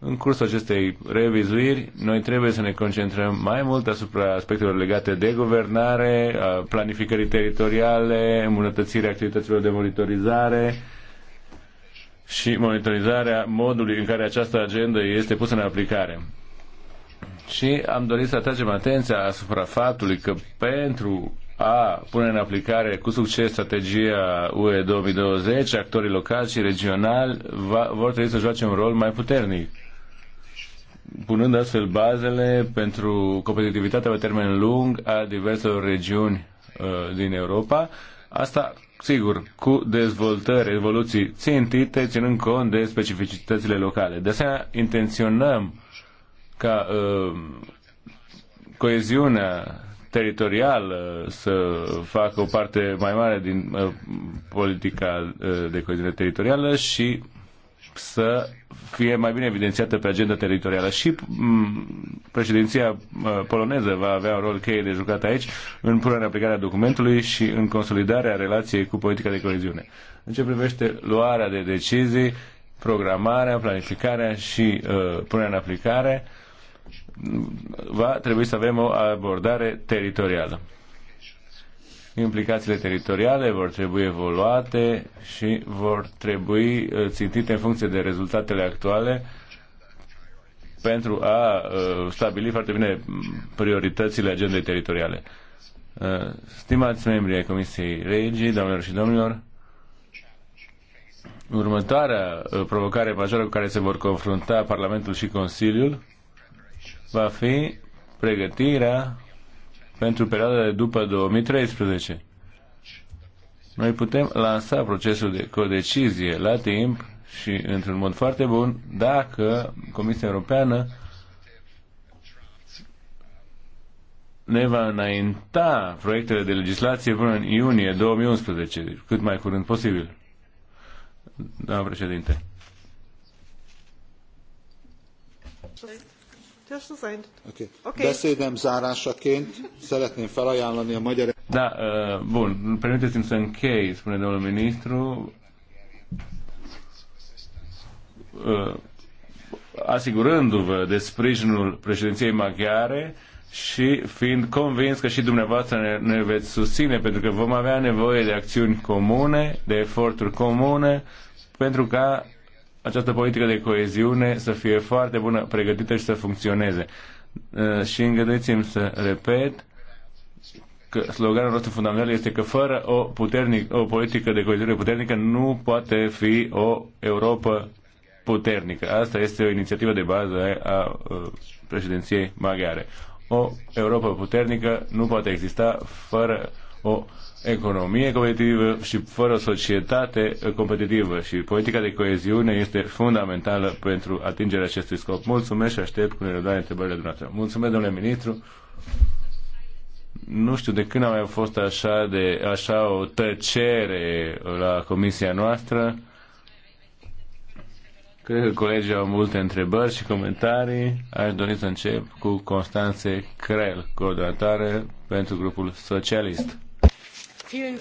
Speaker 3: în cursul acestei revizuiri, noi trebuie să ne concentrăm mai mult asupra aspectelor legate de guvernare, planificării teritoriale, îmbunătățirea activităților de monitorizare și monitorizarea modului în care această agendă este pusă în aplicare. Și am dorit să atragem atenția asupra faptului că pentru a pune în aplicare cu succes strategia UE 2020, actorii locali și regionali va, vor trebui să joace un rol mai puternic punând astfel bazele pentru competitivitatea pe termen lung a diverselor regiuni uh, din Europa. Asta, sigur, cu dezvoltări, evoluții țintite, ținând cont de specificitățile locale. De asemenea, intenționăm ca uh, coeziunea teritorială să facă o parte mai mare din uh, politica uh, de coeziune teritorială și să fie mai bine evidențiată pe agenda teritorială. Și mm, președinția uh, poloneză va avea un rol cheie de jucat aici în punerea în aplicare a documentului și în consolidarea relației cu politica de coeziune. În ce privește luarea de decizii, programarea, planificarea și uh, punerea în aplicare, va trebui să avem o abordare teritorială implicațiile teritoriale vor trebui evoluate și vor trebui uh, țintite în funcție de rezultatele actuale pentru a uh, stabili foarte bine prioritățile agendei teritoriale. Uh, stimați membri ai Comisiei Regii, doamnelor și domnilor, următoarea provocare majoră cu care se vor confrunta Parlamentul și Consiliul va fi pregătirea pentru perioada de după 2013. Noi putem lansa procesul de codecizie la timp și într-un mod foarte bun dacă Comisia Europeană ne va înainta proiectele de legislație până în iunie 2011, deci cât mai curând posibil.
Speaker 1: Doamna președinte.
Speaker 3: Da, bun, permiteți-mi să închei, spune domnul ministru, asigurându-vă de sprijinul președinției maghiare și fiind convins că și dumneavoastră ne, ne veți susține, pentru că vom avea nevoie de acțiuni comune, de eforturi comune, pentru ca această politică de coeziune să fie foarte bună, pregătită și să funcționeze. Uh, și îngăduiți-mi să repet că sloganul nostru fundamental este că fără o, puternic, o politică de coeziune puternică nu poate fi o Europa puternică. Asta este o inițiativă de bază a uh, președinției maghiare. O Europa puternică nu poate exista fără o economie competitivă și fără societate competitivă și politica de coeziune este fundamentală pentru atingerea acestui scop. Mulțumesc și aștept cu nerăbdare întrebările dumneavoastră. Mulțumesc, domnule ministru. Nu știu de când a mai fost așa, de, așa o tăcere la comisia noastră. Cred că colegii au multe întrebări și comentarii. Aș dori să încep cu Constanțe Crel, coordonatoare pentru grupul socialist.
Speaker 5: Äh,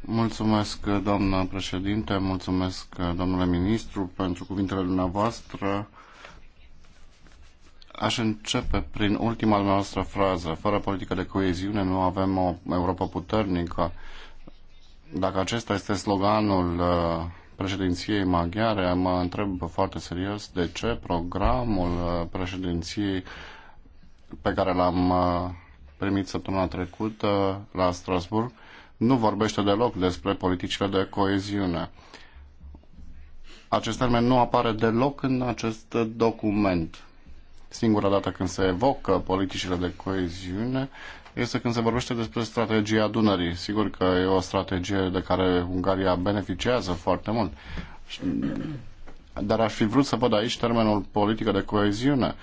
Speaker 6: mulțumesc, uh, doamnă președinte, mulțumesc, uh, domnule ministru, pentru cuvintele dumneavoastră. Aș începe prin ultima noastră frază. Fără politică de coeziune nu avem o Europa puternică. Dacă acesta este sloganul uh, președinției maghiare, mă întreb foarte serios de ce programul președinției pe care l-am primit săptămâna trecută la Strasburg nu vorbește deloc despre politicile de coeziune. Acest termen nu apare deloc în acest document. Singura dată când se evocă politicile de coeziune este când se vorbește despre strategia Dunării. Sigur că e o strategie de care Ungaria beneficiază foarte mult. Dar aș fi vrut să văd aici termenul politică de coeziune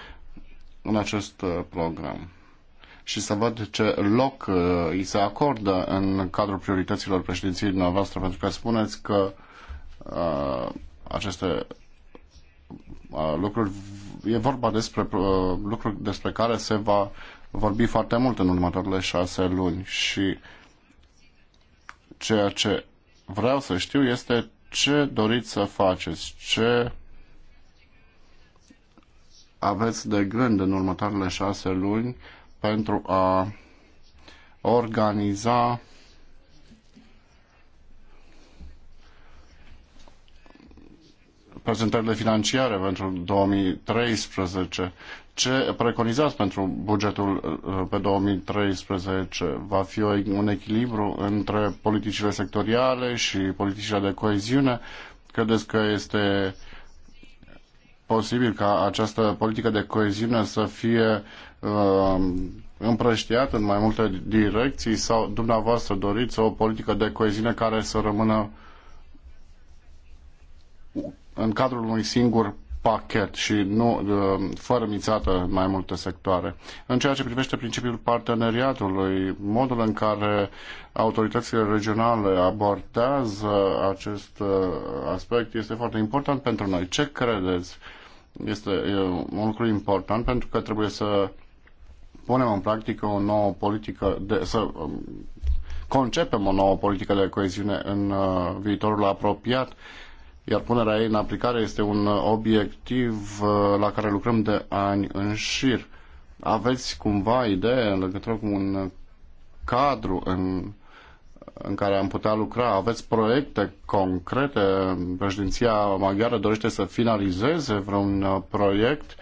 Speaker 6: în acest uh, program și să văd ce loc uh, îi se acordă în cadrul priorităților președinției dumneavoastră, pentru că spuneți că uh, aceste uh, lucruri, e vorba despre uh, lucruri despre care se va vorbi foarte mult în următoarele șase luni și ceea ce vreau să știu este ce doriți să faceți, ce aveți de gând în următoarele șase luni pentru a organiza prezentările financiare pentru 2013. Ce preconizați pentru bugetul uh, pe 2013? Va fi un echilibru între politicile sectoriale și politicile de coeziune? Credeți că este uh, posibil ca această politică de coeziune să fie uh, împrăștiată în mai multe direcții sau dumneavoastră doriți o politică de coeziune care să rămână în cadrul unui singur pachet și nu uh, fără în mai multe sectoare. În ceea ce privește principiul parteneriatului, modul în care autoritățile regionale abordează acest uh, aspect este foarte important pentru noi. Ce credeți? Este un lucru important pentru că trebuie să punem în practică o nouă politică, de, să um, concepem o nouă politică de coeziune în uh, viitorul apropiat iar punerea ei în aplicare este un obiectiv uh, la care lucrăm de ani în șir. Aveți cumva idee în legătură cu un cadru în, în care am putea lucra? Aveți proiecte concrete? Președinția maghiară dorește să finalizeze vreun uh, proiect?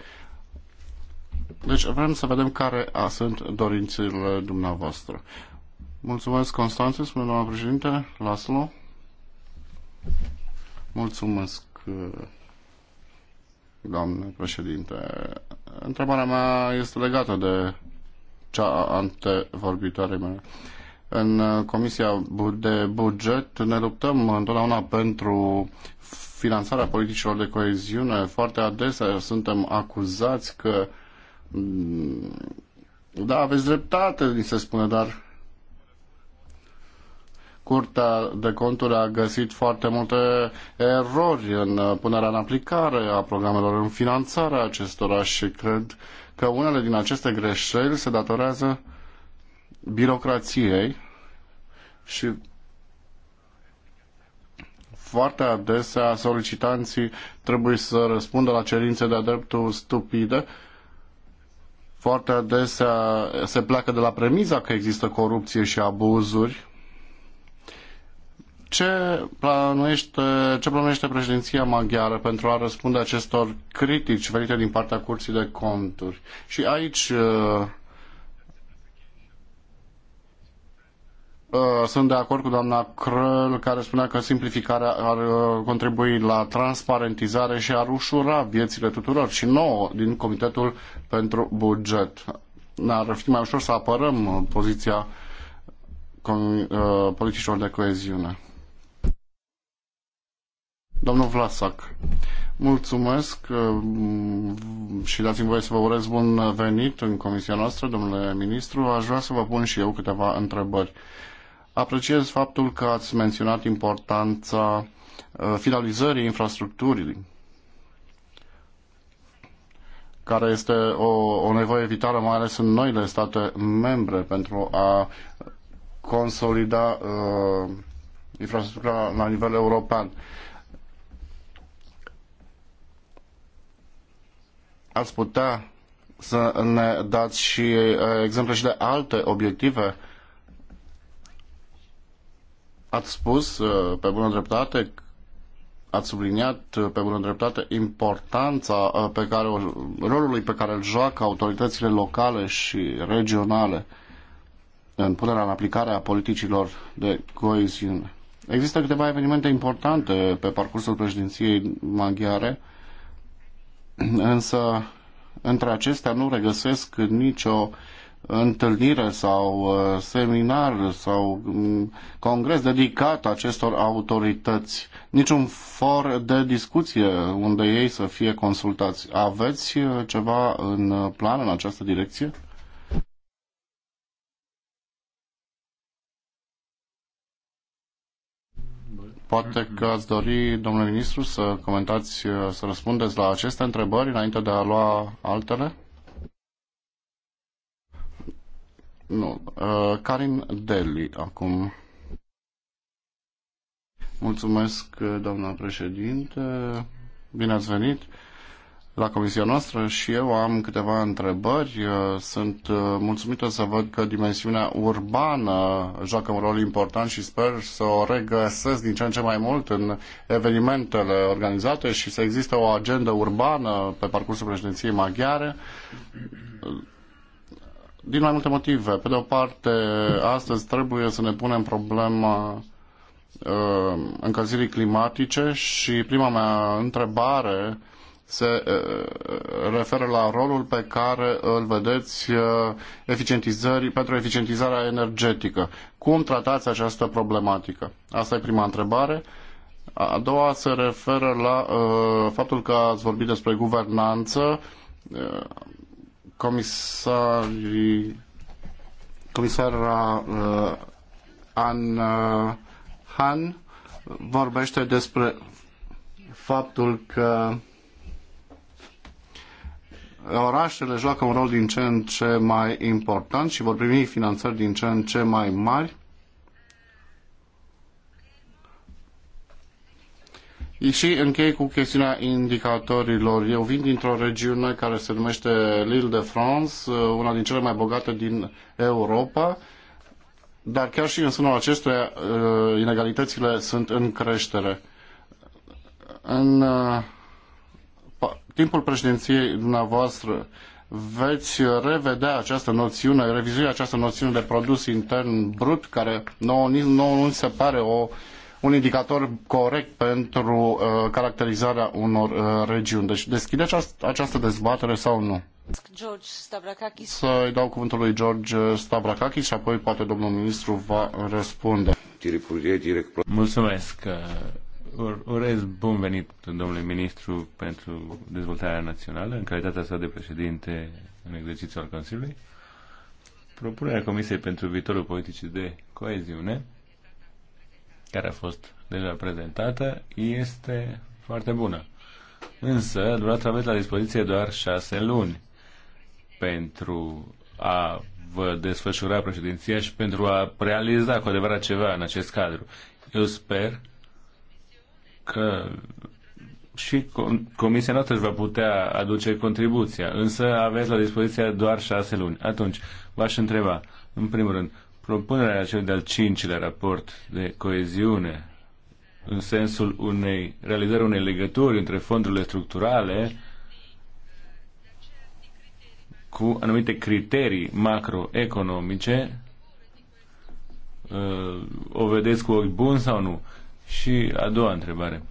Speaker 6: Deci vrem să vedem care sunt dorințele dumneavoastră. Mulțumesc, Constanțe, spune doamna președinte. Laslo. Mulțumesc, doamne președinte. Întrebarea mea este legată de cea antevorbitoare mea. În Comisia de Buget ne luptăm întotdeauna pentru finanțarea politicilor de coeziune. Foarte adesea suntem acuzați că da, aveți dreptate, ni se spune, dar Curtea de conturi a găsit foarte multe erori în uh, punerea în aplicare a programelor, în finanțarea acestora și cred că unele din aceste greșeli se datorează birocrației și foarte adesea solicitanții trebuie să răspundă la cerințe de-a dreptul stupide. Foarte adesea se pleacă de la premiza că există corupție și abuzuri ce planuiește, ce planuiește președinția maghiară pentru a răspunde acestor critici venite din partea Curții de Conturi? Și aici uh, uh, sunt de acord cu doamna Crăl, care spunea că simplificarea ar uh, contribui la transparentizare și ar ușura viețile tuturor și nouă din Comitetul pentru Buget. Ar fi mai ușor să apărăm uh, poziția uh, politicilor de coeziune. Domnul Vlasac, mulțumesc uh, și dați-mi voie să vă urez bun venit în comisia noastră, domnule ministru. Aș vrea să vă pun și eu câteva întrebări. Apreciez faptul că ați menționat importanța uh, finalizării infrastructurii care este o, o nevoie vitală, mai ales în noile state membre, pentru a consolida uh, infrastructura la nivel european. Uh, ați putea să ne dați și exemple și de alte obiective? Ați spus pe bună dreptate, ați subliniat pe bună dreptate importanța pe care rolului pe care îl joacă autoritățile locale și regionale în punerea în aplicare a politicilor de coeziune. Există câteva evenimente importante pe parcursul președinției maghiare însă între acestea nu regăsesc nicio întâlnire sau uh, seminar sau mm, congres dedicat acestor autorități, niciun for de discuție unde ei să fie consultați. Aveți uh, ceva în uh, plan în această direcție? Poate mhm. că ați dori, domnule ministru, să comentați, să răspundeți la aceste întrebări înainte de a lua altele? Nu. Uh, Karin Deli, acum. Mulțumesc, doamna președinte. Bine ați venit la comisia noastră și eu am câteva întrebări. Uh, sunt uh, mulțumită să văd că dimensiunea urbană joacă un rol important și sper să o regăsesc din ce în ce mai mult în evenimentele organizate și să existe o agendă urbană pe parcursul președinției maghiare din mai multe motive. Pe de o parte, astăzi trebuie să ne punem problema uh, încălzirii climatice și prima mea întrebare se referă la rolul pe care îl vedeți eficientizări, pentru eficientizarea energetică. Cum tratați această problematică? Asta e prima întrebare. A doua se referă la uh, faptul că ați vorbit despre guvernanță. Uh, comisarii, comisara uh, An uh, Han vorbește despre faptul că orașele joacă un rol din ce în ce mai important și vor primi finanțări din ce în ce mai mari. Și închei cu chestiunea indicatorilor. Eu vin dintr-o regiune care se numește l'Île de France, una din cele mai bogate din Europa, dar chiar și în sânul acestuia uh, inegalitățile sunt în creștere. În uh, timpul președinției dumneavoastră veți revedea această noțiune, revizui această noțiune de produs intern brut, care nouă, nu se pare o, un indicator corect pentru uh, caracterizarea unor uh, regiuni. Deci deschide această, această dezbatere sau nu?
Speaker 1: George Stavrakakis.
Speaker 6: să îi dau cuvântul lui George Stavrakakis și apoi poate domnul ministru va răspunde. Mulțumesc, uh,
Speaker 3: urez bun venit domnului ministru pentru dezvoltarea națională în calitatea sa de președinte în exercițiu al Consiliului. Propunerea Comisiei pentru viitorul politicii de coeziune, care a fost deja prezentată, este foarte bună. Însă, dumneavoastră aveți la dispoziție doar șase luni pentru a vă desfășura președinția și pentru a realiza cu adevărat ceva în acest cadru. Eu sper că și comisia noastră își va putea aduce contribuția, însă aveți la dispoziție doar șase luni. Atunci, v-aș întreba, în primul rând, propunerea celui de-al cincilea raport de coeziune în sensul unei realizări unei legături între fondurile structurale cu anumite criterii macroeconomice uh, o vedeți cu ochi buni sau nu? Și a doua întrebare.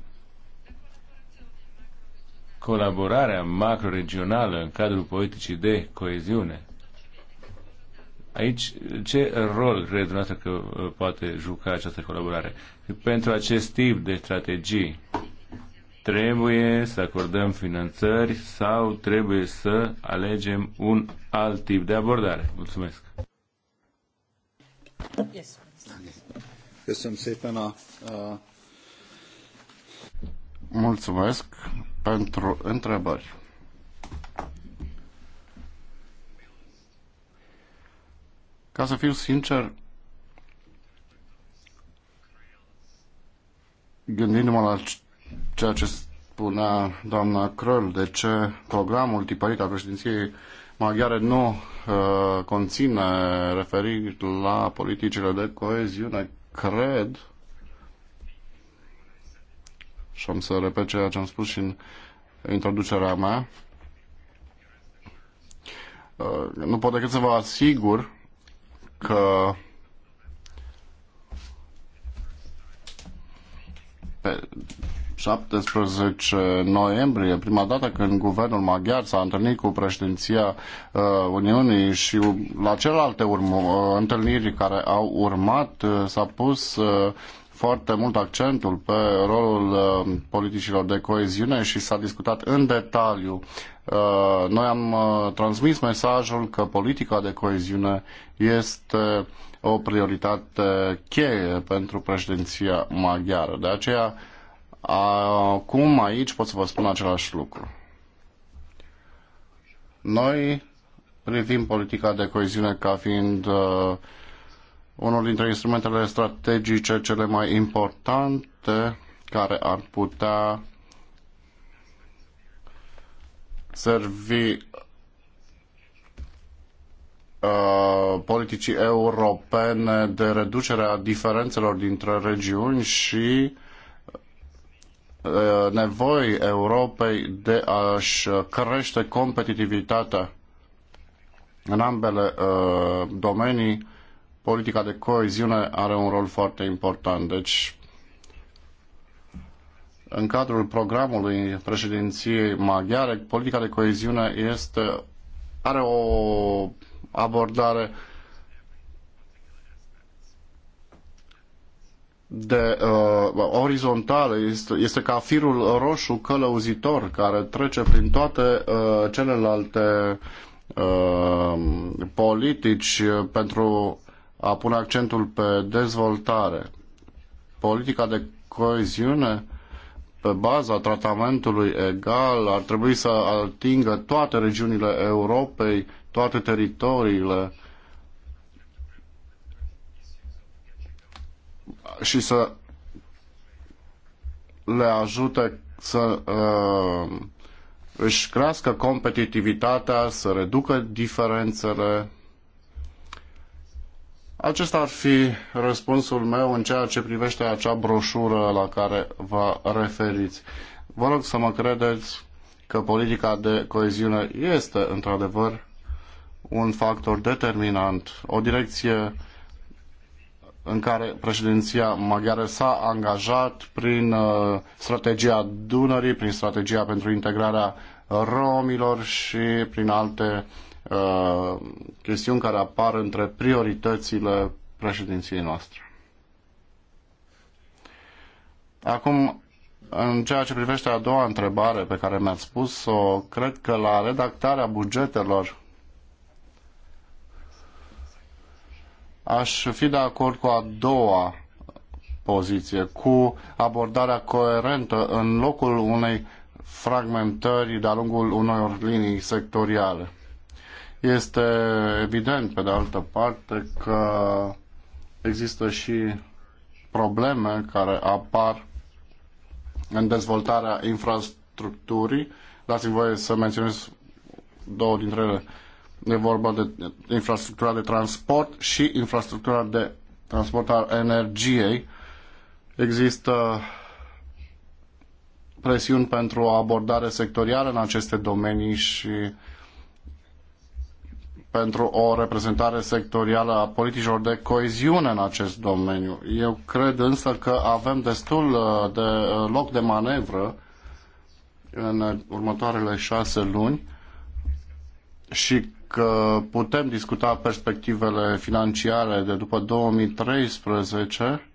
Speaker 3: Colaborarea macroregională în cadrul politicii de coeziune. Aici, ce rol crede dumneavoastră că uh, poate juca această colaborare? Pentru acest tip de strategii, trebuie să acordăm finanțări sau trebuie să alegem un alt tip de abordare? Mulțumesc!
Speaker 1: Yes. Köszönöm szépen a, a...
Speaker 6: Mulțumesc pentru întrebări. Ca să fiu sincer, gândindu-mă la ceea ce spunea doamna Kröll, de ce programul tipărit al președinției maghiare nu uh, conține referiri la politicile de coeziune cred și am să repet ceea ce am spus și în introducerea mea, uh, nu pot decât să vă asigur că pe 17 noiembrie, prima dată când guvernul maghiar s-a întâlnit cu președinția uh, Uniunii și la celelalte uh, întâlniri care au urmat uh, s-a pus foarte mult accentul pe rolul politicilor de coeziune și s-a discutat în detaliu. Noi am transmis mesajul că politica de coeziune este o prioritate cheie pentru președinția maghiară. De aceea Acum aici pot să vă spun același lucru. Noi privim politica de coeziune ca fiind uh, unul dintre instrumentele strategice cele mai importante care ar putea servi uh, politicii europene de reducerea diferențelor dintre regiuni și Uh, nevoii Europei de a-și uh, crește competitivitatea în ambele uh, domenii, politica de coeziune are un rol foarte important. Deci, în cadrul programului președinției maghiare, politica de coeziune este, are o abordare uh, de uh, orizontală este, este ca firul roșu călăuzitor care trece prin toate uh, celelalte uh, politici pentru a pune accentul pe dezvoltare. Politica de coeziune pe baza tratamentului egal ar trebui să atingă toate regiunile Europei, toate teritoriile și să le ajute să uh, își crească competitivitatea, să reducă diferențele. Acesta ar fi răspunsul meu în ceea ce privește acea broșură la care vă referiți. Vă rog să mă credeți că politica de coeziune este într-adevăr un factor determinant, o direcție în care președinția maghiară s-a angajat prin uh, strategia Dunării, prin strategia pentru integrarea romilor și prin alte uh, chestiuni care apar între prioritățile președinției noastre. Acum, în ceea ce privește a doua întrebare pe care mi-ați spus-o, cred că la redactarea bugetelor Aș fi de acord cu a doua poziție, cu abordarea coerentă în locul unei fragmentări de-a lungul unor linii sectoriale. Este evident, pe de altă parte, că există și probleme care apar în dezvoltarea infrastructurii. Dați-mi voie să menționez două dintre ele. E vorba de infrastructura de transport și infrastructura de transport al energiei. Există presiuni pentru o abordare sectorială în aceste domenii și pentru o reprezentare sectorială a politicilor de coeziune în acest domeniu. Eu cred însă că avem destul uh, de uh, loc de manevră în următoarele șase luni și că putem discuta perspectivele financiare de după 2013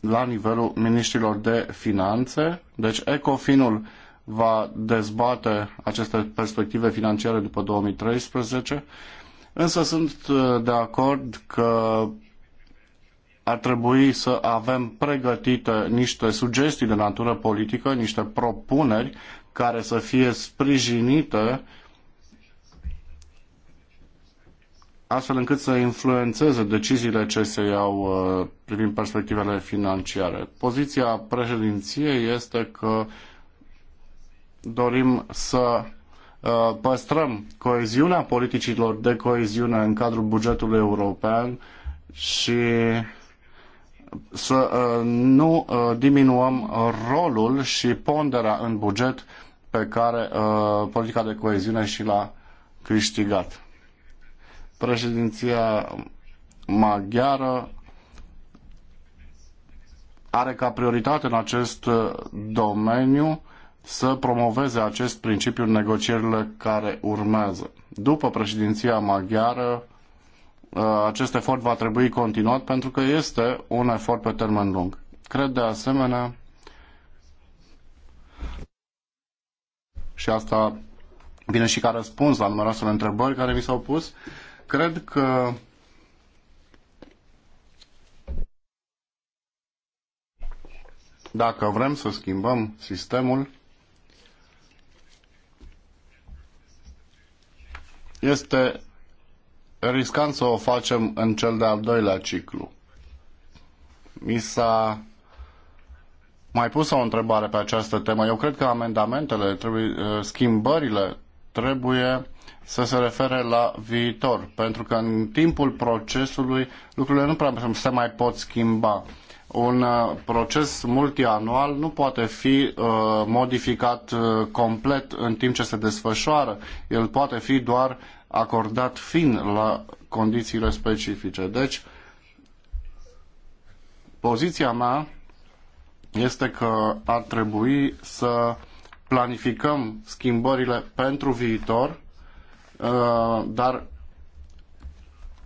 Speaker 6: la nivelul ministrilor de finanțe. Deci Ecofinul va dezbate aceste perspective financiare după 2013, însă sunt uh, de acord că ar trebui să avem pregătite niște sugestii de natură politică, niște propuneri care să fie sprijinită astfel încât să influențeze deciziile ce se iau uh, privind perspectivele financiare. Poziția președinției este că dorim să uh, păstrăm coeziunea politicilor de coeziune în cadrul bugetului european și să uh, nu diminuăm rolul și ponderea în buget pe care uh, politica de coeziune și l-a câștigat. Președinția maghiară are ca prioritate în acest uh, domeniu să promoveze acest principiu în negocierile care urmează. După președinția maghiară, uh, acest efort va trebui continuat pentru că este un efort pe termen lung. Cred de asemenea și asta vine și ca răspuns la numeroasele întrebări care mi s-au pus. Cred că dacă vrem să schimbăm sistemul, este riscant să o facem în cel de-al doilea ciclu. Mi s-a mai pus o întrebare pe această temă. Eu cred că amendamentele, trebuie, uh, schimbările trebuie să se refere la viitor, pentru că în timpul procesului lucrurile nu prea se mai pot schimba. Un uh, proces multianual nu poate fi uh, modificat uh, complet în timp ce se desfășoară. El poate fi doar acordat fin la condițiile specifice. Deci, poziția mea este că ar trebui să planificăm schimbările pentru viitor, uh, dar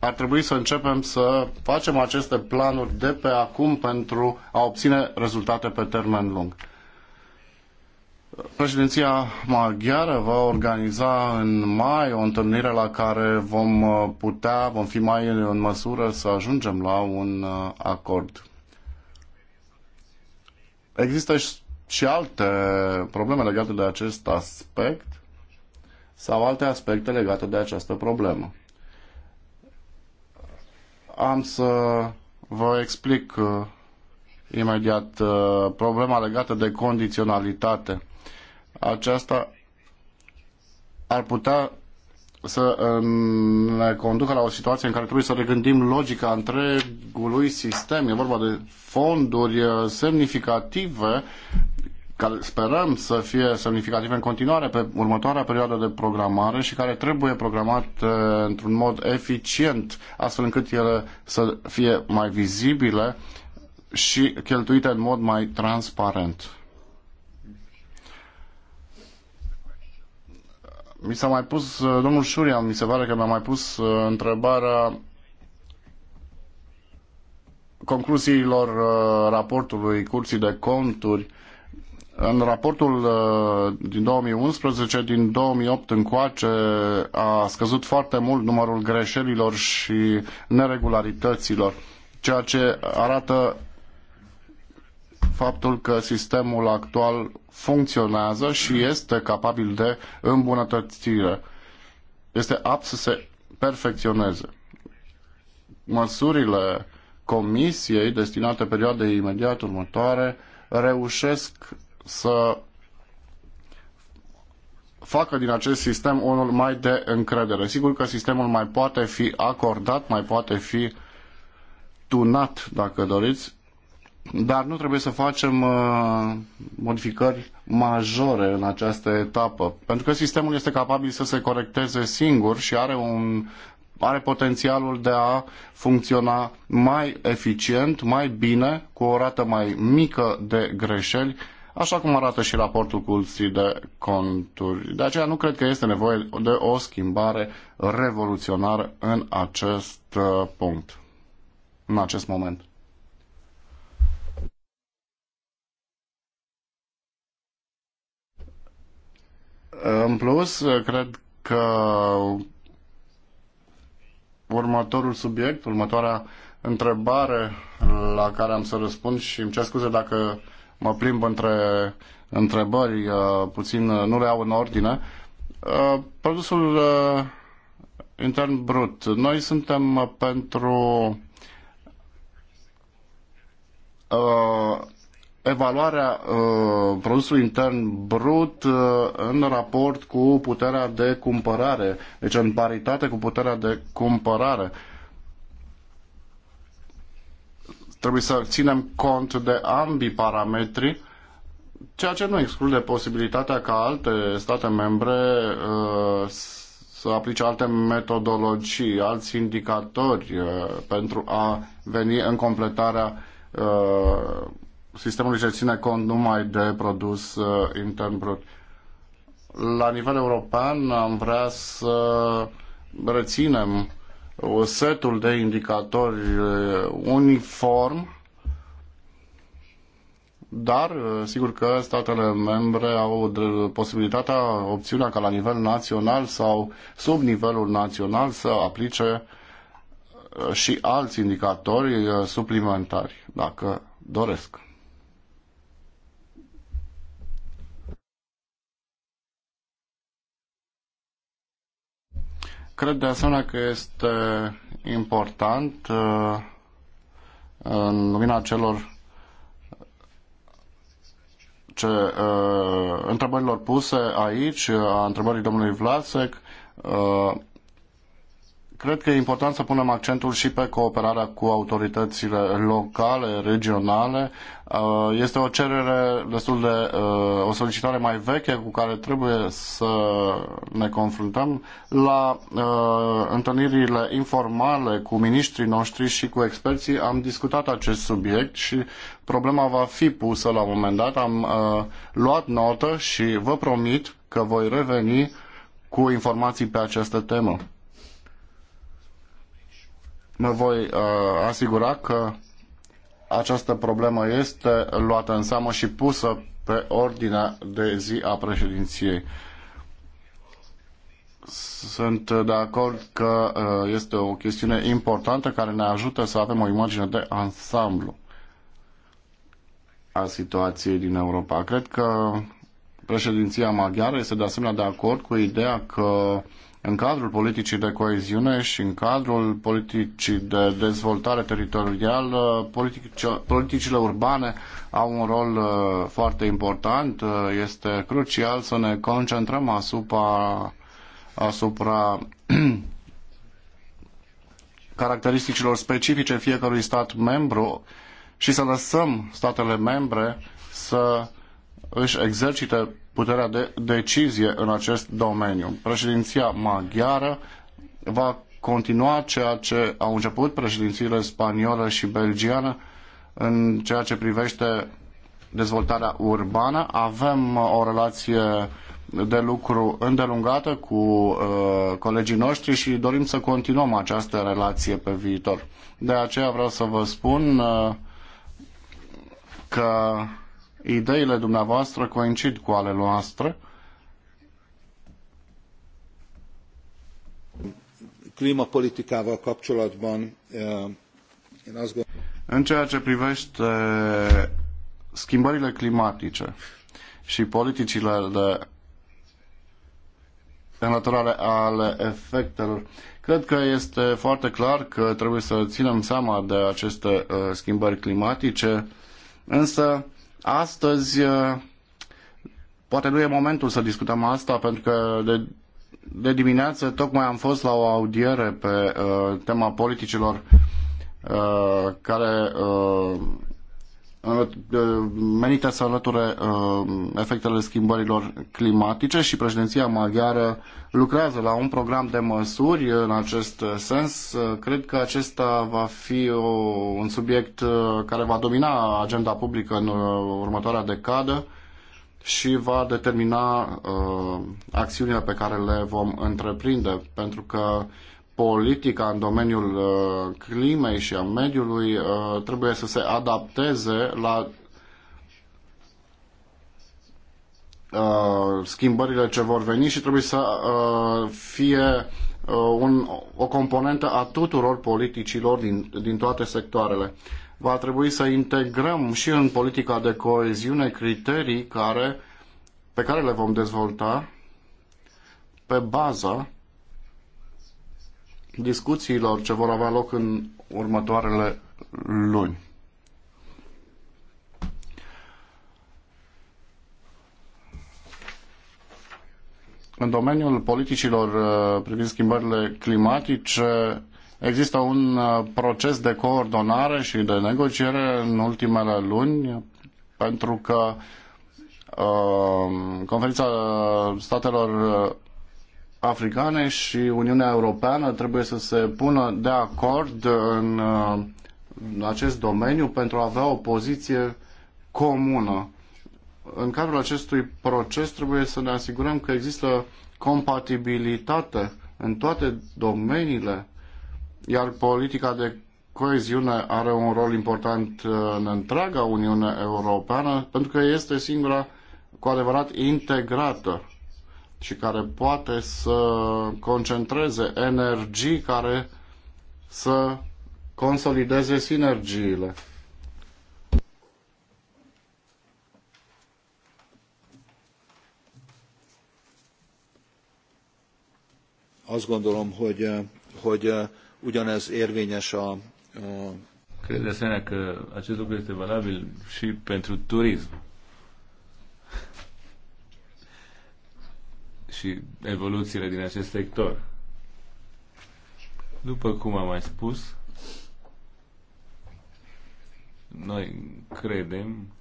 Speaker 6: ar trebui să începem să facem aceste planuri de pe acum pentru a obține rezultate pe termen lung. Președinția maghiară va organiza în mai o întâlnire la care vom uh, putea, vom fi mai în măsură să ajungem la un uh, acord. Există și alte probleme legate de acest aspect sau alte aspecte legate de această problemă. Am să vă explic uh, imediat uh, problema legată de condiționalitate. Aceasta ar putea să ne conducă la o situație în care trebuie să regândim logica întregului sistem. E vorba de fonduri semnificative care sperăm să fie semnificative în continuare pe următoarea perioadă de programare și care trebuie programate într-un mod eficient, astfel încât ele să fie mai vizibile și cheltuite în mod mai transparent. Mi s-a mai pus, uh, domnul Șuria, mi se pare că mi-a mai pus uh, întrebarea concluziilor uh, raportului Curții de Conturi. În raportul din 2011, din 2008 încoace, a scăzut foarte mult numărul greșelilor și neregularităților, ceea ce arată faptul că sistemul actual funcționează și este capabil de îmbunătățire. Este apt să se perfecționeze. Măsurile comisiei destinate perioadei imediat următoare reușesc să facă din acest sistem unul mai de încredere. Sigur că sistemul mai poate fi acordat, mai poate fi tunat, dacă doriți, dar nu trebuie să facem uh, modificări majore în această etapă, pentru că sistemul este capabil să se corecteze singur și are un are potențialul de a funcționa mai eficient, mai bine, cu o rată mai mică de greșeli, așa cum arată și raportul Curții de Conturi. De aceea nu cred că este nevoie de o schimbare revoluționară în acest uh, punct, în acest moment. În plus, cred că următorul subiect, următoarea întrebare la care am să răspund și îmi cer scuze dacă mă plimb între întrebări, uh, puțin uh, nu le au în ordine. Uh, produsul intern brut. Noi suntem pentru evaluarea uh, produsului intern brut uh, în raport cu puterea de cumpărare, deci în paritate cu puterea de cumpărare. Trebuie să ținem cont de ambii parametri, ceea ce nu exclude posibilitatea ca alte state membre uh, să aplice alte metodologii, alți indicatori uh, pentru a veni în completarea uh, sistemului ce ține cont numai de produs uh, intern brut. La nivel european am vrea să reținem setul de indicatori uh, uniform, dar uh, sigur că statele membre au posibilitatea, opțiunea ca la nivel național sau sub nivelul național să aplice și alți indicatori suplimentari, dacă doresc. Cred de asemenea că este important uh, în lumina celor ce, uh, întrebărilor puse aici, a întrebării domnului Vlasek, uh, cred că e important să punem accentul și pe cooperarea cu autoritățile locale, regionale. Uh, este o cerere destul de, uh, o solicitare mai veche cu care trebuie să ne confruntăm la uh, întâlnirile informale cu miniștrii noștri și cu experții. Am discutat acest subiect și problema va fi pusă la un moment dat. Am luat notă și vă promit că voi reveni cu informații pe această temă mă voi uh, asigura că această problemă este luată în seamă și pusă pe ordinea de zi a președinției. Sunt de acord că uh, este o chestiune importantă care ne ajută să avem o imagine de ansamblu a situației din Europa. Cred că președinția maghiară este de asemenea de acord cu ideea că în cadrul politicii de coeziune și în cadrul politicii de dezvoltare teritorială, politicile urbane au un rol uh, foarte important. Uh, este crucial să ne concentrăm asupra, asupra [CLEARS THROAT] caracteristicilor specifice fiecărui stat membru și să lăsăm statele membre să își exercite puterea de decizie în acest domeniu. Președinția maghiară va continua ceea ce au început președințiile spaniolă și belgiană în ceea ce privește dezvoltarea urbană. Avem uh, o relație de lucru îndelungată cu uh, colegii noștri și dorim să continuăm această relație pe viitor. De aceea vreau să vă spun uh, că ideile dumneavoastră coincid cu ale noastre.
Speaker 1: Klímapolitikával kapcsolatban eh, én azt gondolom...
Speaker 6: În ceea ce privește schimbările climatice și politicile de înlăturare ale efectelor, cred că este foarte clar că trebuie să ținem seama de aceste eh, schimbări climatice, însă Astăzi, uh, poate nu e momentul să discutăm asta, pentru că de, de dimineață tocmai am fost la o audiere pe uh, tema politicilor uh, care uh, menite să alăture uh, efectele schimbărilor climatice și președinția maghiară lucrează la un program de măsuri în acest sens. Uh, cred că acesta va fi o, un subiect uh, care va domina agenda publică în următoarea decadă și va determina acțiunile pe care le vom întreprinde, pentru că politica în domeniul uh, climei și a mediului uh, trebuie să se adapteze la uh, schimbările ce vor veni și trebuie să uh, fie uh, un, o componentă a tuturor politicilor din, din toate sectoarele. Va trebui să integrăm și în politica de coeziune criterii care, pe care le vom dezvolta pe baza discuțiilor ce vor avea loc în următoarele luni. În domeniul politicilor uh, privind schimbările climatice există un uh, proces de coordonare și de negociere în ultimele luni pentru că uh, conferința statelor africane și Uniunea Europeană trebuie să se pună de acord uh, în, acest domeniu pentru a avea o poziție comună. În cadrul acestui proces trebuie să ne asigurăm că există compatibilitate în toate domeniile, iar politica de coeziune are un rol important uh, în întreaga Uniune Europeană, pentru că este singura cu adevărat integrată și care poate să concentreze energii care să consolideze sinergiile.
Speaker 1: Azt gondolom, hogy, hogy eh, ugyanez érvényes a, a eh,
Speaker 3: Cred de asemenea că acest lucru este valabil și pentru turism. și evoluțiile din acest sector. După cum am mai spus, noi credem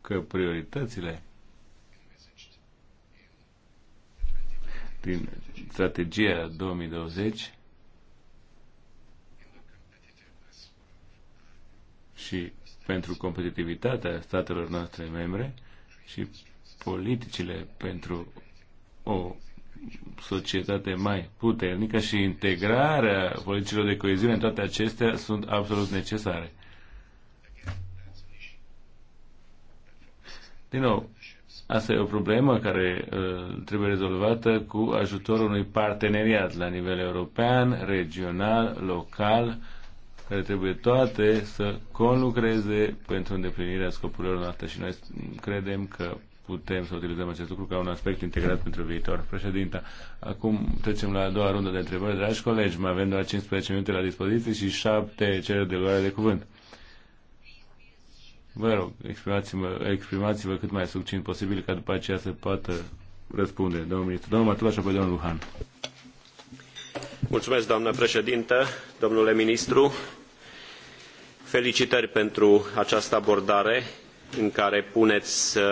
Speaker 3: că prioritățile din strategia 2020 și pentru competitivitatea statelor noastre membre și politicile pentru o societate mai puternică și integrarea politicilor de coeziune în toate acestea sunt absolut necesare. Din nou, asta e o problemă care uh, trebuie rezolvată cu ajutorul unui parteneriat la nivel european, regional, local, care trebuie toate să conlucreze pentru îndeplinirea scopurilor noastre și noi credem că putem să utilizăm acest lucru ca un aspect integrat pentru viitor. Președinta, acum trecem la a doua rundă de întrebări. Dragi colegi, mai avem doar 15 minute la dispoziție și 7 cereri de luare de cuvânt. Vă rog, exprimați-vă, exprimați-vă cât mai succint posibil ca după aceea să poată răspunde domnul ministru. Domnul Matula și apoi domnul Luhan.
Speaker 5: Mulțumesc, doamnă președintă, domnule ministru. Felicitări pentru această abordare în care puneți uh,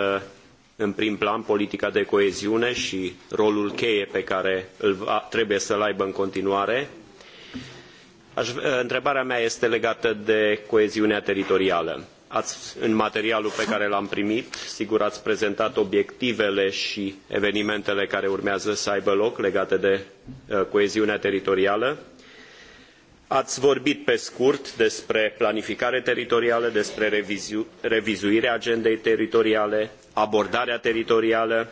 Speaker 5: în prim plan politica de coeziune și rolul cheie pe care îl trebuie să-l aibă în continuare. Aș, întrebarea mea este legată de coeziunea teritorială. Ați, în materialul pe care l-am primit, sigur ați prezentat obiectivele și evenimentele care urmează să aibă loc legate de uh, coeziunea teritorială. Ați vorbit pe scurt despre planificare teritorială, despre revizu, revizuirea agendei teritoriale, abordarea teritorială.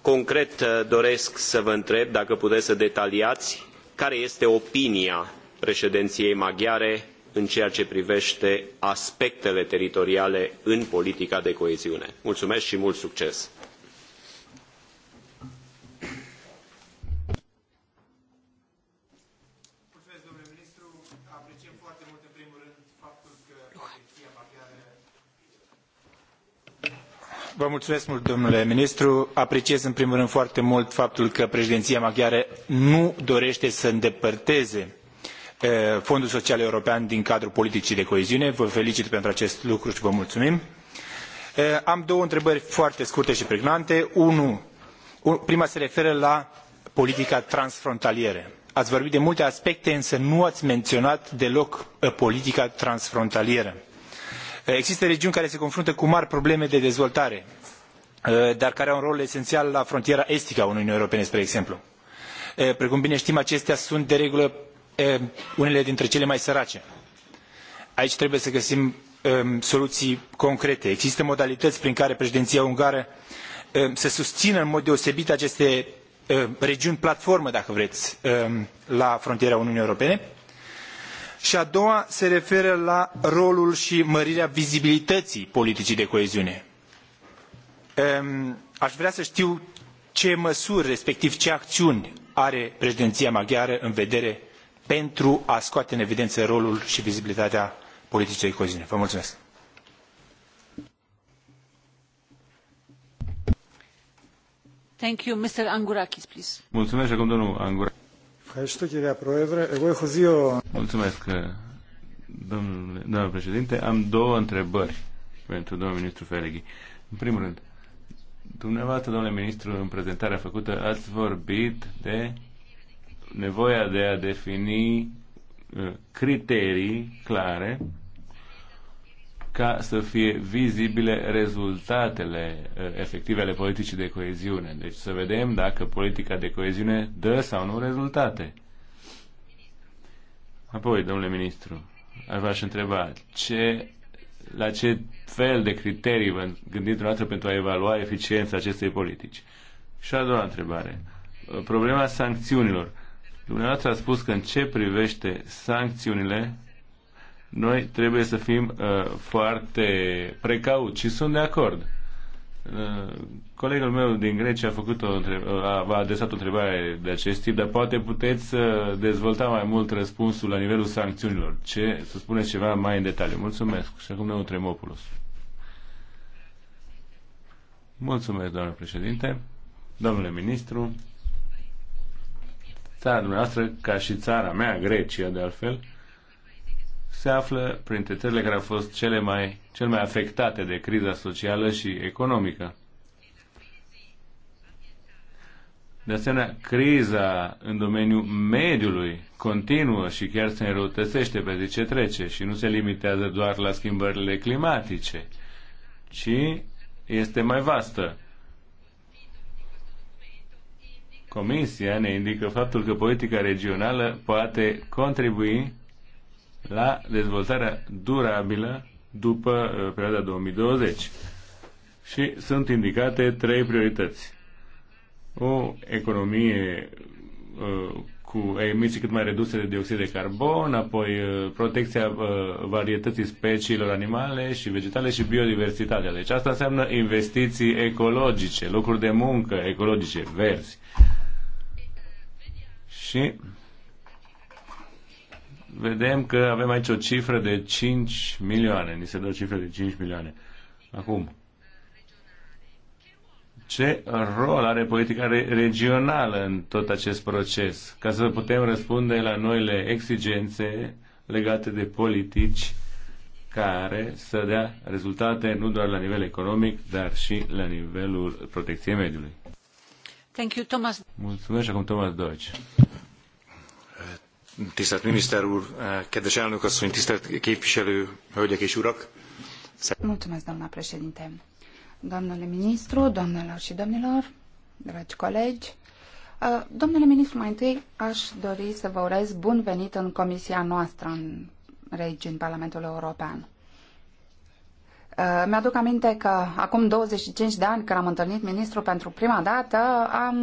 Speaker 5: Concret uh, doresc să vă întreb dacă puteți să detaliați care este opinia președinției maghiare în ceea ce privește aspectele teritoriale în politica de coeziune. Mulțumesc și mult succes!
Speaker 4: Vă mulțumesc domnule ministru. Apreciez în primul rând foarte mult faptul că președinția maghiară nu dorește să îndepărteze Fondul Social European din cadrul politicii de coeziune. Vă felicit pentru acest lucru și vă mulțumim. Am două întrebări foarte scurte și pregnante. prima se referă la politica transfrontalieră. Ați vorbit de multe aspecte, însă nu ați menționat deloc politica transfrontalieră Există regiuni care se confruntă cu mari probleme de dezvoltare, uh, dar care au un rol esențial la frontiera estică a Uniunii Europene, spre exemplu. Uh, precum bine știm, acestea sunt de regulă uh, unele dintre cele mai sărace. Aici trebuie să găsim um, soluții concrete. Există modalități prin care președinția ungară um, să susțină în mod deosebit aceste um, regiuni platformă, dacă vreți, la frontiera Uniunii Europene și a doua se referă la rolul și mărirea vizibilităii politicii de coeziune. Aș vrea să știu ce măsuri, respectiv ce acțiuni are președinția maghiară în vedere pentru a scoate în evidență rolul și vizibilitatea politicii de coeziune. Vă mulțumesc!
Speaker 2: Thank you, Mr. Angurakis, please.
Speaker 3: Mulțumesc domnul Angurakis.
Speaker 4: Mulțumesc,
Speaker 3: domnule, președinte. Am două întrebări pentru domnul ministru Feleghi. În primul rând, dumneavoastră, domnule ministru, în prezentarea făcută, ați vorbit de nevoia de a defini uh, criterii clare ca să fie vizibile rezultatele uh, efective ale politicii de coeziune. Deci să vedem dacă politica de coeziune dă sau nu rezultate. Apoi, domnule ministru, aș vrea să întreba ce, la ce fel de criterii vă gândiți dumneavoastră pentru a evalua eficiența acestei politici. Și a doua întrebare. Uh, problema sancțiunilor. Dumneavoastră a spus că în ce privește sancțiunile, noi trebuie să fim uh, foarte precauți și sunt de acord. Uh, colegul meu din Grecia a făcut o a, a adresat o întrebare de acest tip, dar poate puteți să uh, dezvolta mai mult răspunsul la nivelul sancțiunilor. Ce, să spuneți ceva mai în detaliu. Mulțumesc. Și acum domnul Tremopoulos. Mulțumesc, doamnă președinte. Domnule ministru, țara dumneavoastră, ca și țara mea, Grecia, de altfel, se află printre țările care au fost cele mai, cel mai afectate de criza socială și economică. De asemenea, criza în domeniul mediului continuă și chiar se înrăutățește pe zi ce trece și nu se limitează doar la schimbările climatice, ci este mai vastă. Comisia ne indică faptul că politica regională poate contribui la dezvoltarea durabilă după uh, perioada 2020. Și sunt indicate trei priorități. O economie uh, cu emisii cât mai reduse de dioxid de carbon, apoi uh, protecția varietății speciilor animale și vegetale și biodiversitatea. Deci asta înseamnă investiții ecologice, locuri de muncă ecologice, verzi. Și vedem că avem aici o cifră de 5 milioane. Ni se dă o cifră de 5 milioane. Acum, ce rol are politica regională în tot acest proces, ca să putem răspunde la noile exigențe legate de politici care să dea rezultate nu doar la nivel economic, dar și la nivelul protecției mediului.
Speaker 2: Thank you, Thomas.
Speaker 3: Mulțumesc acum Thomas Deutsch.
Speaker 4: Tisztelt miniszter úr, kedves elnök asszony, tisztelt képviselő, hölgyek és urak!
Speaker 2: Mulțumesc, doamna președinte. Domnule ministru, doamnelor și domnilor, dragi colegi, domnule ministru, mai întâi aș dori să vă urez bun venit în comisia noastră în, regi, în Parlamentul European. Uh, mi-aduc aminte că acum 25 de ani, când am întâlnit ministrul pentru prima dată, am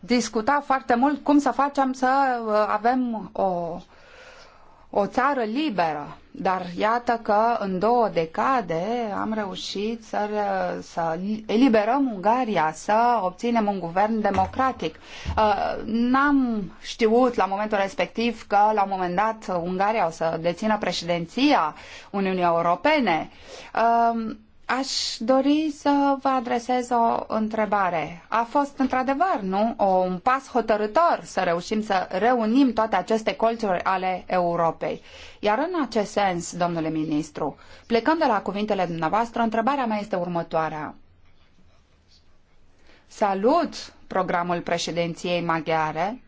Speaker 2: discutat foarte mult cum să facem să uh, avem o o țară liberă, dar iată că în două decade am reușit să, să eliberăm Ungaria, să obținem un guvern democratic. Uh, n-am știut la momentul respectiv că la un moment dat Ungaria o să dețină președinția Uniunii Europene. Uh, Aș dori să vă adresez o întrebare. A fost într-adevăr, nu, o, un pas hotărător să reușim să reunim toate aceste colțuri ale Europei. Iar în acest sens, domnule ministru, plecând de la cuvintele dumneavoastră, întrebarea mea este următoarea. Salut programul președinției maghiare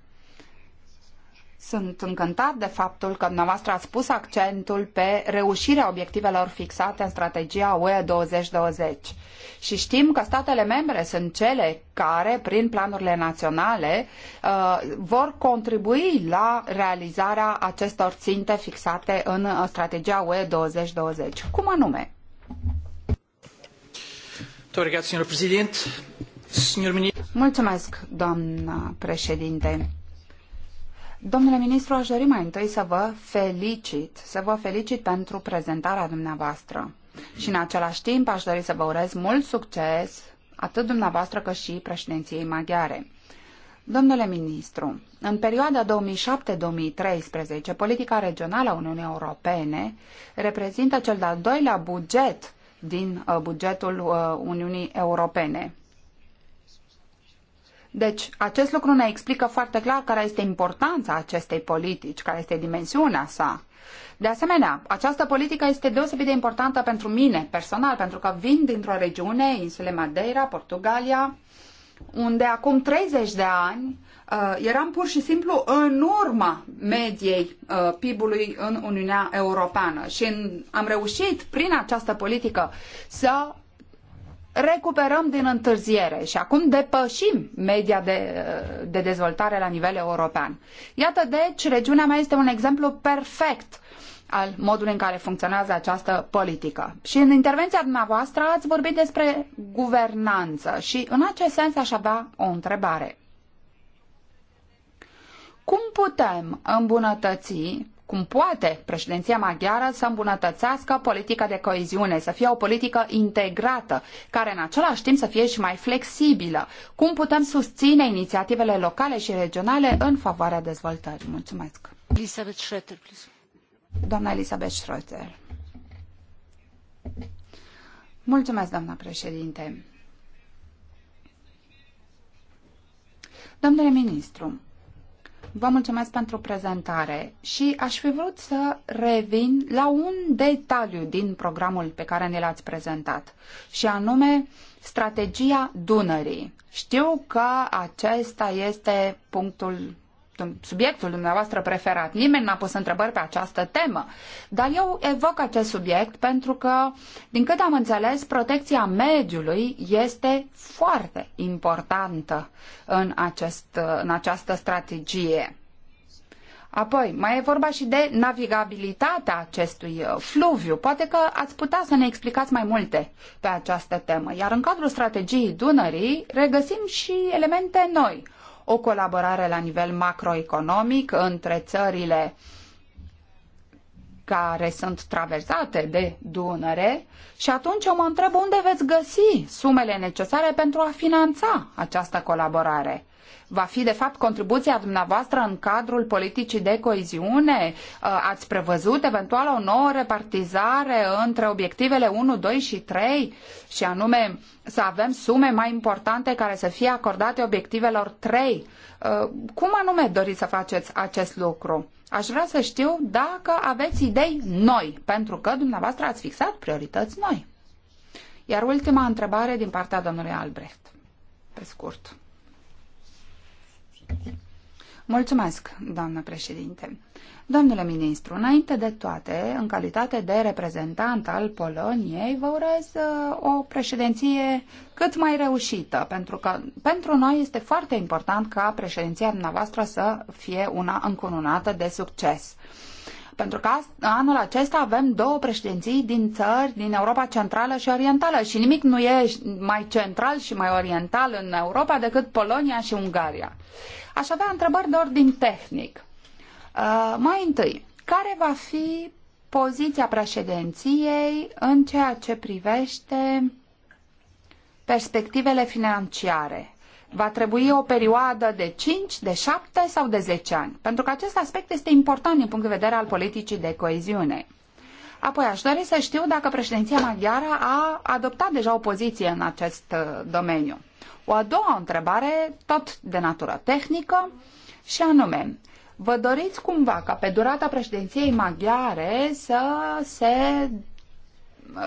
Speaker 2: sunt încântat de faptul că dumneavoastră ați pus accentul pe reușirea obiectivelor fixate în strategia UE 2020. Și știm că statele membre sunt cele care, prin planurile naționale, uh, vor contribui la realizarea acestor ținte fixate în uh, strategia UE 2020. Cum anume? Mulțumesc, doamna președinte. Domnule ministru, aș dori mai întâi să vă felicit, să vă felicit pentru prezentarea dumneavoastră. Și în același timp aș dori să vă urez mult succes, atât dumneavoastră cât și președinției maghiare. Domnule ministru, în perioada 2007-2013, politica regională a Uniunii Europene reprezintă cel de-al doilea buget din uh, bugetul uh, Uniunii Europene. Deci, acest lucru ne explică foarte clar care este importanța acestei politici, care este dimensiunea sa. De asemenea, această politică este deosebit de importantă pentru mine, personal, pentru că vin dintr-o regiune, insule Madeira, Portugalia, unde acum 30 de ani uh, eram pur și simplu în urma mediei uh, PIB-ului în Uniunea Europeană și în, am reușit prin această politică să recuperăm din întârziere și acum depășim media de, de dezvoltare la nivel european. Iată deci, regiunea mea este un exemplu perfect al modului în care funcționează această politică. Și în intervenția dumneavoastră ați vorbit despre guvernanță și în acest sens aș avea o întrebare. Cum putem îmbunătăți cum poate președinția maghiară să îmbunătățească politica de coeziune, să fie o politică integrată, care în același timp să fie și mai flexibilă. Cum putem susține inițiativele locale și regionale în favoarea dezvoltării? Mulțumesc! Elisabeth Schroeter, please. Doamna Elisabeth Schroeter. Mulțumesc, doamna președinte. Domnule ministru, Vă mulțumesc pentru prezentare și aș fi vrut să revin la un detaliu din programul pe care ne l-ați prezentat și anume strategia Dunării. Știu că acesta este punctul subiectul dumneavoastră preferat. Nimeni n-a pus întrebări pe această temă. Dar eu evoc acest subiect pentru că, din câte am înțeles, protecția mediului este foarte importantă în, acest, în această strategie. Apoi, mai e vorba și de navigabilitatea acestui uh, fluviu. Poate că ați putea să ne explicați mai multe pe această temă. Iar în cadrul strategiei Dunării regăsim și elemente noi – o colaborare la nivel macroeconomic între țările care sunt traversate de Dunăre și atunci eu mă întreb unde veți găsi sumele necesare pentru a finanța această colaborare. Va fi, de fapt, contribuția dumneavoastră în cadrul politicii de coeziune? Uh, ați prevăzut eventual o nouă repartizare între obiectivele 1, 2 și 3 și anume să avem sume mai importante care să fie acordate obiectivelor 3. Uh, cum anume doriți să faceți acest lucru? Aș vrea să știu dacă aveți idei noi, pentru că dumneavoastră ați fixat priorități noi. Iar ultima întrebare din partea domnului Albrecht, pe scurt. Mulțumesc, doamnă președinte. Domnule ministru, înainte de toate, în calitate de reprezentant al Poloniei, vă urez uh, o președinție cât mai reușită, pentru că pentru noi este foarte important ca președinția dumneavoastră să fie una încununată de succes pentru că anul acesta avem două președinții din țări din Europa Centrală și Orientală și nimic nu e mai central și mai oriental în Europa decât Polonia și Ungaria. Aș avea întrebări de ordin tehnic. Uh, mai întâi, care va fi poziția președinției în ceea ce privește perspectivele financiare? Va trebui o perioadă de 5, de 7 sau de 10 ani? Pentru că acest aspect este important din punct de vedere al politicii de coeziune. Apoi aș dori să știu dacă președinția maghiară a adoptat deja o poziție în acest uh, domeniu. O a doua întrebare, tot de natură tehnică, și anume, Vă doriți cumva ca pe durata președinției maghiare să se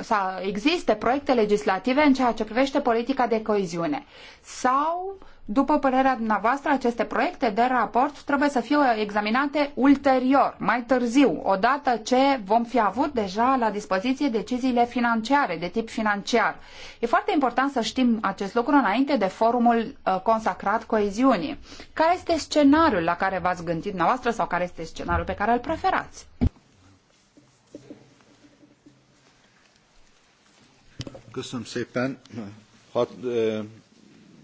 Speaker 2: să existe proiecte legislative în ceea ce privește politica de coeziune sau după părerea dumneavoastră, aceste proiecte de raport trebuie să fie examinate ulterior, mai târziu, odată ce vom fi avut deja la dispoziție deciziile financiare, de tip financiar. E foarte important să știm acest lucru înainte de forumul uh, consacrat coeziunii. Care este scenariul la care v-ați gândit dumneavoastră sau care este scenariul pe care îl preferați?
Speaker 1: Mulțumesc,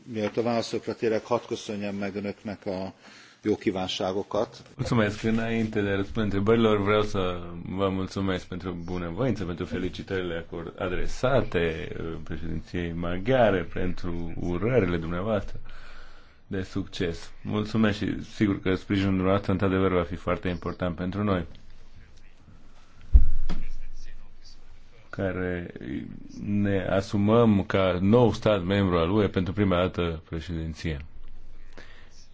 Speaker 1: mielőtt a válaszokra térek, hadd köszönjem meg önöknek a jó kívánságokat.
Speaker 3: Mulțumesc înainte de a răspunde întrebărilor. Vreau să vă mulțumesc pentru bunăvoință, pentru felicitările adresate uh, președinției maghiare, pentru urările dumneavoastră de succes. Mulțumesc și sigur că sprijinul dumneavoastră într-adevăr va fi foarte important pentru noi. care ne asumăm ca nou stat membru al UE pentru prima dată președinția.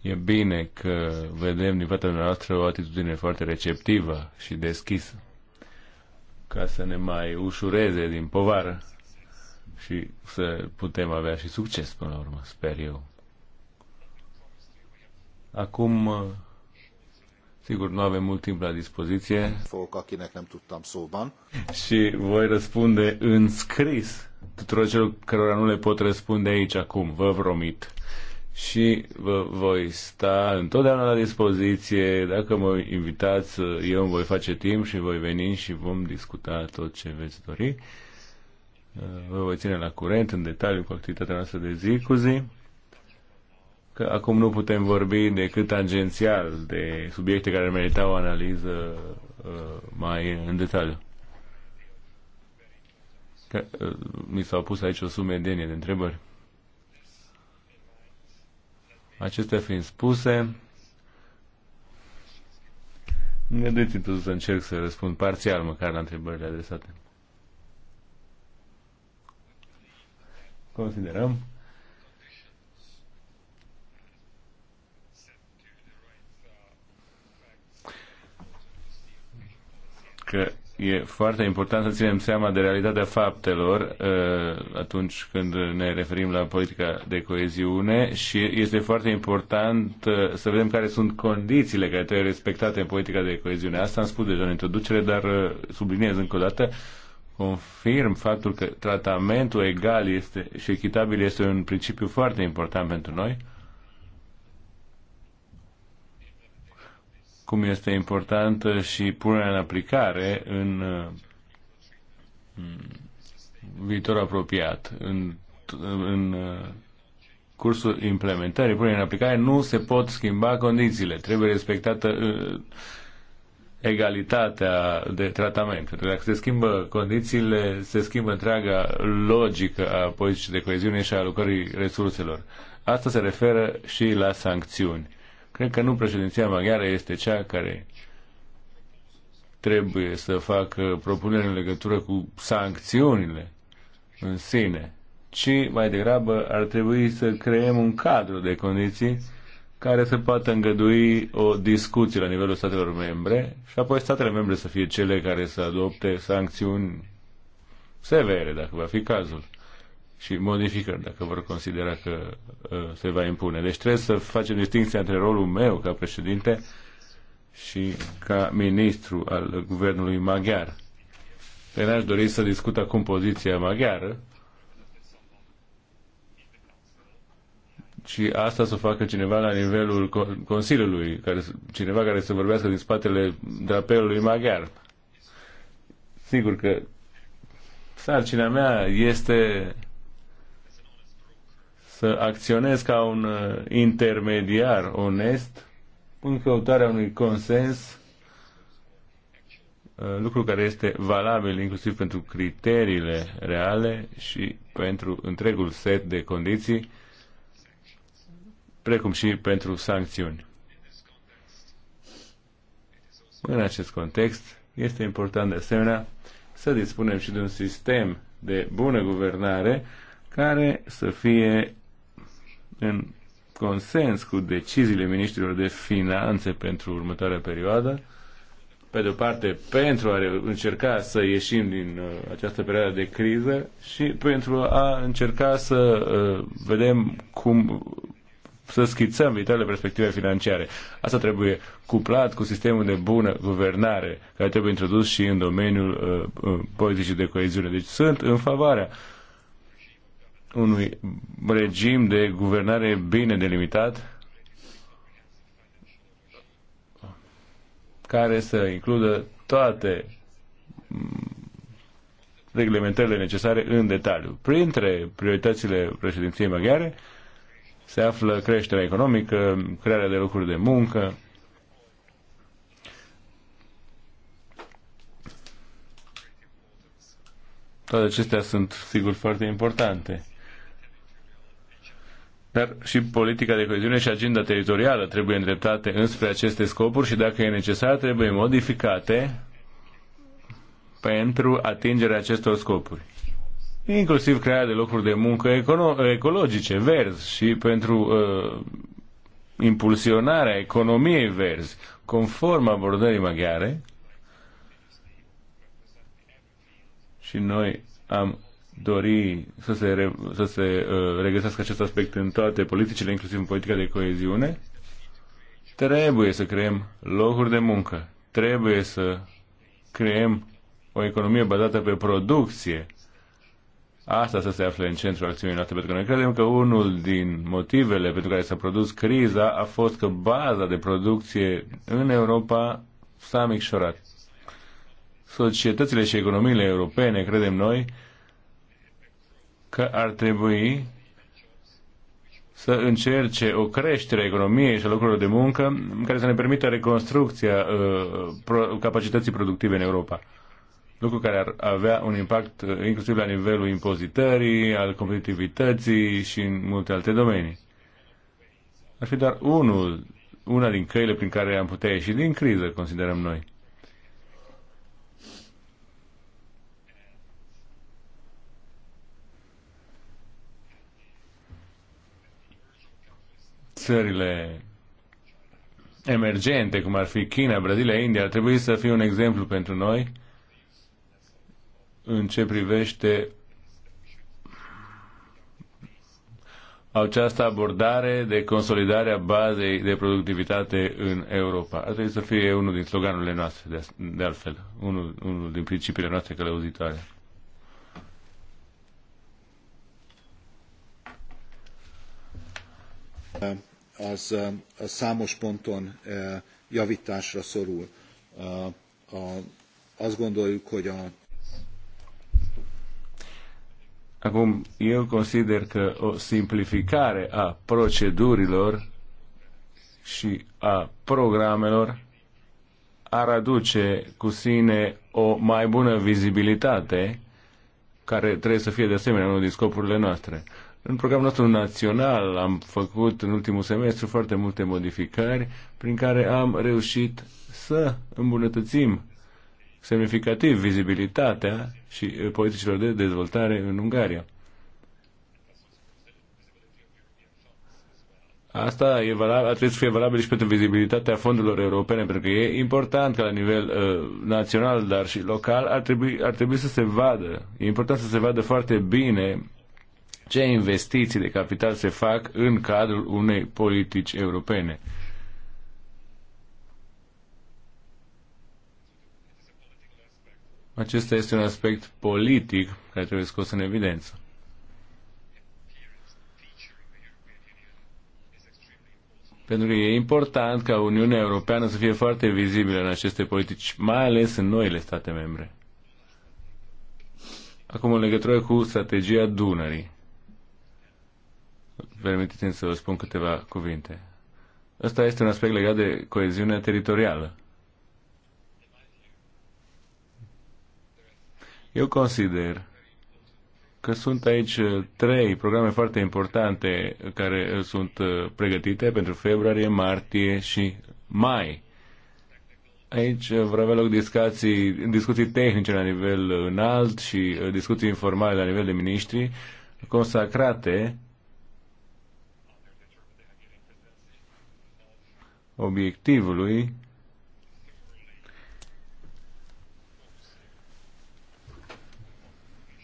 Speaker 3: E bine că vedem din partea noastră o atitudine foarte receptivă și deschisă ca să ne mai ușureze din povară și să putem avea și succes până la urmă, sper eu. Acum Sigur, nu avem mult timp la dispoziție.
Speaker 1: Folk, akinek nem tudtam szóban.
Speaker 3: Și voi răspunde în scris tuturor celor cărora nu le pot răspunde aici acum. Vă vromit și vă voi sta întotdeauna la dispoziție. Dacă mă invitați, eu îmi voi face timp și voi veni și vom discuta tot ce veți dori. Vă voi ține la curent, în detaliu, cu activitatea noastră de zi cu zi că acum nu putem vorbi decât tangențial de subiecte care meritau o analiză uh, mai în detaliu. Că, uh, mi s-au pus aici o sumedenie de întrebări. Acestea fiind spuse, ne e dă să încerc să răspund parțial măcar la întrebările adresate. Considerăm că e foarte important să ținem seama de realitatea faptelor uh, atunci când ne referim la politica de coeziune și este foarte important uh, să vedem care sunt condițiile care trebuie respectate în politica de coeziune. Asta am spus deja în introducere, dar uh, subliniez încă o dată confirm faptul că tratamentul egal este și echitabil este un principiu foarte important pentru noi cum este importantă și punerea în aplicare în uh, viitor apropiat. În, în uh, cursul implementării, punerea în aplicare, nu se pot schimba condițiile. Trebuie respectată uh, egalitatea de tratament. Pentru că dacă se schimbă condițiile, se schimbă întreaga logică a politicii de coeziune și a alocării resurselor. Asta se referă și la sancțiuni. Cred că nu președinția maghiară este cea care trebuie să facă propuneri în legătură cu sancțiunile în sine, ci mai degrabă ar trebui să creăm un cadru de condiții care să poată îngădui o discuție la nivelul statelor membre și apoi statele membre să fie cele care să adopte sancțiuni severe, dacă va fi cazul și modificări, dacă vor considera că uh, se va impune. Deci trebuie să facem distinția între rolul meu ca președinte și ca ministru al guvernului maghiar. Pe păi n-aș dori să discut acum poziția maghiară, și asta să facă cineva la nivelul Consiliului, care, cineva care să vorbească din spatele drapelului maghiar. Sigur că sarcina mea este să acționez ca un uh, intermediar onest în căutarea unui consens, uh, lucru care este valabil inclusiv pentru criteriile reale și pentru întregul set de condiții, precum și pentru sancțiuni. În acest context, este important de asemenea să dispunem și de un sistem de bună guvernare care să fie în consens cu deciziile ministrilor de finanțe pentru următoarea perioadă, pe de o parte pentru a încerca să ieșim din uh, această perioadă de criză și pentru a încerca să uh, vedem cum să schițăm viitoarele perspective financiare. Asta trebuie cuplat cu sistemul de bună guvernare care trebuie introdus și în domeniul uh, uh politicii de coeziune. Deci sunt în favoarea uh, unui regim de guvernare bine delimitat care să includă toate mm, reglementările necesare în detaliu. Printre prioritățile președinției maghiare se află creșterea economică, crearea de locuri de muncă, Toate acestea sunt, sigur, foarte importante. Dar și politica de coeziune și agenda teritorială trebuie îndreptate înspre aceste scopuri și dacă e necesar trebuie modificate pentru atingerea acestor scopuri. Inclusiv crearea de locuri de muncă ecologice, verzi și pentru uh, impulsionarea economiei verzi, conform abordării maghiare. Și noi am dori să se, re, să se uh, regăsească acest aspect în toate politicile, inclusiv în politica de coeziune, trebuie să creăm locuri de muncă, trebuie să creăm o economie bazată pe producție. Asta să se afle în centrul acțiunii noastre, pentru că noi credem că unul din motivele pentru care s-a produs criza a fost că baza de producție în Europa s-a micșorat. Societățile și economiile europene, credem noi, că ar trebui să încerce o creștere a economiei și a locurilor de muncă care să ne permită reconstrucția uh, capacității productive în Europa. Lucru care ar avea un impact uh, inclusiv la nivelul impozitării, al competitivității și în multe alte domenii. Ar fi doar unul, una din căile prin care am putea ieși din criză, considerăm noi. țările emergente, cum ar fi China, Brazilia, India, ar trebui să fie un exemplu pentru noi în ce privește această abordare de consolidare a bazei de productivitate în Europa. Ar trebui să fie unul din sloganurile noastre, de, altfel, unul, unul din principiile noastre călăuzitoare.
Speaker 1: Da az számos ponton javításra szorul. Azt gondoljuk, hogy a
Speaker 3: Acum, eu consider că o simplificare a procedurilor și a programelor ar aduce cu sine o mai bună vizibilitate, care trebuie să fie de asemenea unul din scopurile noastre. În programul nostru național am făcut în ultimul semestru foarte multe modificări prin care am reușit să îmbunătățim semnificativ vizibilitatea și eh, politicilor de dezvoltare în Ungaria. Asta e valabil, trebuie să fie valabil și pentru vizibilitatea fondurilor europene, pentru că e important că la nivel uh, național, dar și local, ar trebui, ar trebui să se vadă. E important să se vadă foarte bine ce investiții de capital se fac în cadrul unei politici europene. Acesta este un aspect politic care trebuie scos în evidență. Pentru că e important ca Uniunea Europeană să fie foarte vizibilă în aceste politici, mai ales în noile state membre. Acum, în legătură cu strategia Dunării permiteți-mi să vă spun câteva cuvinte. Ăsta este un aspect legat de coeziunea teritorială. Eu consider că sunt aici trei programe foarte importante care sunt uh, pregătite pentru februarie, martie și mai. Aici vor avea loc discuții, discuții tehnice la nivel înalt și uh, discuții informale la nivel de miniștri consacrate obiectivului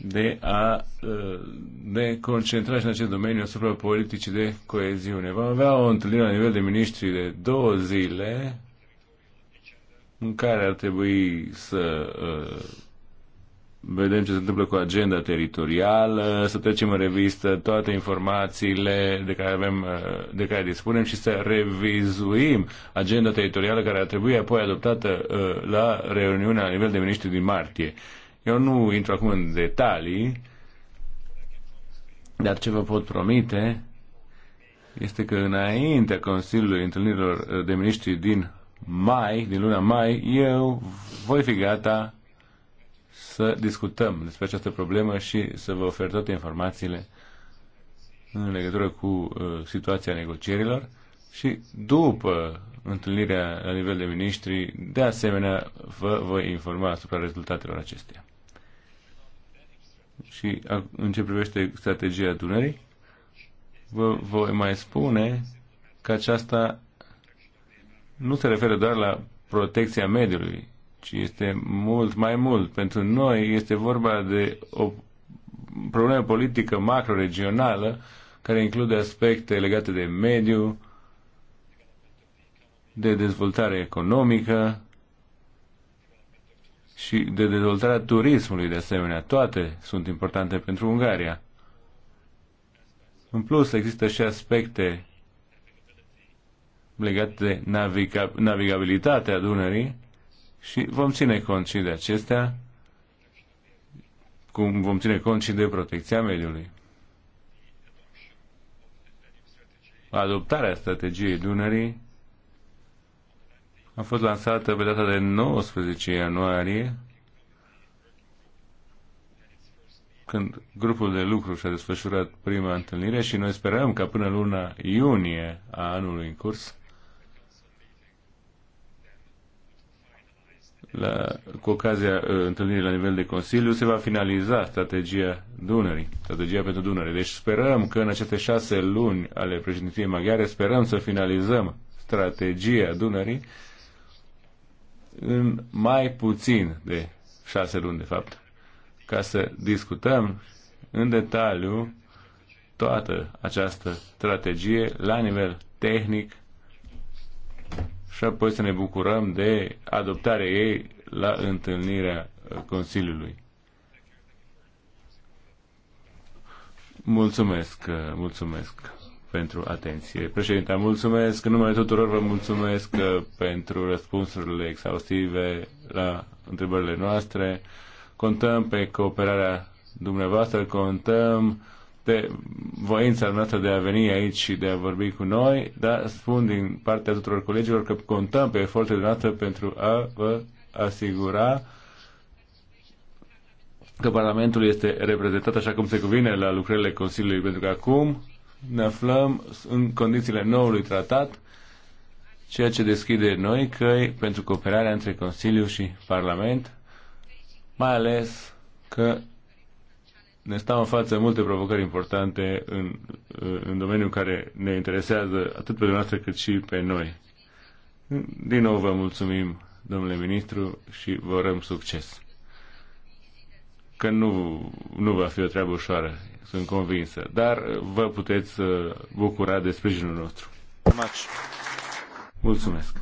Speaker 3: de a uh, ne concentra și în acest domeniu asupra politicii de coeziune. Vom avea o întâlnire la nivel de ministri de două zile în care ar trebui să uh, vedem ce se întâmplă cu agenda teritorială, să trecem în revistă toate informațiile de care, avem, uh, de care dispunem și să revizuim agenda teritorială care ar trebui apoi adoptată uh, la reuniunea la nivel de miniștri din martie. Eu nu intru acum în detalii, dar ce vă pot promite este că înaintea Consiliului Întâlnirilor de Miniștri din mai, din luna mai, eu voi fi gata să discutăm despre această problemă și să vă ofer toate informațiile în legătură cu uh, situația negocierilor și după întâlnirea la nivel de ministri, de asemenea, vă voi informa asupra rezultatelor acesteia. Și în ce privește strategia Dunării, vă voi mai spune că aceasta nu se referă doar la protecția mediului, ci deci este mult mai mult. Pentru noi este vorba de o problemă politică macroregională care include aspecte legate de mediu, de dezvoltare economică și de dezvoltarea turismului de asemenea. Toate sunt importante pentru Ungaria. În plus, există și aspecte legate de navigabilitatea Dunării, și vom ține cont și de acestea, cum vom ține cont și de protecția mediului. Adoptarea strategiei Dunării a fost lansată pe data de 19 ianuarie, când grupul de lucru și-a desfășurat prima întâlnire și noi sperăm ca până luna iunie a anului în curs la, cu ocazia uh, întâlnirii la nivel de Consiliu, se va finaliza strategia Dunării, strategia pentru Dunăre. Deci sperăm că în aceste șase luni ale președinției maghiare, sperăm să finalizăm strategia Dunării în mai puțin de șase luni, de fapt, ca să discutăm în detaliu toată această strategie la nivel tehnic și apoi să ne bucurăm de adoptarea ei la întâlnirea uh, Consiliului. Mulțumesc, uh, mulțumesc pentru atenție. Președinte, mulțumesc în numele tuturor, vă mulțumesc uh, pentru răspunsurile exhaustive la întrebările noastre. Contăm pe cooperarea dumneavoastră, contăm de voința noastră de a veni aici și de a vorbi cu noi, dar spun din partea tuturor colegilor că contăm pe eforturile noastre pentru a vă asigura că Parlamentul este reprezentat așa cum se cuvine la lucrările Consiliului, pentru că acum ne aflăm în condițiile noului tratat, ceea ce deschide noi căi pentru cooperarea între Consiliu și Parlament, mai ales că ne stau în față multe provocări importante în, în domeniul care ne interesează atât pe dumneavoastră cât și pe noi. Din nou vă mulțumim, domnule ministru, și vă urăm succes. Că nu, nu va fi o treabă ușoară, sunt convinsă, dar vă puteți uh, bucura de sprijinul nostru. Mulțumesc!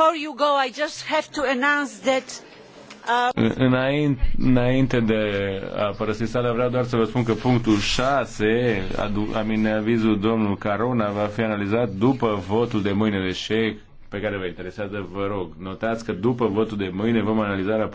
Speaker 2: before you go, I just have to announce that
Speaker 3: uh, Înainte, de a părăsi sala, vreau doar să vă spun că punctul 6, avizul domnul Carona, va fi analizat după votul de mâine de șec pe care vă interesează, vă rog. Notați că după votul de mâine vom analiza raportul.